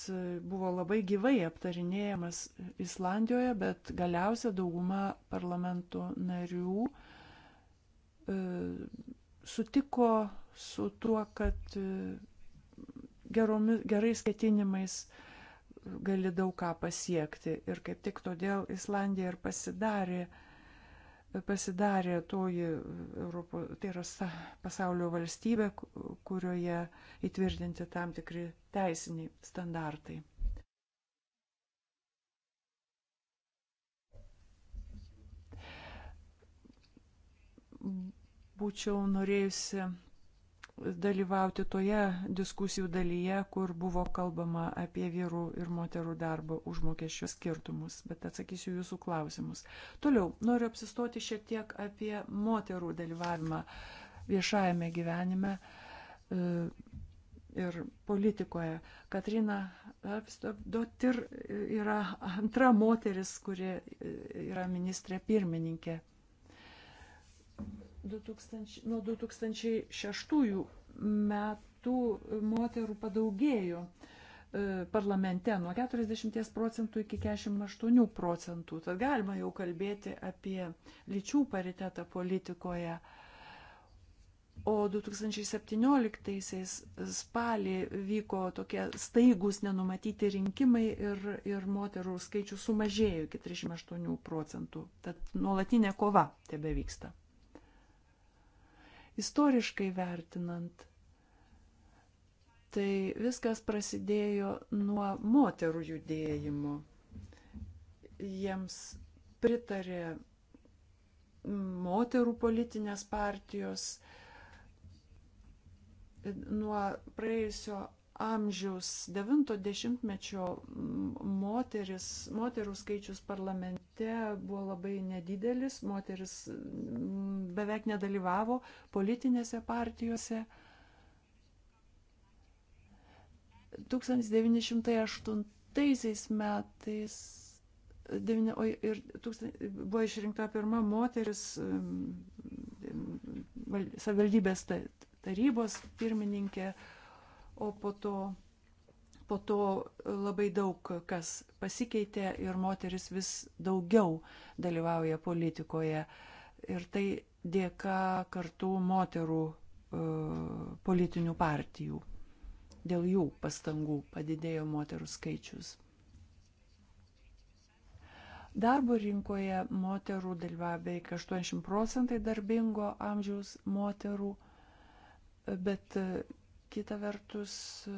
buvo labai gyvai aptarinėjamas Islandijoje, bet galiausia dauguma parlamento narių uh, E, sutiko su tuo, kad e, geromis, gerais ketinimais gali daug ką pasiekti. Ir kaip tik todėl Islandija ir pasidarė, pasidarė toji Europo, tai yra pasaulio valstybė, kurioje įtvirtinti tam tikri teisiniai standartai. būčiau norėjusi dalyvauti toje diskusijų dalyje, kur buvo kalbama apie vyrų ir moterų darbo užmokesčio skirtumus, bet atsakysiu jūsų klausimus. Toliau noriu apsistoti šiek tiek apie moterų dalyvavimą viešajame gyvenime e, ir politikoje. Katrina Apstobdotir yra antra moteris, kuri e, yra ministrė pirmininkė 2000, nuo 2006 metų moterų padaugėjo e, parlamente nuo 40 procentų iki 48 procentų. Tad galima jau kalbėti apie lyčių paritetą politikoje. O 2017 spalį vyko tokie staigus nenumatyti rinkimai ir, ir moterų skaičius sumažėjo iki 38 procentų. Tad nuolatinė kova tebe vyksta istoriškai vertinant. Tai viskas prasidėjo nuo moterų judėjimo. Jiems pritarė moterų politinės partijos. Nuo praėjusio amžiaus 90-mečio moteris, moterų skaičius parlamente buvo labai nedidelis, moteris beveik nedalyvavo politinėse partijose. 1908 metais devini, o, ir tūkstan, buvo išrinkta pirma moteris savivaldybės tarybos pirmininkė o po to, po to labai daug kas pasikeitė ir moteris vis daugiau dalyvauja politikoje. Ir tai dėka kartu moterų e, politinių partijų. Dėl jų pastangų padidėjo moterų skaičius. Darbo rinkoje moterų dalyvavo beveik 80 procentai darbingo amžiaus moterų, bet Kita vertus, e,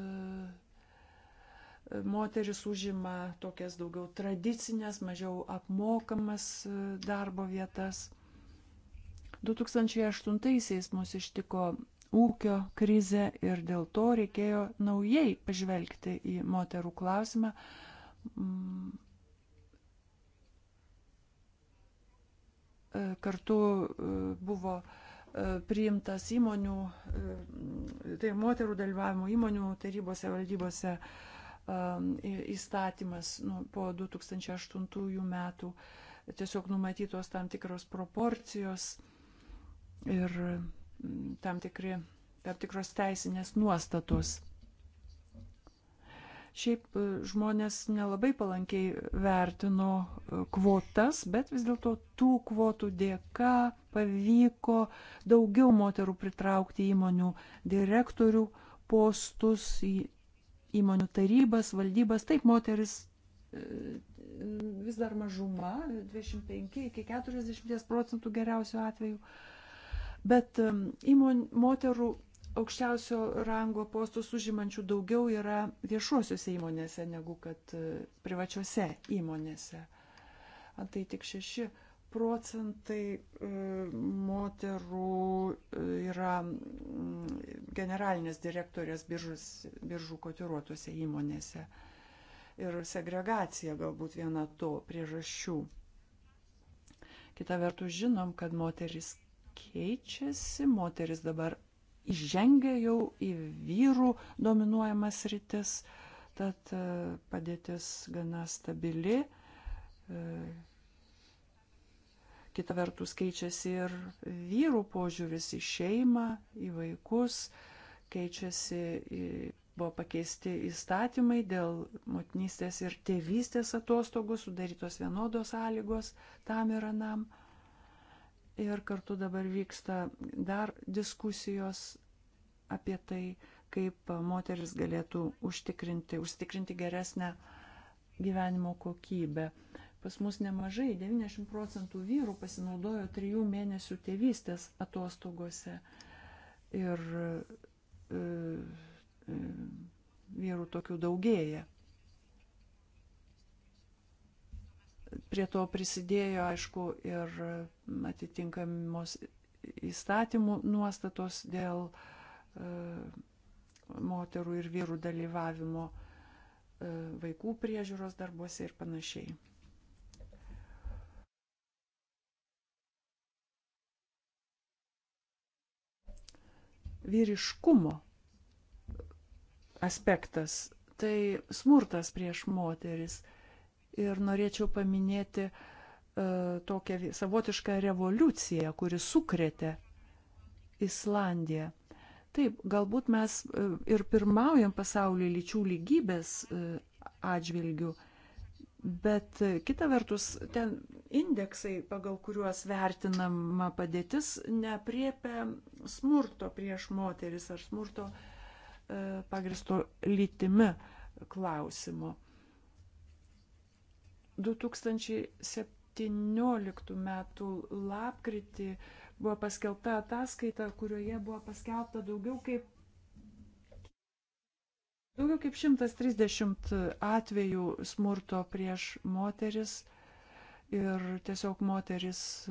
moteris užima tokias daugiau tradicinės, mažiau apmokamas e, darbo vietas. 2008-aisiais mus ištiko ūkio krizė ir dėl to reikėjo naujai pažvelgti į moterų klausimą. Mm. E, kartu buvo uh, E, priimtas įmonių, e, tai moterų dalyvavimo įmonių tarybose valdybose e, įstatymas nu, po 2008 metų. Tiesiog numatytos tam tikros proporcijos ir mm, tam, tikri, tam tikros teisinės nuostatos. Šiaip e, žmonės nelabai palankiai vertino e, kvotas, bet vis dėlto tų kvotų dėka pavyko daugiau moterų pritraukti įmonių direktorių postus, įmonių tarybas, valdybas. Taip, moteris e, vis dar mažuma, 25 iki 40 procentų geriausių atvejų. Bet įmon, moterų aukščiausio rango postus užimančių daugiau yra viešuosiuose įmonėse negu kad e, privačiuose įmonėse. Antai tik 6 procentai e, moterų e, yra generalinės direktorės biržus, biržų kotiruotose įmonėse. Ir segregacija galbūt viena to priežasčių. Kita vertus žinom, kad moteris keičiasi, moteris dabar įžengė jau į vyrų dominuojamas rytis, tad e, padėtis gana stabili. E, kita vertus keičiasi ir vyrų požiūris į šeimą, į vaikus, keičiasi, buvo pakeisti įstatymai dėl motinystės ir tėvystės atostogų, sudarytos vienodos sąlygos tam ir anam ir kartu dabar vyksta dar diskusijos apie tai, kaip moteris galėtų užtikrinti, užtikrinti geresnę gyvenimo kokybę. Pas mus nemažai, 90 procentų vyrų pasinaudojo trijų mėnesių tėvystės atostogose. Ir e, e, vyrų tokių daugėja. Prie to prisidėjo, aišku, ir atitinkamos įstatymų nuostatos dėl e, moterų ir vyrų dalyvavimo e, vaikų priežiūros darbuose ir panašiai. Vyriškumo aspektas - tai smurtas prieš moteris – ir norėčiau paminėti e, tokią savotišką revoliuciją, kuri sukrėtė Islandiją. Taip, galbūt mes e, ir pirmaujam pasaulyje lyčių lygybės e, atžvilgių, bet e, kita vertus, ten indeksai, pagal kuriuos vertinama padėtis, nepriepia smurto prieš moteris ar smurto pagristo lytimi klausimo. 2017 metų lapkritį buvo paskelbta ataskaita, kurioje buvo paskelbta daugiau kaip Daugiau kaip 130 atvejų smurto prieš moteris ir tiesiog moteris e,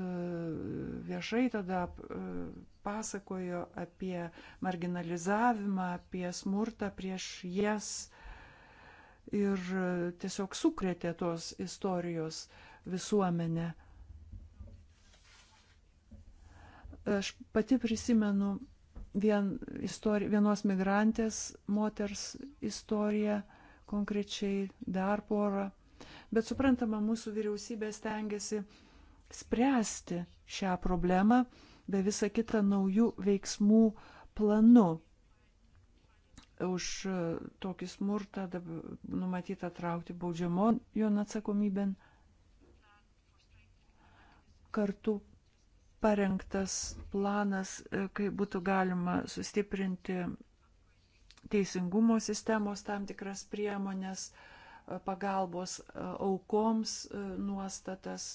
viešai tada e, pasakojo apie marginalizavimą, apie smurtą prieš jas ir e, tiesiog sukrėtė tos istorijos visuomenę. Aš pati prisimenu vien istori, vienos migrantės moters istoriją, konkrečiai dar porą. Bet suprantama, mūsų vyriausybė stengiasi spręsti šią problemą, be visą kitą naujų veiksmų planu už e, tokį smurtą numatyta traukti baudžiamojon atsakomybėn. Kartu parengtas planas, e, kaip būtų galima sustiprinti teisingumo sistemos tam tikras priemonės, e, pagalbos aukoms nuostatas.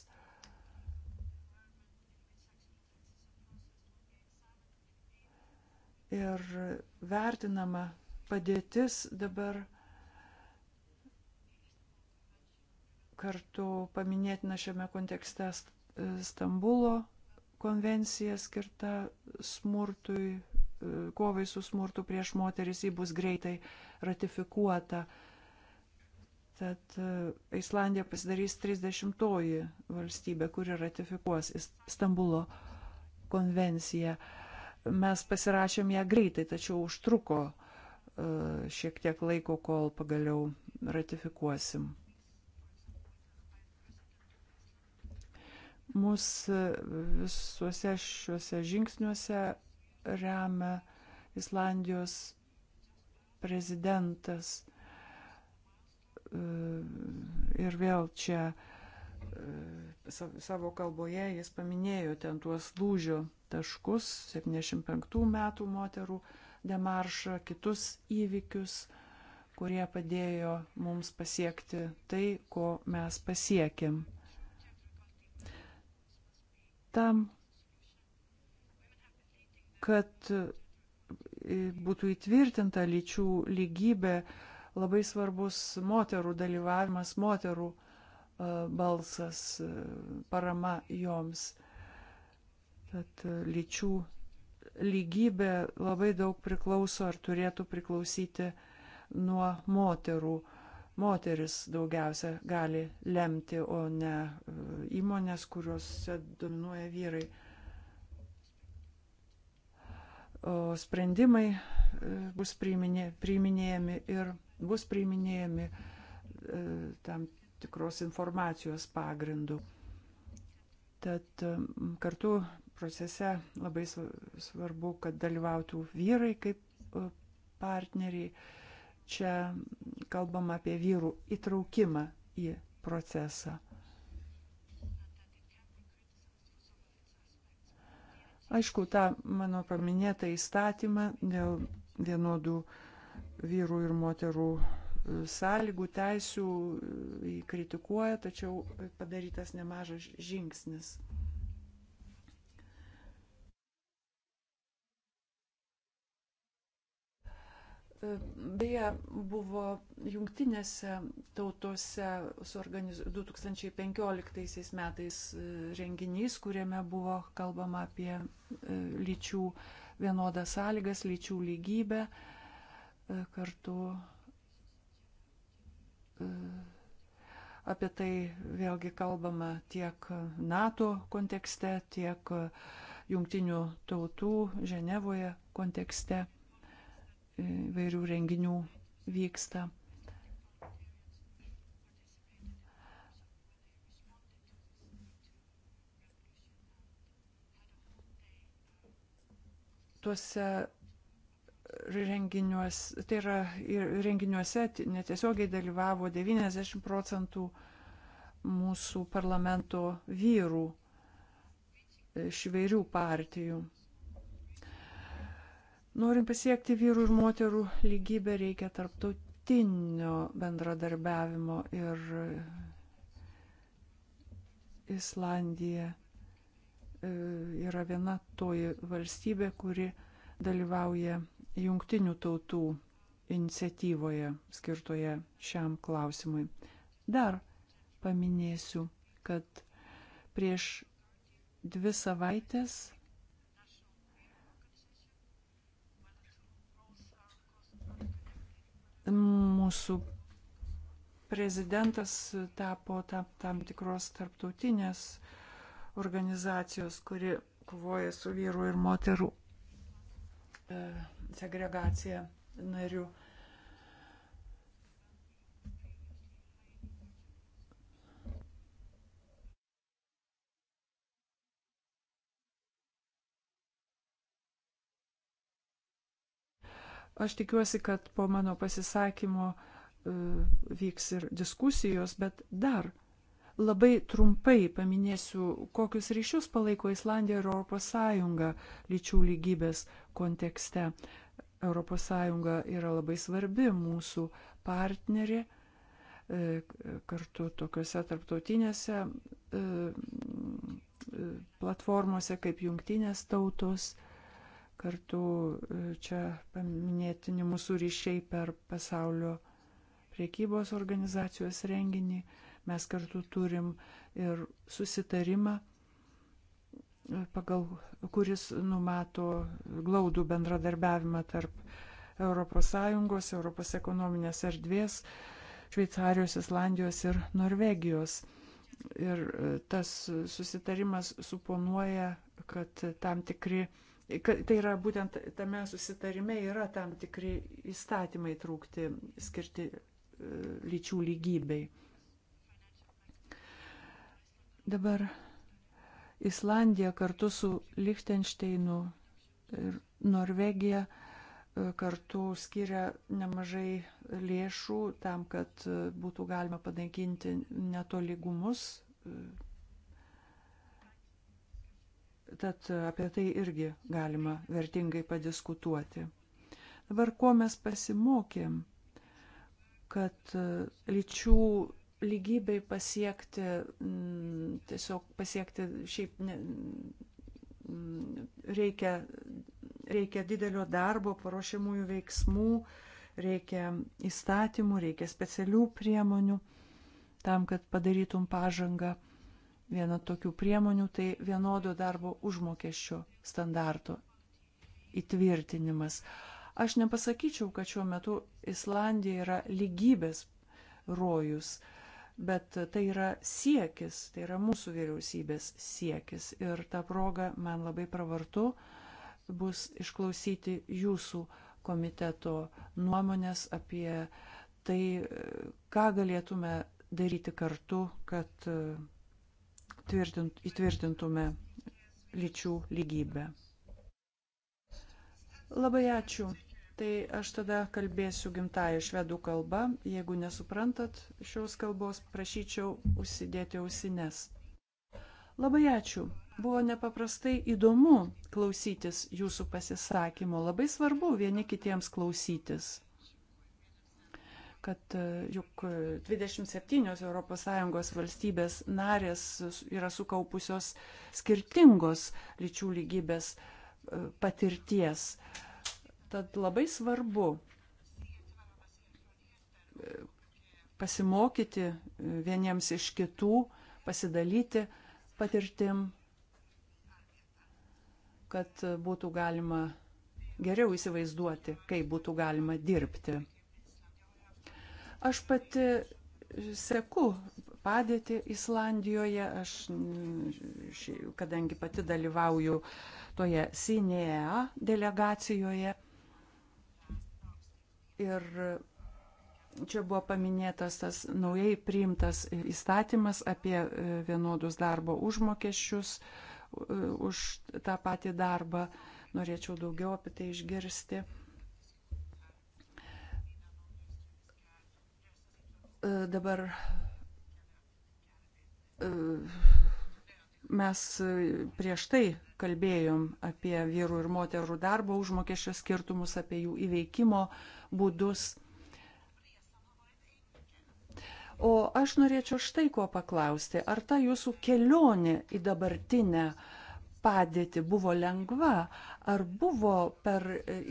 ir vertinama padėtis dabar kartu paminėtina šiame kontekste e, Stambulo konvencija skirta smurtui, e, kovai su smurtu prieš moteris, ji bus greitai ratifikuota. Tad e, Islandija pasidarys 30-oji valstybė, kuri ratifikuos Stambulo konvenciją. Mes pasirašėm ją greitai, tačiau užtruko uh, E, šiek tiek laiko, kol pagaliau ratifikuosim. Mus visuose šiuose žingsniuose remia Islandijos prezidentas. E, ir vėl čia e, savo kalboje jis paminėjo ten tuos lūžio taškus 75 metų moterų demaršą, kitus įvykius, kurie padėjo mums pasiekti tai, ko mes pasiekėm. Tam, kad būtų įtvirtinta lyčių lygybė, labai svarbus moterų dalyvavimas, moterų e, balsas, e, parama joms. Tad e, lyčių lygybė labai daug priklauso ar turėtų priklausyti nuo moterų. Moteris daugiausia gali lemti, o ne e, įmonės, kuriuose dominuoja vyrai. O sprendimai e, bus priiminė, priiminėjami ir bus priiminėjami e, tam tikros informacijos pagrindu. Tad kartu procese labai svarbu, kad dalyvautų vyrai kaip e, partneriai. Čia kalbam apie vyrų įtraukimą į procesą. Aišku, tą mano paminėtą įstatymą dėl vienodų vyrų ir moterų e, sąlygų, teisių e, kritikuoja, tačiau padarytas nemažas žingsnis. Beje, buvo jungtinėse tautose 2015 metais e, renginys, kuriame buvo kalbama apie e, lyčių vienodas sąlygas, lyčių lygybę e, kartu apie tai vėlgi kalbama tiek NATO kontekste, tiek jungtinių tautų Ženevoje kontekste įvairių renginių vyksta. Tuose renginiuose, tai yra renginiuose netiesiogiai dalyvavo 90 procentų mūsų parlamento vyrų iš vairių partijų. Norint pasiekti vyrų ir moterų lygybę, reikia tarptautinio bendradarbiavimo ir Islandija e, yra viena toji valstybė, kuri dalyvauja jungtinių tautų iniciatyvoje skirtoje šiam klausimui. Dar paminėsiu, kad prieš dvi savaitės mūsų prezidentas tapo tam, tam tikros tarptautinės organizacijos, kuri kovoja su vyrų ir moterų e, segregacija narių. Aš tikiuosi, kad po mano pasisakymo e, vyks ir diskusijos, bet dar labai trumpai paminėsiu, kokius ryšius palaiko Islandija ir Europos Sąjunga lyčių lygybės kontekste. Europos Sąjunga yra labai svarbi mūsų partnerė e, kartu tokiuose tarptautinėse e, platformose kaip jungtinės tautos, Kartu e, čia paminėtini mūsų ryšiai per pasaulio priekybos organizacijos renginį. Mes kartu turim ir susitarimą, e, pagal, kuris numato glaudų bendradarbiavimą tarp ES, ES ekonominės erdvės, Šveicarijos, Islandijos ir Norvegijos. Ir e, tas susitarimas suponuoja, kad tam tikri Tai yra būtent tame susitarime yra tam tikri įstatymai trūkti skirti e, lyčių lygybei. Dabar Islandija kartu su Lichtensteinu ir Norvegija e, kartu skiria nemažai lėšų tam, kad e, būtų galima padanginti netolygumus Tad apie tai irgi galima vertingai padiskutuoti. Dabar ko mes pasimokėm, kad e, lyčių lygybei pasiekti, tiesiog pasiekti šiaip ne, reikia, reikia didelio darbo, paruošiamųjų veiksmų, reikia įstatymų, reikia specialių priemonių tam, kad padarytum pažangą. Viena tokių priemonių tai vienodo darbo užmokesčio standarto įtvirtinimas. Aš nepasakyčiau, kad šiuo metu Islandija yra lygybės rojus, bet tai yra siekis, tai yra mūsų vyriausybės siekis. Ir tą progą man labai pravartu bus išklausyti jūsų komiteto nuomonės apie tai, ką galėtume daryti kartu, kad tvirtint, įtvirtintume lyčių lygybę. Labai ačiū. Tai aš tada kalbėsiu gimtąją švedų kalbą. Jeigu nesuprantat šios kalbos, prašyčiau užsidėti ausines. Labai ačiū. Buvo nepaprastai įdomu klausytis jūsų pasisakymo. Labai svarbu vieni kitiems klausytis kad e, juk 27 ES valstybės narės yra sukaupusios skirtingos lyčių lygybės e, patirties. Tad labai svarbu e, pasimokyti vieniems iš kitų, pasidalyti patirtim, kad būtų galima geriau įsivaizduoti, kaip būtų galima dirbti. Aš pati seku padėtį Islandijoje, aš, kadangi pati dalyvauju toje Sinėja delegacijoje. Ir čia buvo paminėtas tas naujai priimtas įstatymas apie e, vienodus darbo užmokesčius e, už tą patį darbą. Norėčiau daugiau apie tai išgirsti. E, dabar e, mes prieš tai kalbėjom apie vyrų ir moterų darbo užmokesčio skirtumus, apie jų įveikimo būdus. O aš norėčiau štai ko paklausti, ar ta jūsų kelionė į dabartinę uh, padėtį buvo lengva, ar buvo per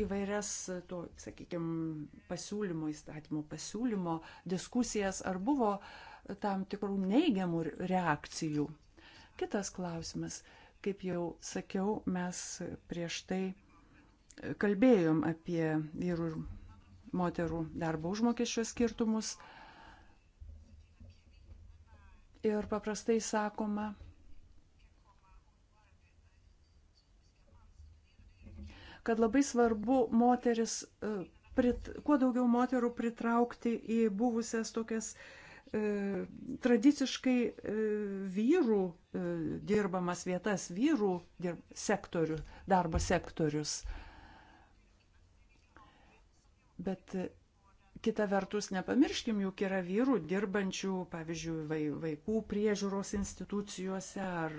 įvairias, to, sakykime, pasiūlymo, įstatymo pasiūlymo diskusijas, ar buvo tam tikrų neigiamų reakcijų. Kitas klausimas, kaip jau sakiau, mes prieš tai kalbėjom apie vyrų ir moterų darbo užmokesčio skirtumus. Ir paprastai sakoma, kad labai svarbu moteris, e, prit, kuo daugiau moterų pritraukti į buvusias tokias e, tradiciškai e, vyrų e, dirbamas vietas, vyrų dirb, sektorių, darbo sektorius. Bet e, kita vertus, nepamirškim, juk yra vyrų dirbančių, pavyzdžiui, vaikų priežiūros institucijose ar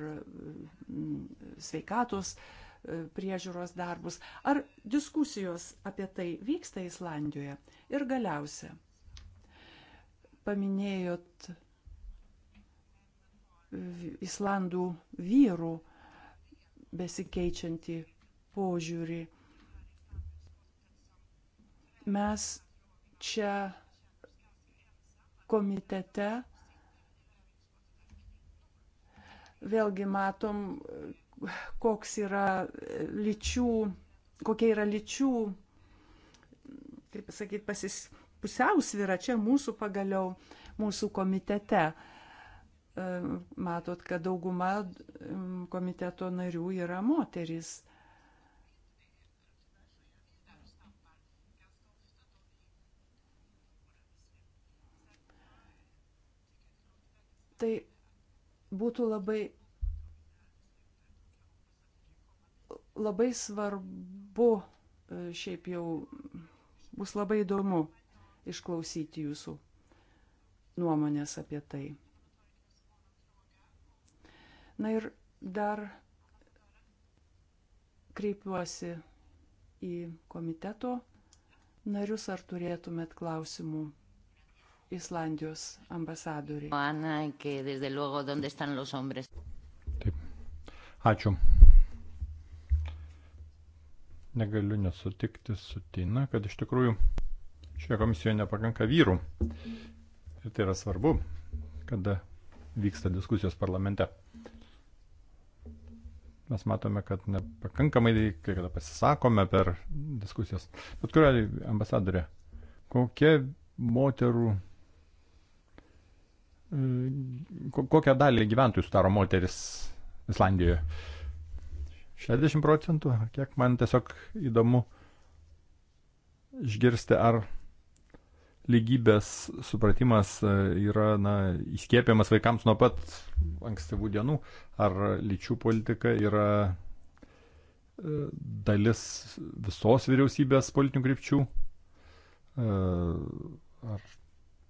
sveikatos E, priežiūros darbus. Ar diskusijos apie tai vyksta Islandijoje? Ir galiausia, paminėjot Islandų vyrų besikeičiantį požiūrį. Mes čia komitete vėlgi matom, koks yra e, lyčių, kokia yra lyčių, kaip pasakyti, pasis, pusiausvyra čia mūsų pagaliau, mūsų komitete. E, matot, kad dauguma komiteto narių yra moteris. Tai būtų labai labai svarbu, e, šiaip jau bus labai įdomu išklausyti jūsų nuomonės apie tai. Na ir dar kreipiuosi į komiteto narius, ar turėtumėt klausimų Islandijos ambasadoriai. Ana, que desde luego, ¿dónde están los hombres? Taip. Ačiū negaliu nesutikti su Tina, kad iš tikrųjų šioje komisijoje nepakanka vyrų. Ir tai yra svarbu, kada vyksta diskusijos parlamente. Mes matome, kad nepakankamai kai kada pasisakome per diskusijas. Bet kuriuo ambasadorė, kokia moterų, e, kokią dalį gyventojų sudaro moteris Islandijoje? 60 procentų, kiek man tiesiog įdomu išgirsti, ar lygybės supratimas e, yra na, įskėpiamas vaikams nuo pat ankstyvų dienų, ar lyčių politika yra e, dalis visos vyriausybės politinių krypčių, e, ar,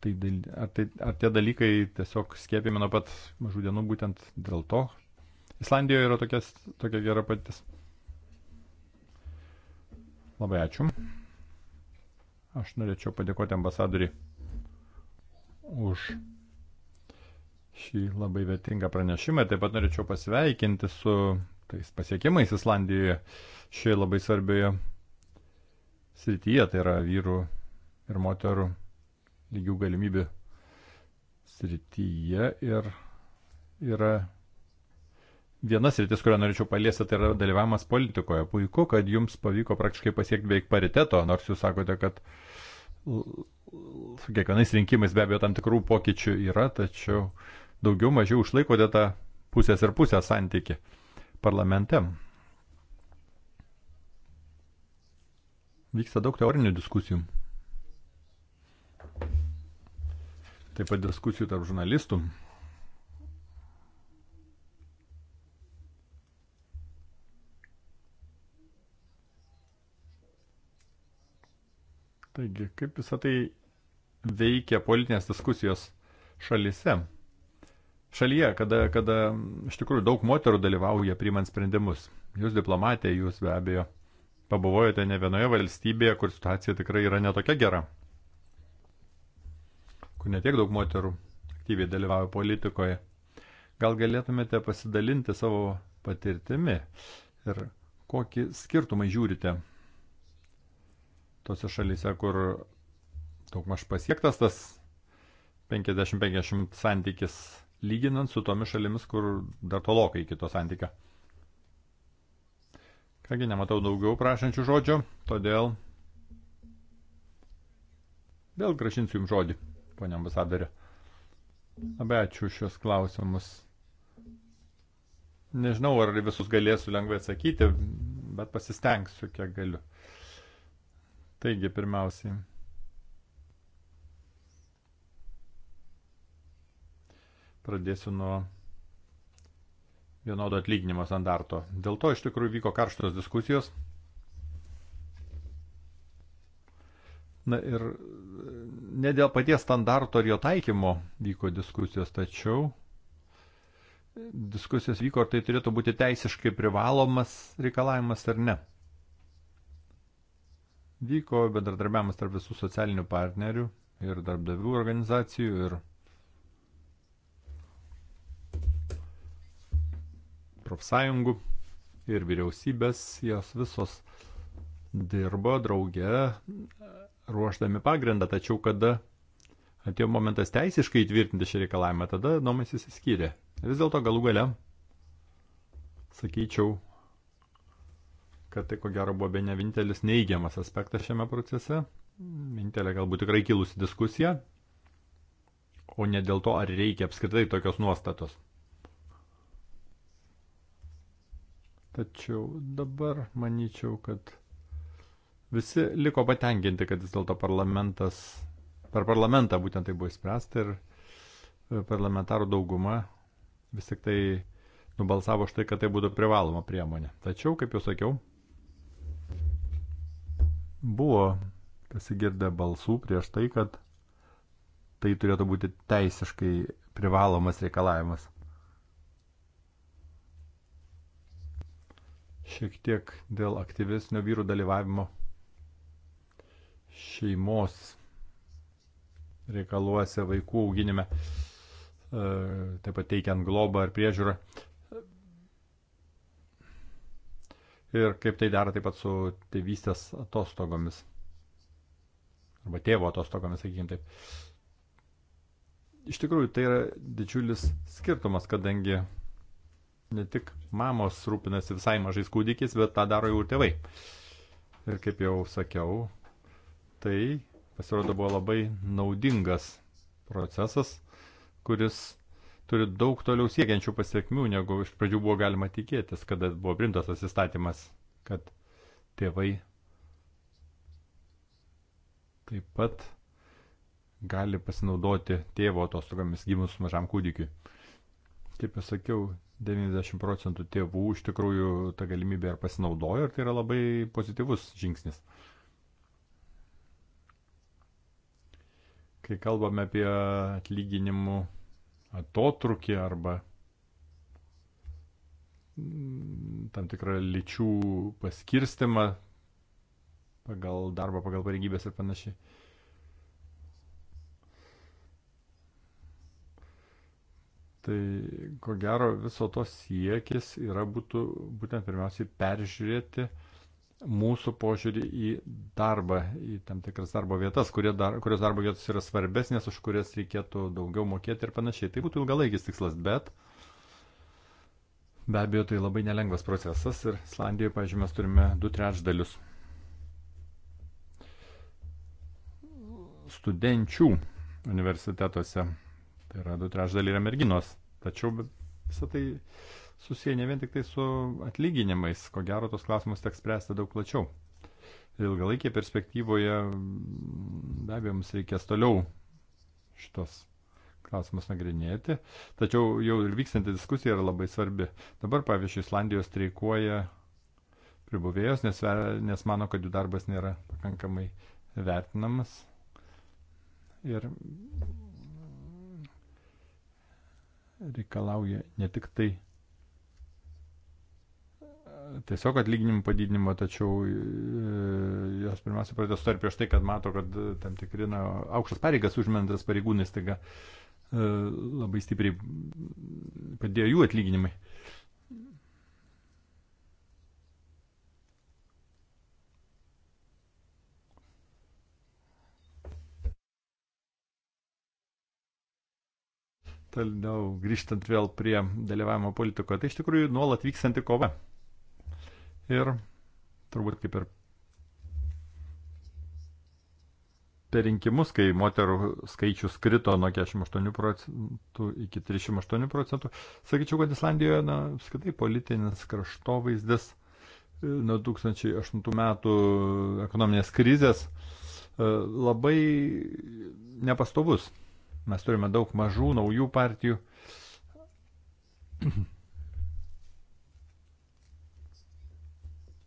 tai, ar, tai, ar tie dalykai tiesiog skėpiami nuo pat mažų dienų būtent dėl to, Islandijoje yra tokias, tokia gera patis. Labai ačiū. Aš norėčiau padėkoti ambasadoriui už šį labai vertingą pranešimą. Taip pat norėčiau pasveikinti su tais pasiekimais Islandijoje šioje labai svarbioje srityje, tai yra vyrų ir moterų lygių galimybių srityje ir yra vienas rytis, kurią norėčiau paliesti, tai yra dalyvavimas politikoje. Puiku, kad jums pavyko praktiškai pasiekti beveik pariteto, nors jūs sakote, kad su kiekvienais rinkimais be abejo tam tikrų pokyčių yra, tačiau daugiau mažiau išlaikote tą pusės ir pusės santyki parlamente. Vyksta daug teorinių diskusijų. Taip pat diskusijų tarp žurnalistų. Taigi, kaip visą tai veikia politinės diskusijos šalise? Šalyje, kada, kada iš tikrųjų daug moterų dalyvauja priimant sprendimus. Jūs diplomatė, jūs be abejo pabuvojote ne vienoje valstybėje, kur situacija tikrai yra netokia gera. Kur netiek daug moterų aktyviai dalyvauja politikoje. Gal galėtumėte pasidalinti savo patirtimi ir kokį skirtumą žiūrite tose šalyse, kur daugmaž pasiektas tas 50-50 santykis, lyginant su tomis šalimis, kur dar tolokai iki to santykio. Kągi, nematau daugiau prašančių žodžių, todėl vėl gražinsiu jums žodį, ponia ambasadorė. Labai ačiū šios klausimus. Nežinau, ar visus galėsiu lengvai atsakyti, bet pasistengsiu, kiek galiu. Taigi, pirmiausiai. Pradėsiu nuo vienodo atlyginimo standarto. Dėl to iš tikrųjų vyko karštos diskusijos. Na ir e, ne dėl paties standarto ir jo taikymo vyko diskusijos, tačiau diskusijos vyko, ar tai turėtų būti teisiškai privalomas reikalavimas ar ne. Vyko bendradarbiavimas tarp visų socialinių partnerių ir darbdavių organizacijų ir profsąjungų ir vyriausybės, jos visos dirbo drauge ruoždami pagrindą, tačiau kada atėjo momentas teisiškai įtvirtinti šį reikalavimą, tada nuomonės įsiskyrė. Vis dėlto galų gale, sakyčiau, kad tai ko gero buvo be ne vienintelis neigiamas aspektas šiame procese, vienintelė galbūt tikrai kilusi diskusija, o ne dėl to, ar reikia apskritai tokios nuostatos. Tačiau dabar manyčiau, kad visi liko patenkinti, kad vis dėlto parlamentas, per parlamentą būtent tai buvo įspręsta ir e, parlamentarų dauguma vis tik tai nubalsavo štai, kad tai būtų privaloma priemonė. Tačiau, kaip jau sakiau, Buvo pasigirdę balsų prieš tai, kad tai turėtų būti teisiškai privalomas reikalavimas. Šiek tiek dėl aktyvesnio vyrų dalyvavimo šeimos reikaluose vaikų auginime, e, taip pat teikiant globą ar priežiūrą. ir kaip tai dera taip pat su tėvystės atostogomis. Arba tėvo atostogomis, sakykime taip. Iš tikrųjų, tai yra didžiulis skirtumas, kadangi ne tik mamos rūpinasi visai mažais kūdikiais, bet tą daro jau ir tėvai. Ir kaip jau sakiau, tai pasirodo buvo labai naudingas procesas, kuris turi daug toliau siekiančių pasiekmių, negu iš pradžių buvo galima tikėtis, kada buvo primtas tas įstatymas, kad tėvai taip pat gali pasinaudoti tėvo atostogomis gimus mažam kūdikiu. Kaip jau sakiau, 90 procentų tėvų iš tikrųjų tą galimybę ir pasinaudojo ir tai yra labai pozityvus žingsnis. Kai kalbame apie atlyginimų atotrukį arba mm, tam tikrą lyčių paskirstimą pagal darbą, pagal pareigybės ir panašiai. Tai ko gero viso to siekis yra būtų, būtent pirmiausiai peržiūrėti uh, mūsų požiūrį į darbą, į tam tikras darbo vietas, dar, kurios darbo vietos yra svarbesnės, už kurias reikėtų daugiau mokėti ir panašiai. Tai būtų ilgalaikis tikslas, bet be abejo tai labai nelengvas procesas ir Islandijoje, pažiūrėjau, mes turime du trečdalius studenčių universitetuose. Tai yra du trečdaliai yra merginos. Tačiau visą tai susiję ne vien tik tai su atlyginimais, ko gero tos klausimus teks spręsti daug plačiau. Ilgalaikėje perspektyvoje be abejo mums reikės toliau šitos klausimus nagrinėti, tačiau jau ir vykstanti diskusija yra labai svarbi. Dabar, pavyzdžiui, Islandijos streikuoja pribuvėjos, nes, nes mano, kad jų darbas nėra pakankamai vertinamas. Ir reikalauja ne tik tai tiesiog atlyginimų padidinimo, tačiau e, jos pirmiausia protestuoja ir prieš tai, kad mato, kad e, tam tikri na, aukštas pareigas užmentas pareigūnai staiga e, labai stipriai padėjo jų atlyginimai. Toliau grįžtant vėl prie dalyvavimo politikoje, tai iš tikrųjų nuolat vykstanti kova. Ir turbūt kaip ir per rinkimus, kai moterų skaičius krito nuo 48 procentų iki 308 procentų, sakyčiau, kad Islandijoje, na, apskaitai politinis kraštovaizdis e, nuo 2008 metų ekonominės krizės e, labai nepastovus. Mes turime daug mažų, naujų partijų.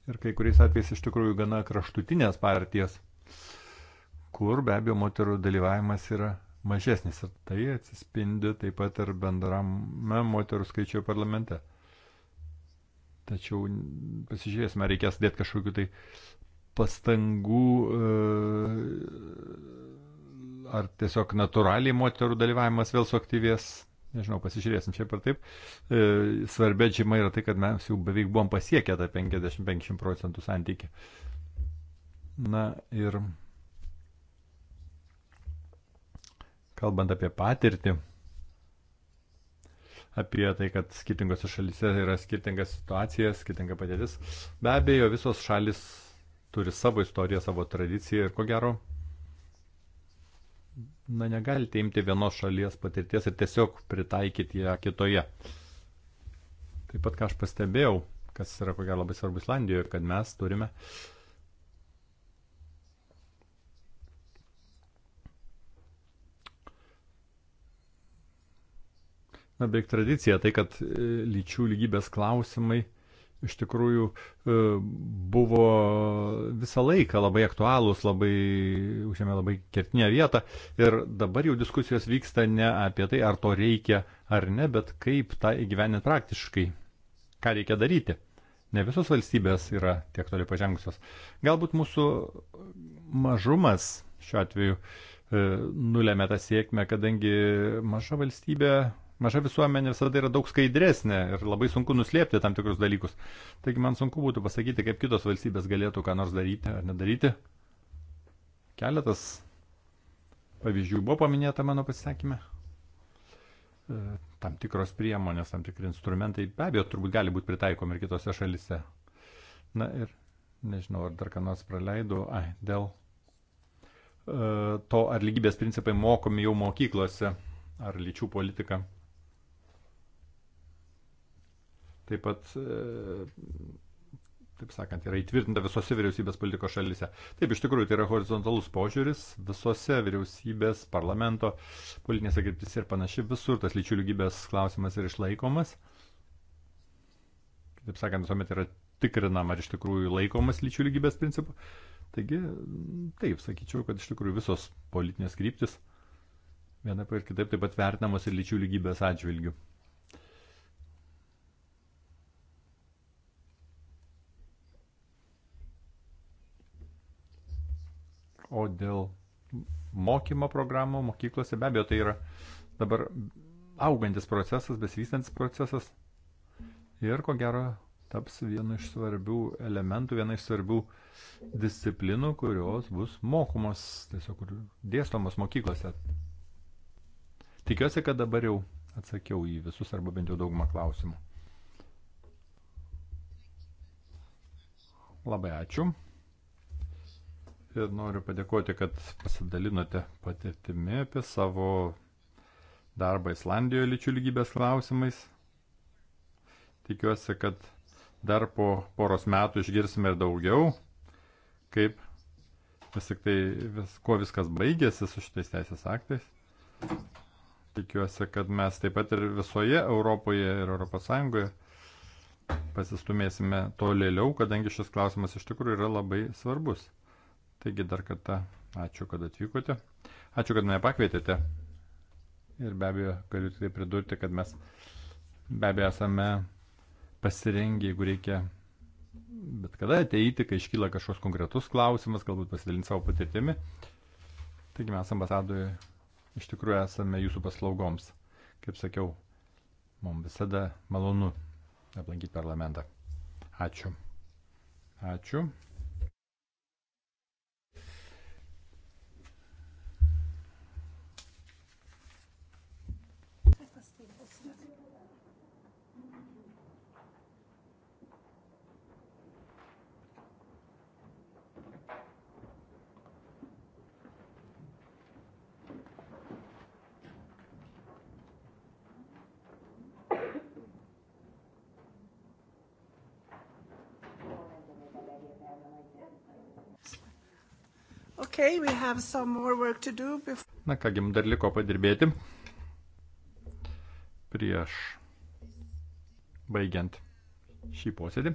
ir kai kuriais atvejais iš tikrųjų gana kraštutinės partijas, kur be abejo moterų dalyvavimas yra mažesnis ir tai atsispindi taip pat ir bendrame moterų skaičiuje parlamente. Tačiau pasižiūrėsime, reikės dėti kažkokiu tai pastangų e, ar tiesiog natūraliai moterų dalyvavimas vėl suaktyvės, nežinau, pasižiūrėsim šiaip ar taip. E, svarbia žyma yra tai, kad mes jau beveik buvom pasiekę tą 50-50 procentų santykį. Na ir kalbant apie patirtį, apie tai, kad skirtingose šalise yra skirtinga situacija, skirtinga padėtis, be abejo, visos šalis turi savo istoriją, savo tradiciją ir ko gero na, negalite imti vienos šalies patirties ir tiesiog pritaikyti ją kitoje. Taip pat, ką aš pastebėjau, kas yra ko gero labai svarbu Islandijoje, kad mes turime na, beveik tradicija tai, kad e, lyčių lygybės klausimai iš tikrųjų e, buvo visą laiką labai aktualūs, labai užėmė labai kertinę vietą. Ir dabar jau diskusijos vyksta ne apie tai, ar to reikia ar ne, bet kaip tą įgyveninti praktiškai, ką reikia daryti. Ne visos valstybės yra tiek toli pažengusios. Galbūt mūsų mažumas šiuo atveju e, nulėmė tą sėkmę, kadangi maža valstybė maža visuomenė visada yra daug skaidresnė ir labai sunku nuslėpti tam tikrus dalykus. Taigi man sunku būtų pasakyti, kaip kitos valstybės galėtų ką nors daryti ar nedaryti. Keletas pavyzdžių buvo paminėta mano pasisakymė. E, tam tikros priemonės, tam tikri instrumentai be abejo turbūt gali būti pritaikomi ir kitose šalise. Na ir nežinau, ar dar ką nors praleidau. Ai, dėl e, to, ar lygybės principai mokomi jau mokyklose, ar lyčių politika. taip pat, e, taip sakant, yra įtvirtinta visose vyriausybės politikos šalyse. Taip, iš tikrųjų, tai yra horizontalus požiūris visose vyriausybės, parlamento, politinėse kryptise ir panašiai, visur tas lyčių lygybės klausimas yra išlaikomas. Taip sakant, visuomet yra tikrinama, ar iš tikrųjų laikomas lyčių lygybės principų. Taigi, taip, sakyčiau, kad iš tikrųjų visos politinės kryptis vienaip ir kitaip taip pat vertinamos ir lyčių lygybės atžvilgių. O dėl mokymo programų mokyklose be abejo tai yra dabar augantis procesas, besivystantis procesas ir ko gero taps vienu iš svarbių elementų, viena iš svarbių disciplinų, kurios bus mokomos, tiesiog dėstomos mokyklose. Tikiuosi, kad dabar jau atsakiau į visus arba bent jau daugumą klausimų. Labai ačiū ir noriu padėkoti, kad pasidalinote patirtimi apie savo darbą Islandijoje lyčių lygybės klausimais. Tikiuosi, kad dar po poros metų išgirsime ir daugiau, kaip vis tik tai, vis, kuo viskas baigėsi su šitais teisės aktais. Tikiuosi, kad mes taip pat ir visoje Europoje ir ES pasistumėsime tolėliau, kadangi šis klausimas iš tikrųjų yra labai svarbus. Taigi dar kartą ačiū, kad atvykote. Ačiū, kad mane pakvietėte. Ir be abejo, galiu tik tai pridurti, kad mes be abejo esame pasirengę, jeigu reikia, bet kada ateiti, kai iškyla kažkoks konkretus klausimas, galbūt pasidalinti savo patirtimi. Taigi mes ambasadoje iš tikrųjų esame jūsų paslaugoms. Kaip sakiau, mums visada malonu aplankyti parlamentą. Ačiū. Ačiū. Okay, we have some more work to do before... Na kągi, dar liko padirbėti prieš baigiant šį posėdį.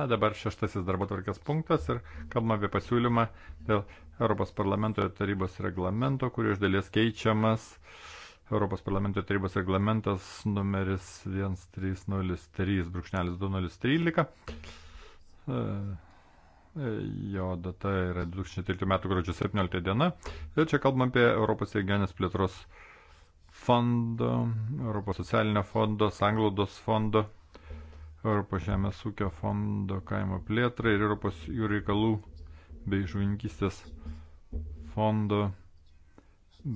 Na dabar šeštasis darbo tvarkės punktas ir kalbame apie pasiūlymą dėl Europos parlamento ir tarybos reglamento, kuriuo iš dalies keičiamas Europos parlamento ir tarybos reglamentas numeris 1303.2013. Jo data yra 2013 m. gruodžio 17 diena. Ir čia kalbam apie Europos regionės plėtros fondo, Europos socialinio fondo, Sanglaudos fondo, Europos žemės ūkio fondo kaimo plėtrai ir Europos jų reikalų bei žuvininkystės fondo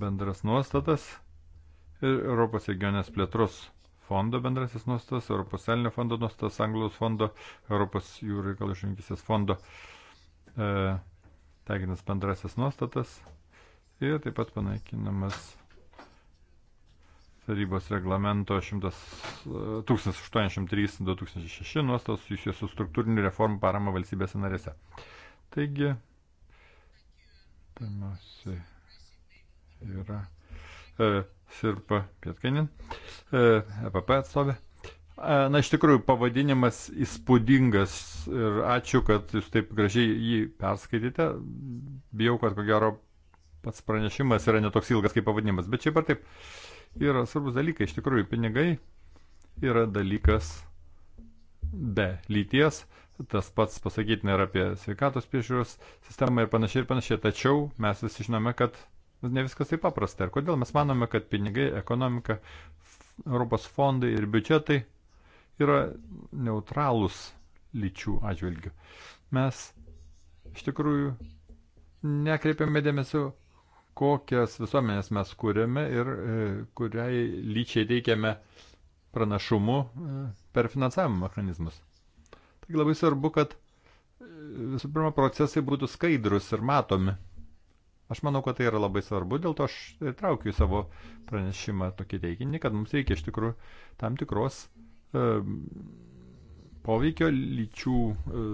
bendras nuostatas ir Europos regionės plėtros fondo bendrasis nuostas, Europos socialinio fondo nuostas, Anglijos fondo, Europos jūrų reikalų žininkisės fondo e, taikinas bendrasis nuostatas ir taip pat panaikinamas tarybos reglamento 1803-2006 e, nuostos susijusios su struktūriniu reformų parama valstybėse narėse. Taigi, pirmiausia yra e, Sirpa Pietkainin, EPP e atstovė. E, na, iš tikrųjų, pavadinimas įspūdingas ir ačiū, kad jūs taip gražiai jį perskaitėte. Bijau, kad ko gero pats pranešimas yra netoks ilgas kaip pavadinimas, bet šiaip ar taip yra svarbus dalykai. Iš tikrųjų, pinigai yra dalykas be lyties, tas pats pasakytina ir apie sveikatos priežiūros sistemą ir panašiai ir panašiai. Tačiau mes visi žinome, kad Nu, ne viskas taip paprasta. Ir kodėl mes manome, kad pinigai, ekonomika, Europos fondai ir biudžetai yra neutralūs lyčių atžvilgių. Mes iš tikrųjų nekreipiame dėmesio, kokias visuomenės mes kūrėme ir e, kuriai lyčiai teikiame pranašumu e, per finansavimo mechanizmus. Taigi labai svarbu, kad e, visų pirma procesai būtų skaidrus ir matomi. Aš manau, kad tai yra labai svarbu, dėl to aš traukiu į savo pranešimą tokį teiginį, kad mums reikia iš tikrųjų tam tikros e, poveikio lyčių e,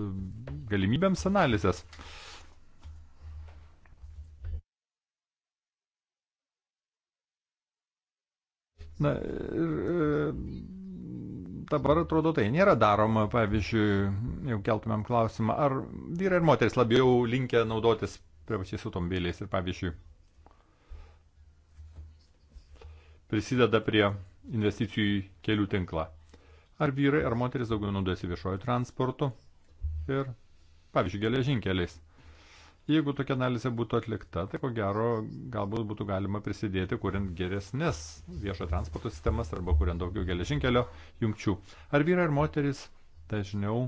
galimybėms analizės. Na ir e, dabar atrodo tai nėra daroma, pavyzdžiui, jau keltumėm klausimą, ar vyrai ir moteris labiau linkia naudotis tai pačiais automobiliais ir pavyzdžiui prisideda prie investicijų į kelių tinklą. Ar vyrai ar moteris daugiau naudojasi viešojo transportu ir, pavyzdžiui, geležinkeliais. Jeigu tokia analizė būtų atlikta, tai ko gero galbūt būtų galima prisidėti, kuriant geresnės viešo transporto sistemas arba kuriant daugiau geležinkelio jungčių. Ar vyrai ar moteris dažniau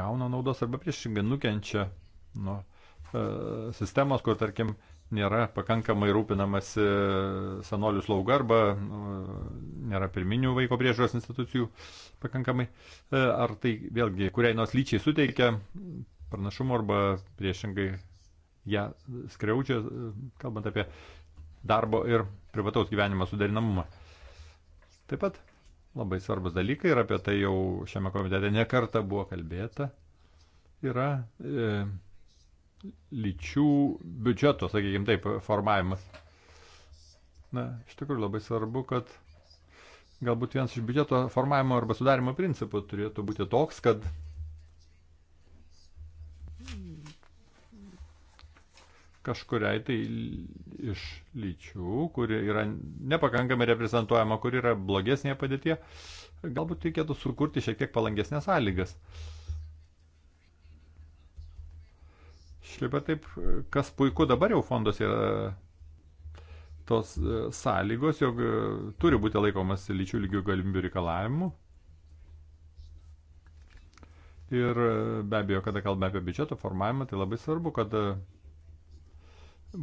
gauna naudos arba priešingai nukenčia nuo E, sistemos, kur, tarkim, nėra pakankamai rūpinamasi senolių slauga arba e, nėra pirminių vaiko priežiūros institucijų pakankamai. E, ar tai vėlgi kuriai nors lyčiai suteikia pranašumą arba priešingai ją skriaudžia, kalbant apie darbo ir privataus gyvenimo suderinamumą. Taip pat labai svarbus dalykai ir apie tai jau šiame komitete nekarta buvo kalbėta. Yra e, lyčių biudžeto, sakykime taip, formavimas. Na, iš tikrųjų labai svarbu, kad galbūt vienas iš biudžeto formavimo arba sudarimo principų turėtų būti toks, kad kažkuriai tai iš lyčių, kuri yra nepakankamai reprezentuojama, kuri yra blogesnėje padėtyje, galbūt reikėtų sukurti šiek tiek palankesnės sąlygas. Uh, Šiaip ar taip, kas puiku dabar jau fondos yra tos e, sąlygos, jog e, turi būti laikomas lyčių lygių galimybių reikalavimų. Ir e, be abejo, kada kalbame apie biudžeto formavimą, tai labai svarbu, kad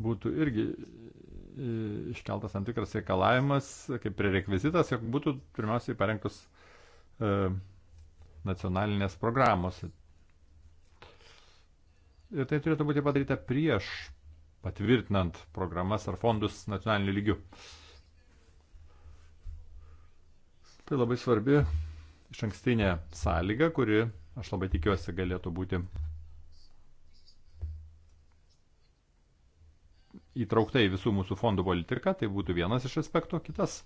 būtų irgi iškeltas tam tikras reikalavimas, kaip prerekvizitas, jog būtų pirmiausiai parengtos nacionalinės programos Ir tai turėtų būti padaryta prieš patvirtinant programas ar fondus nacionaliniu lygiu. Tai labai svarbi iš ankstinė sąlyga, kuri, aš labai tikiuosi, galėtų būti įtraukta į visų mūsų fondų politiką. Tai būtų vienas iš aspektų. Kitas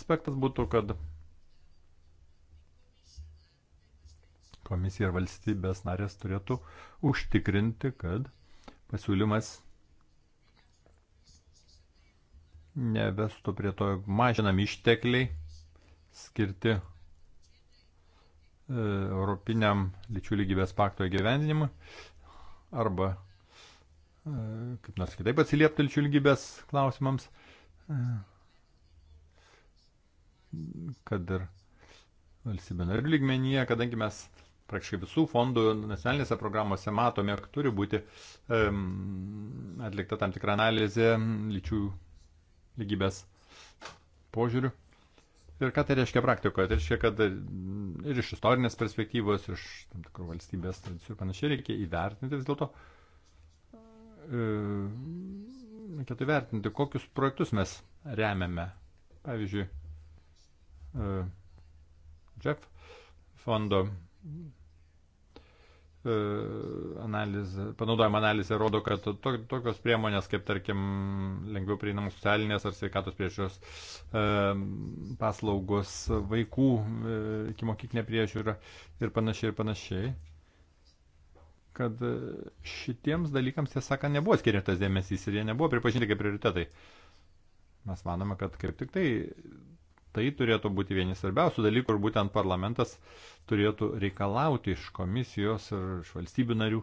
aspektas būtų, kad komisija ir valstybės narės turėtų užtikrinti, kad pasiūlymas nevestų prie to, jog mažinam ištekliai skirti e, Europiniam lyčių lygybės pakto įgyvendinimui arba e, kaip nors kitaip atsiliepti lyčių lygybės klausimams, e, kad ir valstybė narių lygmenyje, kadangi mes praktiškai visų fondų nacionalinėse programuose matome, jog turi būti um, atlikta tam tikra analizė lyčių lygybės požiūrių. Ir ką tai reiškia praktikoje? Tai reiškia, kad ir iš istorinės perspektyvos, iš tam tikrų valstybės tradicijų ir panašiai reikia įvertinti vis dėlto, e, reikėtų įvertinti, kokius projektus mes remiame. Pavyzdžiui, e, Jeff fondo E, analizė, panaudojama analizė rodo, kad to, tokios priemonės, kaip tarkim lengviau prieinamos socialinės ar sveikatos priežiūros e, paslaugos, vaikų e, iki mokyklinė priežiūra ir panašiai ir panašiai, kad e, šitiems dalykams, tiesą sakant, nebuvo skiriamas dėmesys ir jie nebuvo pripažinti kaip prioritetai. Mes manome, kad kaip tik tai tai turėtų būti vienas svarbiausių dalykų ir būtent parlamentas uh, turėtų reikalauti iš komisijos ir iš valstybių narių,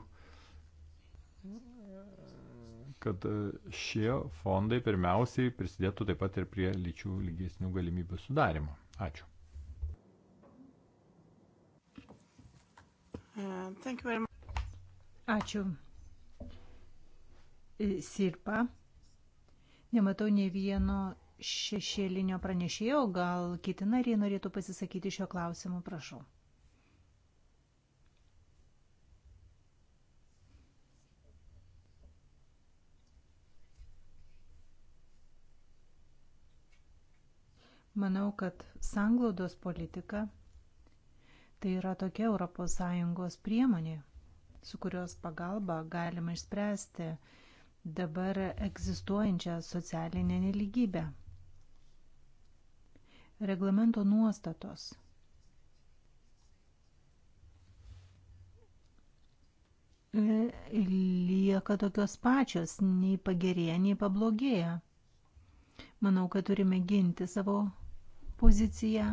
kad šie fondai pirmiausiai prisidėtų taip pat ir prie lyčių lygesnių galimybių sudarimo. Ačiū. Uh, Ačiū. E, Sirpa. Nematau ne vieno šešėlinio pranešėjo, gal kiti nariai norėtų pasisakyti šio klausimu, prašau. Manau, kad sanglaudos politika tai yra tokia ES priemonė, su kurios pagalba galima išspręsti dabar egzistuojančią socialinę neligybę. Reglamento nuostatos lieka tokios pačios, nei pagerėja, nei pablogėja. Manau, kad turime ginti savo poziciją,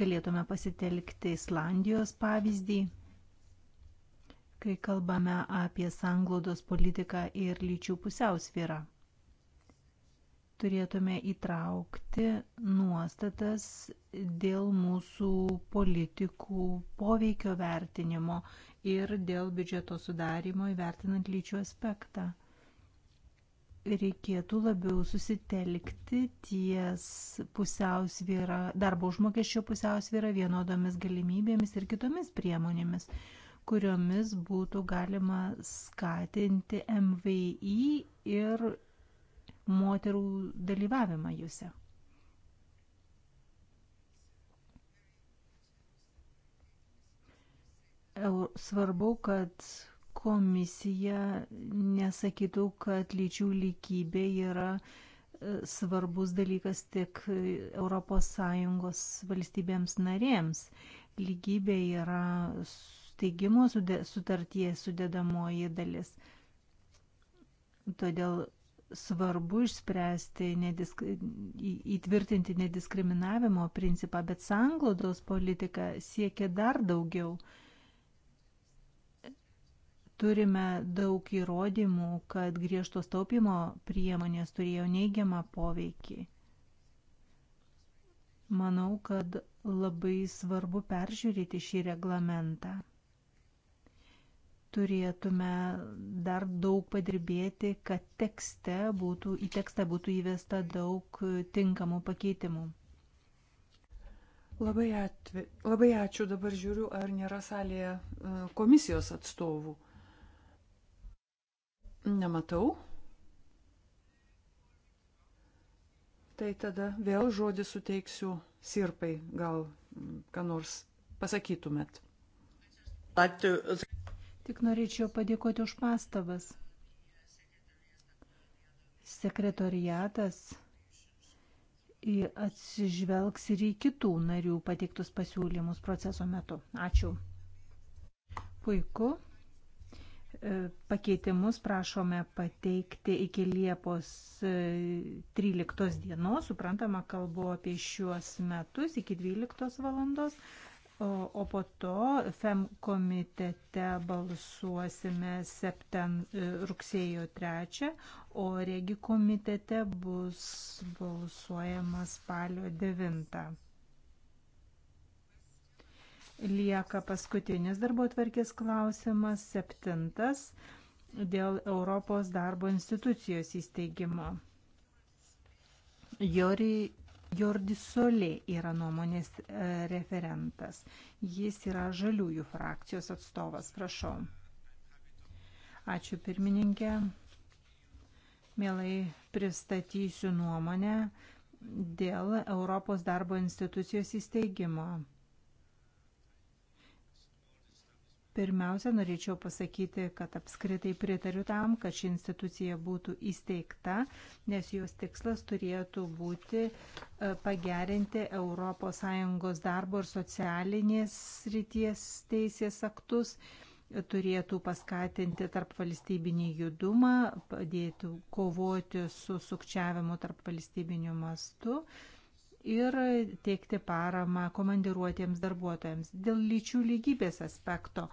galėtume pasitelkti Islandijos pavyzdį, kai kalbame apie sanglaudos politiką ir lyčių pusiausvyrą. Turėtume įtraukti nuostatas dėl mūsų politikų poveikio vertinimo ir dėl biudžeto sudarimo įvertinant lyčių aspektą reikėtų labiau susitelkti ties pusiausvyra, darbo užmokesčio pusiausvyra vienodomis galimybėmis ir kitomis priemonėmis, kuriomis būtų galima skatinti MVI ir moterų dalyvavimą juose. Svarbu, kad komisija nesakytų, kad lyčių lygybė yra e, svarbus dalykas tik ES valstybėms narėms. Lygybė yra steigimo sutarties sudėdamoji dalis. Todėl svarbu išspręsti, nedisk... įtvirtinti nediskriminavimo principą, bet sanglaudos politika siekia dar daugiau. Turime daug įrodymų, kad griežtos taupimo priemonės turėjo neigiamą poveikį. Manau, kad labai svarbu peržiūrėti šį reglamentą. Turėtume dar daug padirbėti, kad tekste būtų, į tekstą būtų įvesta daug tinkamų pakeitimų. Labai, atvi, labai ačiū, dabar žiūriu, ar nėra salėje e, komisijos atstovų. Nematau. Tai tada vėl žodį suteiksiu sirpai, gal mm, ką nors pasakytumėt. Tik norėčiau padėkoti už pastabas. Sekretoriatas atsižvelgs ir į kitų narių pateiktus pasiūlymus proceso metu. Ačiū. Puiku. E, pakeitimus prašome pateikti iki Liepos 13 e, dienos, suprantama, kalbu apie šiuos metus iki 12 valandos, o po to FEM komitete balsuosime septen, e, rugsėjo 3, o regi komitete bus balsuojama spalio 9. Lieka paskutinis darbo tvarkės klausimas, septintas, dėl Europos darbo institucijos įsteigimo. Jori, Jordi Solė yra nuomonės e, referentas. Jis yra žaliųjų frakcijos atstovas. Prašau. Ačiū pirmininkė. Mielai pristatysiu nuomonę dėl Europos darbo institucijos įsteigimo. Pirmiausia, norėčiau pasakyti, kad apskritai pritariu tam, kad ši institucija būtų įsteigta, nes jos tikslas turėtų būti e, pagerinti ES darbo ir socialinės ryties teisės aktus, turėtų paskatinti tarp valstybinį judumą, padėtų kovoti su sukčiavimu tarp valstybiniu mastu ir teikti paramą komandiruotiems darbuotojams. Dėl lyčių lygybės aspekto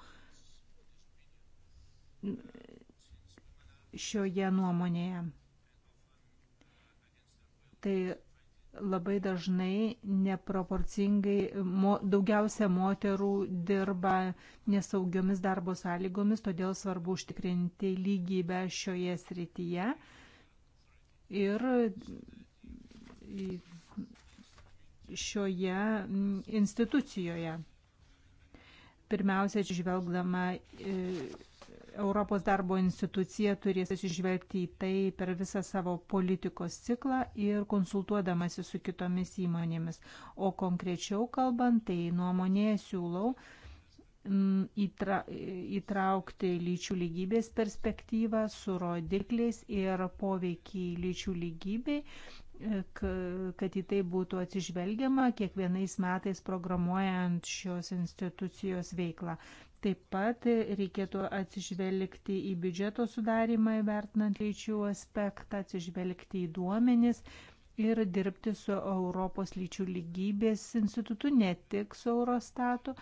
šioje nuomonėje. Tai labai dažnai neproporcingai mo, daugiausia moterų dirba nesaugiomis darbo sąlygomis, todėl svarbu užtikrinti lygybę šioje srityje ir šioje institucijoje. Pirmiausia, žvelgdama Europos darbo institucija turės atsižvelgti į tai per visą savo politikos ciklą ir konsultuodamasi su kitomis įmonėmis. O konkrečiau kalbant, tai nuomonėje siūlau įtra, įtraukti lyčių lygybės perspektyvą su rodikliais ir poveikį lyčių lygybei kad į tai būtų atsižvelgiama kiekvienais metais programuojant šios institucijos veiklą. Taip pat reikėtų atsižvelgti į biudžeto sudarimą įvertinant lyčių aspektą, atsižvelgti į duomenis ir dirbti su Europos lyčių lygybės institutu, ne tik su Eurostatu,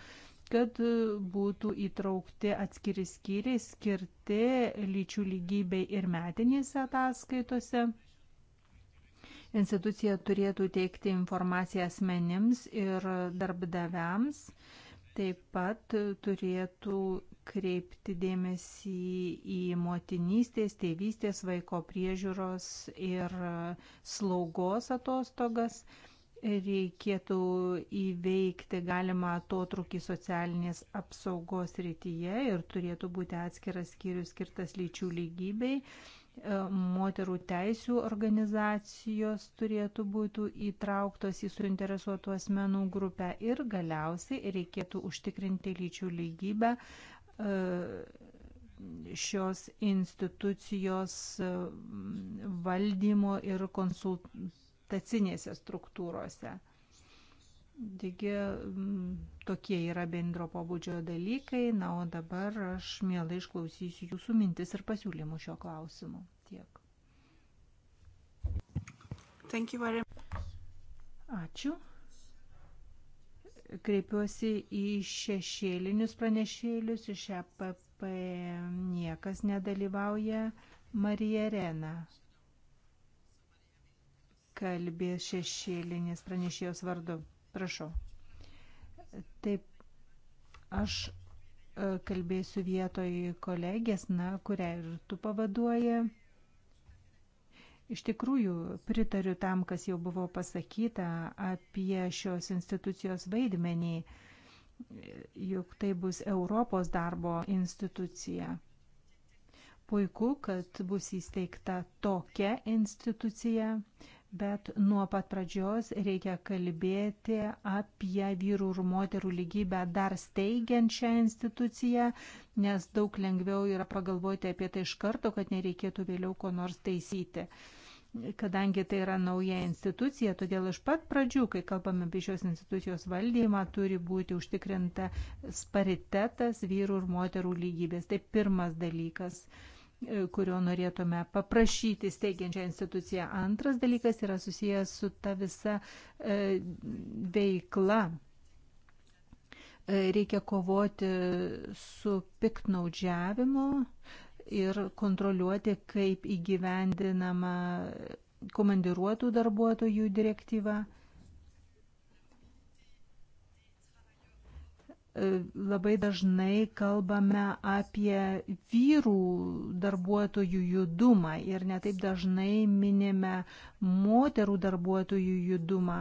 kad būtų įtraukti atskiri skyriai skirti lyčių lygybei ir metinėse ataskaitose Institucija turėtų teikti informaciją asmenims ir darbdaviams. Taip pat turėtų kreipti dėmesį į motinystės, tėvystės, vaiko priežiūros ir slaugos atostogas. Reikėtų įveikti galimą atotrukį socialinės apsaugos rytyje ir turėtų būti atskiras skyrius skirtas lyčių lygybei. E, moterų teisų organizacijos turėtų būti įtrauktos į suinteresuotų asmenų grupę ir galiausiai reikėtų užtikrinti lyčių lygybę e, šios institucijos e, valdymo ir konsultacinėse struktūrose. Taigi tokie yra bendro pobūdžio dalykai, na, o dabar aš mielai išklausysiu jūsų mintis ir pasiūlymų šio klausimu. Tiek. Ačiū. Kreipiuosi į šešėlinius pranešėlius, iš EPP niekas nedalyvauja. Marija Rena kalbės šešėlinės pranešėjos vardu. Prašau. Taip, aš e, kalbėsiu vietoj kolegės, na, kurią ir tu pavaduoji. Iš tikrųjų, pritariu tam, kas jau buvo pasakyta apie šios institucijos vaidmenį, juk tai bus Europos darbo institucija. Puiku, kad bus įsteigta tokia institucija, bet nuo pat pradžios reikia kalbėti apie vyrų ir moterų lygybę dar steigiant šią instituciją, nes daug lengviau yra pagalvoti apie tai iš karto, kad nereikėtų vėliau ko nors taisyti kadangi tai yra nauja institucija, todėl iš pat pradžių, kai kalbame apie šios institucijos valdymą, turi būti užtikrinta paritetas vyrų ir moterų lygybės. Tai pirmas dalykas kurio norėtume paprašyti steigiančią instituciją. Antras dalykas yra susijęs su ta visa e, veikla. E, reikia kovoti su piknaudžiavimu ir kontroliuoti, kaip įgyvendinama komandiruotų darbuotojų direktyva. labai dažnai kalbame apie vyrų darbuotojų judumą ir netaip dažnai minime moterų darbuotojų judumą.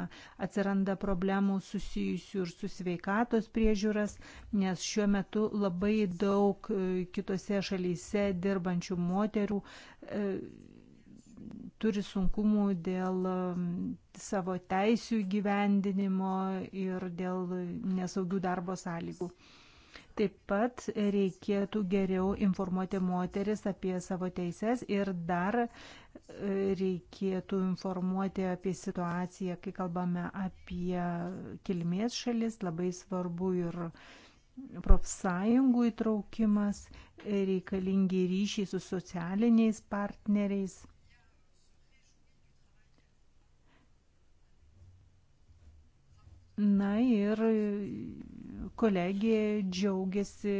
Atsiranda problemų susijusių ir su sveikatos priežiūras, nes šiuo metu labai daug kitose šalyse dirbančių moterų e, turi sunkumų dėl um, savo teisių gyvendinimo ir dėl nesaugių darbo sąlygų. Taip pat reikėtų geriau informuoti moteris apie savo teises ir dar e, reikėtų informuoti apie situaciją, kai kalbame apie kilmės šalis, labai svarbu ir profsąjungų įtraukimas, reikalingi ryšiai su socialiniais partneriais. Na ir e, kolegija džiaugiasi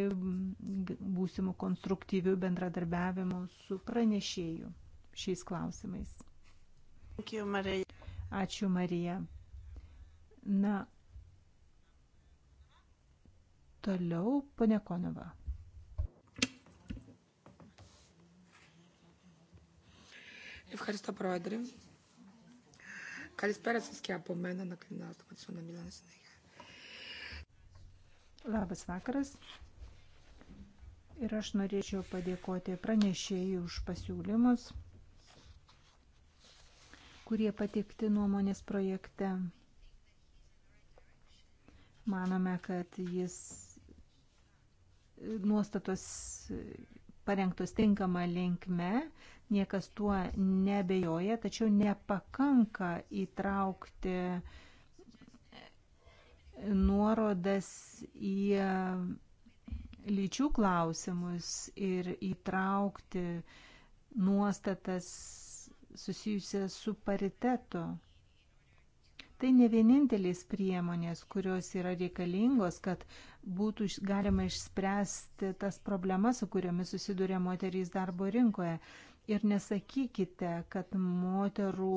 būsimų konstruktyvių bendradarbiavimų su pranešėju šiais klausimais. Ačiū Marija. Ačiū Marija. Na, toliau pane Konova. Ευχαριστώ, Πρόεδρε. Καλησπέρα σας και από μένα να κρινάω το πατήσω να μιλάνε συνέχεια. Labas vakaras. Ir aš norėčiau padėkoti pranešėjai už pasiūlymus, kurie patikti nuomonės projekte. Manome, kad jis nuostatos parengtos tinkama linkme, niekas tuo nebejoja, tačiau nepakanka įtraukti nuorodas į lyčių klausimus ir įtraukti nuostatas susijusias su paritetu. Tai ne vienintelis priemonės, kurios yra reikalingos, kad būtų galima išspręsti tas problemas, su kuriomis susiduria moterys darbo rinkoje. Ir nesakykite, kad moterų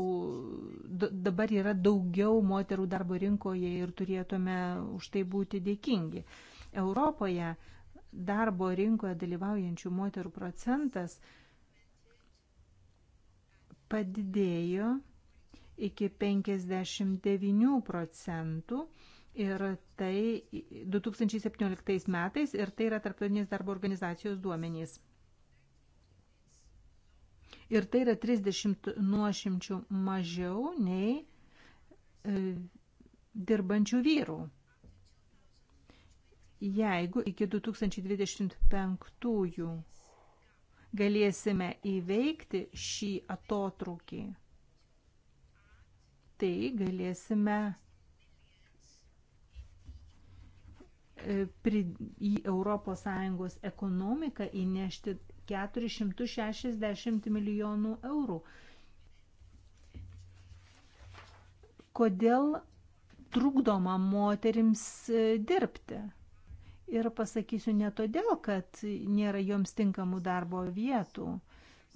dabar yra daugiau moterų darbo rinkoje ir turėtume už tai būti dėkingi. Europoje darbo rinkoje dalyvaujančių moterų procentas padidėjo iki 59 procentų ir tai 2017 metais ir tai yra tarptautinės darbo organizacijos duomenys ir tai yra 30 nuošimčių mažiau nei e, dirbančių vyrų. Jeigu iki 2025 galėsime įveikti šį atotrukį, tai galėsime e, į ES ekonomiką įnešti 460 milijonų eurų. Kodėl trukdoma moterims e, dirbti? Ir pasakysiu ne todėl, kad nėra joms tinkamų darbo vietų,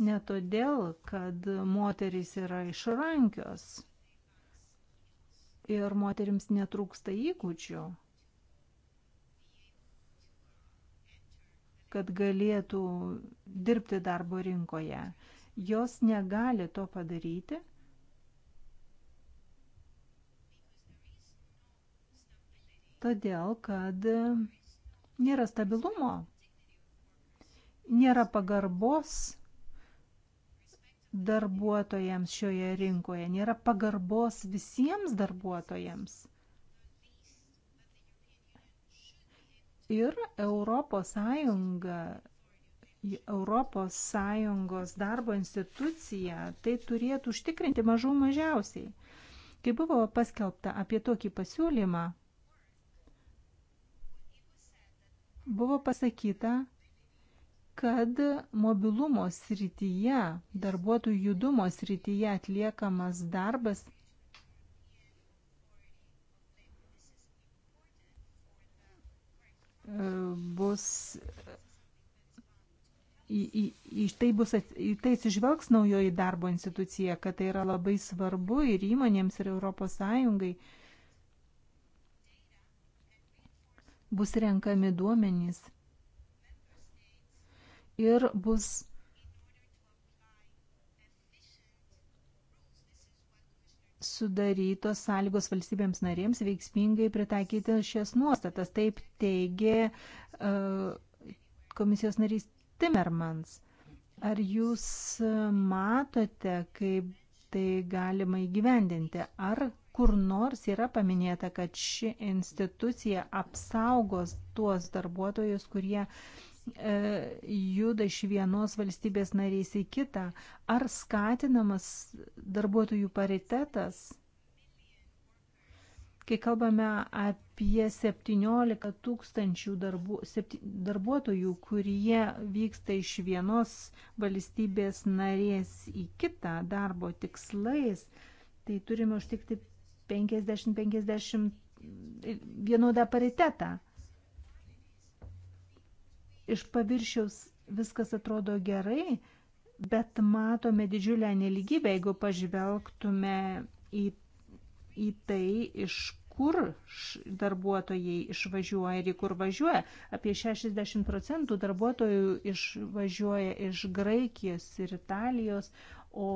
ne todėl, kad moterys yra išrankios ir moterims netrūksta įgūdžių kad galėtų dirbti darbo rinkoje. Jos negali to padaryti, todėl kad nėra stabilumo, nėra pagarbos darbuotojams šioje rinkoje, nėra pagarbos visiems darbuotojams. ir Europos Sąjunga Europos Sąjungos darbo institucija tai turėtų užtikrinti mažų mažiausiai. Kai buvo paskelbta apie tokį pasiūlymą, buvo pasakyta, kad mobilumo srityje, darbuotojų judumo srityje atliekamas darbas bus į, į, į tai bus, į tai atsižvelgs naujoji darbo institucija, kad tai yra labai svarbu ir įmonėms, ir Europos Sąjungai. Bus renkami duomenys ir bus sudarytos sąlygos valstybėms narėms veiksmingai pritaikyti šias nuostatas. Taip teigė e, komisijos narys Timmermans. Ar jūs matote, kaip tai galima įgyvendinti? Ar kur nors yra paminėta, kad ši institucija apsaugos tuos darbuotojus, kurie uh, E, juda iš vienos valstybės narys į kitą. Ar skatinamas darbuotojų paritetas? Kai kalbame apie 17 tūkstančių darbu, septi, darbuotojų, kurie vyksta iš vienos valstybės narės į kitą darbo tikslais, tai turime užtikti 50-50 vienodą paritetą iš paviršiaus viskas atrodo gerai, bet matome didžiulę neligybę, jeigu pažvelgtume į, į tai, iš kur darbuotojai išvažiuoja ir į kur važiuoja. Apie 60 procentų darbuotojų išvažiuoja iš Graikijos ir Italijos, o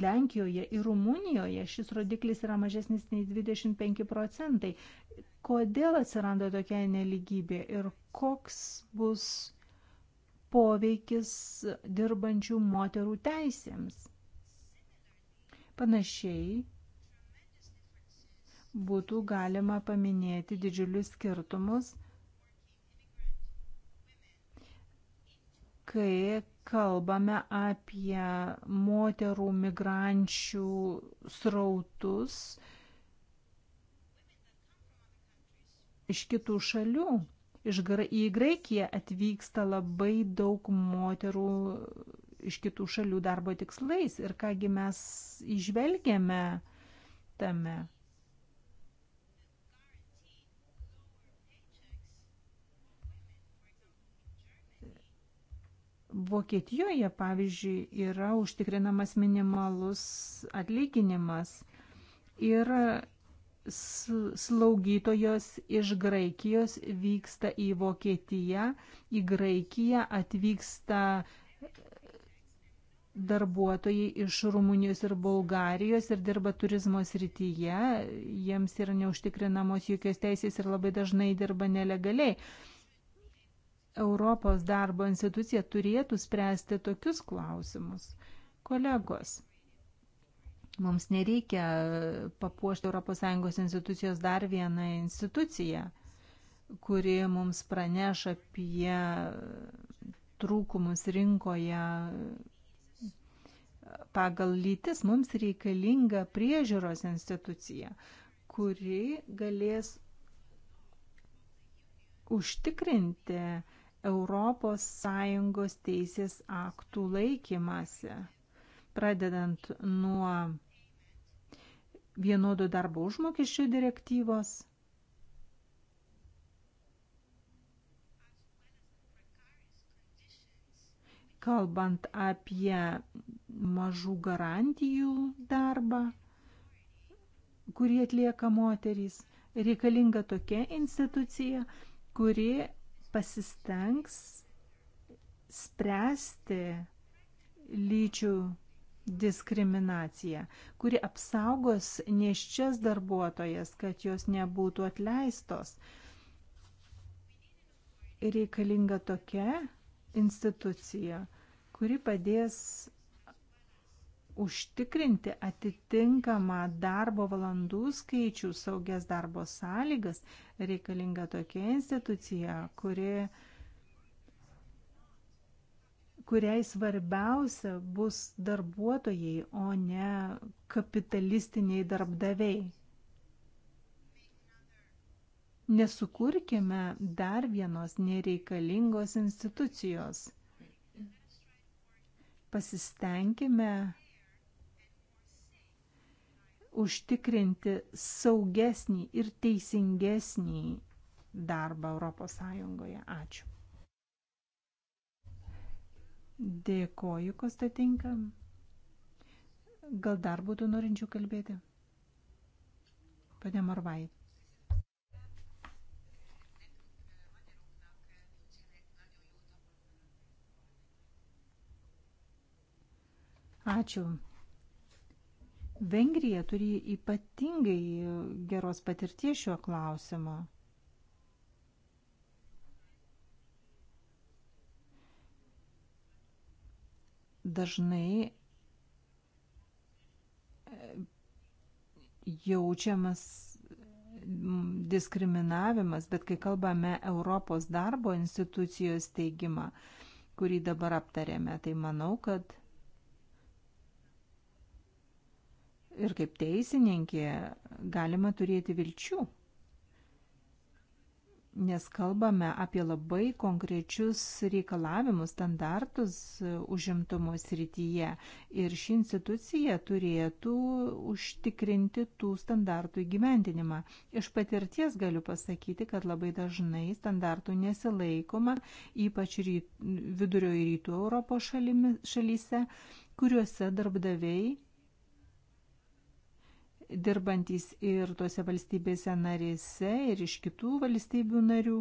Lenkijoje ir Rumunijoje šis rodiklis yra mažesnis nei 25 procentai. Kodėl atsiranda tokia neligybė ir koks bus poveikis dirbančių moterų teisėms? Panašiai būtų galima paminėti didžiulius skirtumus, kai kalbame apie moterų migrančių srautus iš kitų šalių. Iš, į Graikiją atvyksta labai daug moterų iš kitų šalių darbo tikslais ir kągi mes išvelgiame tame. Vokietijoje, pavyzdžiui, yra užtikrinamas minimalus atlyginimas ir slaugytojos iš Graikijos vyksta į Vokietiją, į Graikiją atvyksta darbuotojai iš Rumunijos ir Bulgarijos ir dirba turizmo srityje, jiems yra neužtikrinamos jokios teisės ir labai dažnai dirba nelegaliai. Europos darbo institucija turėtų spręsti tokius klausimus. Kolegos, mums nereikia papuošti ES institucijos dar vieną instituciją, kuri mums praneš apie trūkumus rinkoje pagal lytis. Mums reikalinga priežiūros institucija, kuri galės užtikrinti, ES teisės aktų laikymasi, pradedant nuo vienodo darbo užmokesčio direktyvos, kalbant apie mažų garantijų darbą, kurį atlieka moterys, reikalinga tokia institucija, kuri pasistengs spręsti lyčių diskriminaciją, kuri apsaugos neščias darbuotojas, kad jos nebūtų atleistos. Reikalinga tokia institucija, kuri padės užtikrinti atitinkamą darbo valandų skaičių, saugias darbo sąlygas, reikalinga tokia institucija, kuri, kuriai svarbiausia bus darbuotojai, o ne kapitalistiniai darbdaviai. Nesukurkime dar vienos nereikalingos institucijos. Pasistengime užtikrinti saugesnį ir teisingesnį darbą ES. Ačiū. Dėkoju, Kostatinka. Gal dar būtų norinčių kalbėti? Pane Marvai. Ačiū. Vengrija turi ypatingai geros patirties šiuo klausimu. Dažnai e, jaučiamas diskriminavimas, bet kai kalbame Europos darbo institucijos teigimą, kurį dabar aptarėme, tai manau, kad ir kaip teisininkė galima turėti vilčių, nes kalbame apie labai konkrečius reikalavimus, standartus užimtumo srityje ir ši institucija turėtų užtikrinti tų standartų įgyvendinimą. Iš patirties galiu pasakyti, kad labai dažnai standartų nesilaikoma, ypač ryt, vidurio ir rytų Europos šalimi, šalyse, kuriuose darbdaviai dirbantys ir tose valstybėse narėse, ir iš kitų valstybių narių.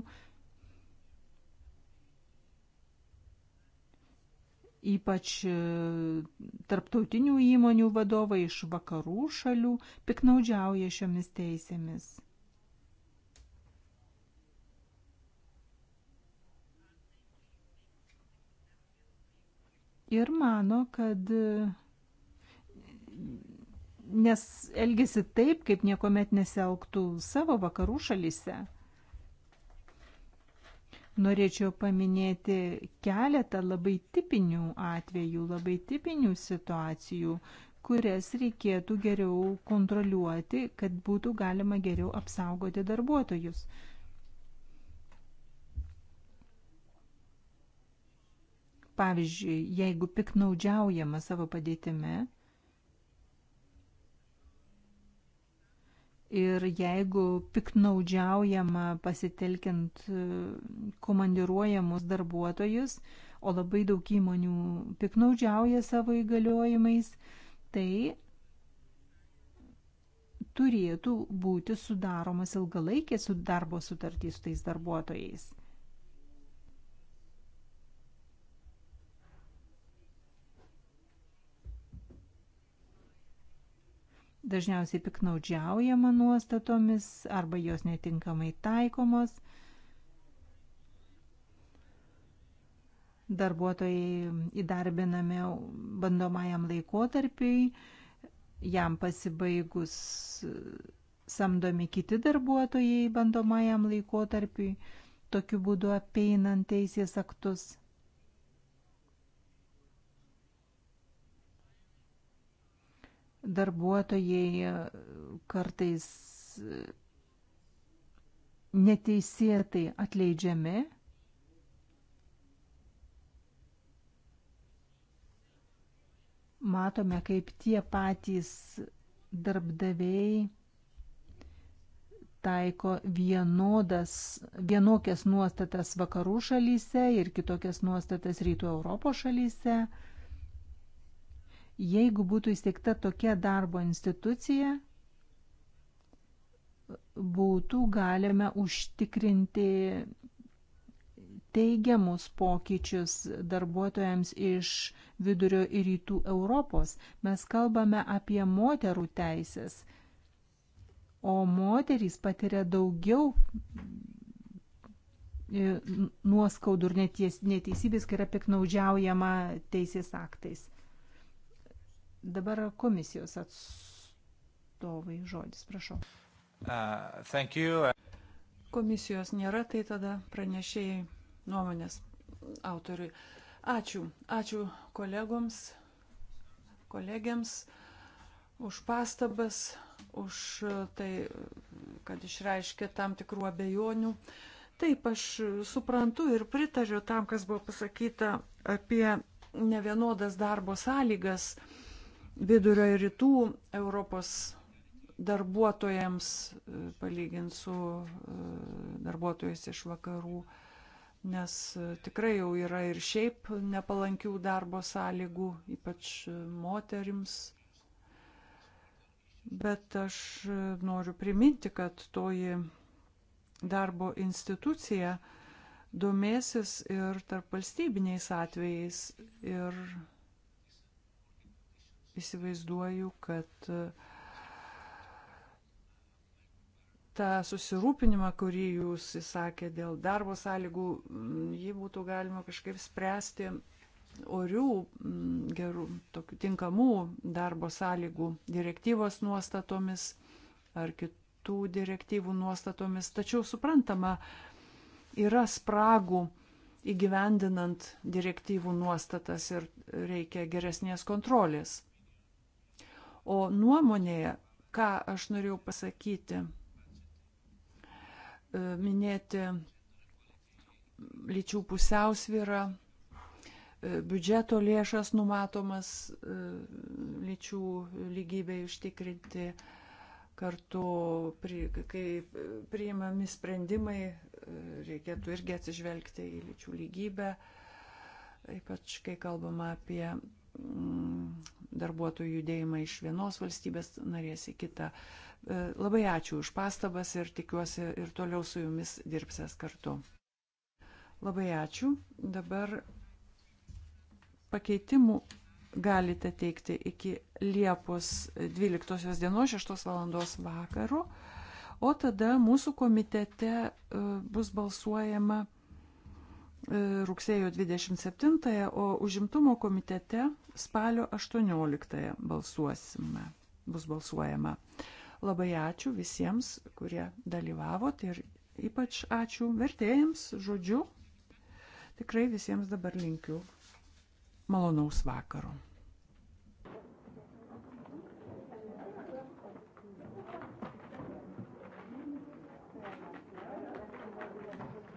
Ypač e, tarptautinių įmonių vadovai iš vakarų šalių piknaudžiauja šiomis teisėmis. Ir mano, kad nes elgesi taip, kaip niekuomet nesielgtų savo vakarų šalyse. Norėčiau paminėti keletą labai tipinių atvejų, labai tipinių situacijų, kurias reikėtų geriau kontroliuoti, kad būtų galima geriau apsaugoti darbuotojus. Pavyzdžiui, jeigu piknaudžiaujama savo padėtime, Ir jeigu piknaudžiaujama pasitelkiant e, komandiruojamus darbuotojus, o labai daug įmonių piknaudžiauja savo įgaliojimais, tai turėtų būti sudaromas ilgalaikės darbo sutartys su tais darbuotojais. dažniausiai piknaudžiaujama nuostatomis arba jos netinkamai taikomos. Darbuotojai įdarbinami bandomajam laikotarpiai, jam pasibaigus samdomi kiti darbuotojai bandomajam laikotarpiui, tokiu būdu apeinant teisės aktus. darbuotojai e, kartais e, neteisėtai atleidžiami. Matome, kaip tie patys darbdaviai taiko vienodas, vienokias nuostatas vakarų šalyse ir kitokias nuostatas rytų Europos šalyse. Jeigu būtų įsteigta tokia darbo institucija, būtų galime užtikrinti teigiamus pokyčius darbuotojams iš vidurio ir rytų Europos. Mes kalbame apie moterų teisės, o moterys patiria daugiau e, nuoskaudų ir neteisybės, kai yra piknaudžiaujama teisės aktais. Dabar komisijos atstovai žodis, prašau. Uh, komisijos nėra, tai tada pranešėjai nuomonės autoriui. Ačiū, ačiū kolegoms, kolegiams už pastabas, už tai, kad išreiškė tam tikrų abejonių. Taip, aš suprantu ir pritariu tam, kas buvo pasakyta apie nevienodas darbo sąlygas. Uh, vidurio ir rytų Europos darbuotojams, e, palyginti su e, darbuotojais iš vakarų, nes e, tikrai jau yra ir šiaip nepalankių darbo sąlygų, ypač moterims. Bet aš noriu priminti, kad toji darbo institucija domėsis ir tarp valstybiniais atvejais ir įsivaizduoju, kad e, tą susirūpinimą, kurį jūs įsakė dėl darbo sąlygų, jį būtų galima kažkaip spręsti orių, gerų, tokių tinkamų darbo sąlygų direktyvos nuostatomis ar kitų direktyvų nuostatomis. Tačiau suprantama, yra spragų įgyvendinant direktyvų nuostatas ir reikia geresnės kontrolės. O nuomonėje, ką aš norėjau pasakyti, e, minėti lyčių pusiausvyrą, e, biudžeto lėšas numatomas e, lyčių lygybei užtikrinti, kartu, pri, kai priimami sprendimai, reikėtų irgi atsižvelgti į lyčių lygybę, ypač kai kalbama apie Mm, darbuotojų judėjimą iš vienos valstybės narės į kitą. E, labai ačiū už pastabas ir tikiuosi ir toliau su jumis dirbsės kartu. Labai ačiū. Dabar pakeitimų galite teikti iki Liepos 12 dienos 6 valandos vakaro, o tada mūsų komitete e, bus balsuojama E, rugsėjo 27, o užimtumo komitete spalio 18 balsuosime, bus balsuojama. Labai ačiū visiems, kurie dalyvavot ir ypač ačiū vertėjams, žodžiu. Tikrai visiems dabar linkiu malonaus vakaro.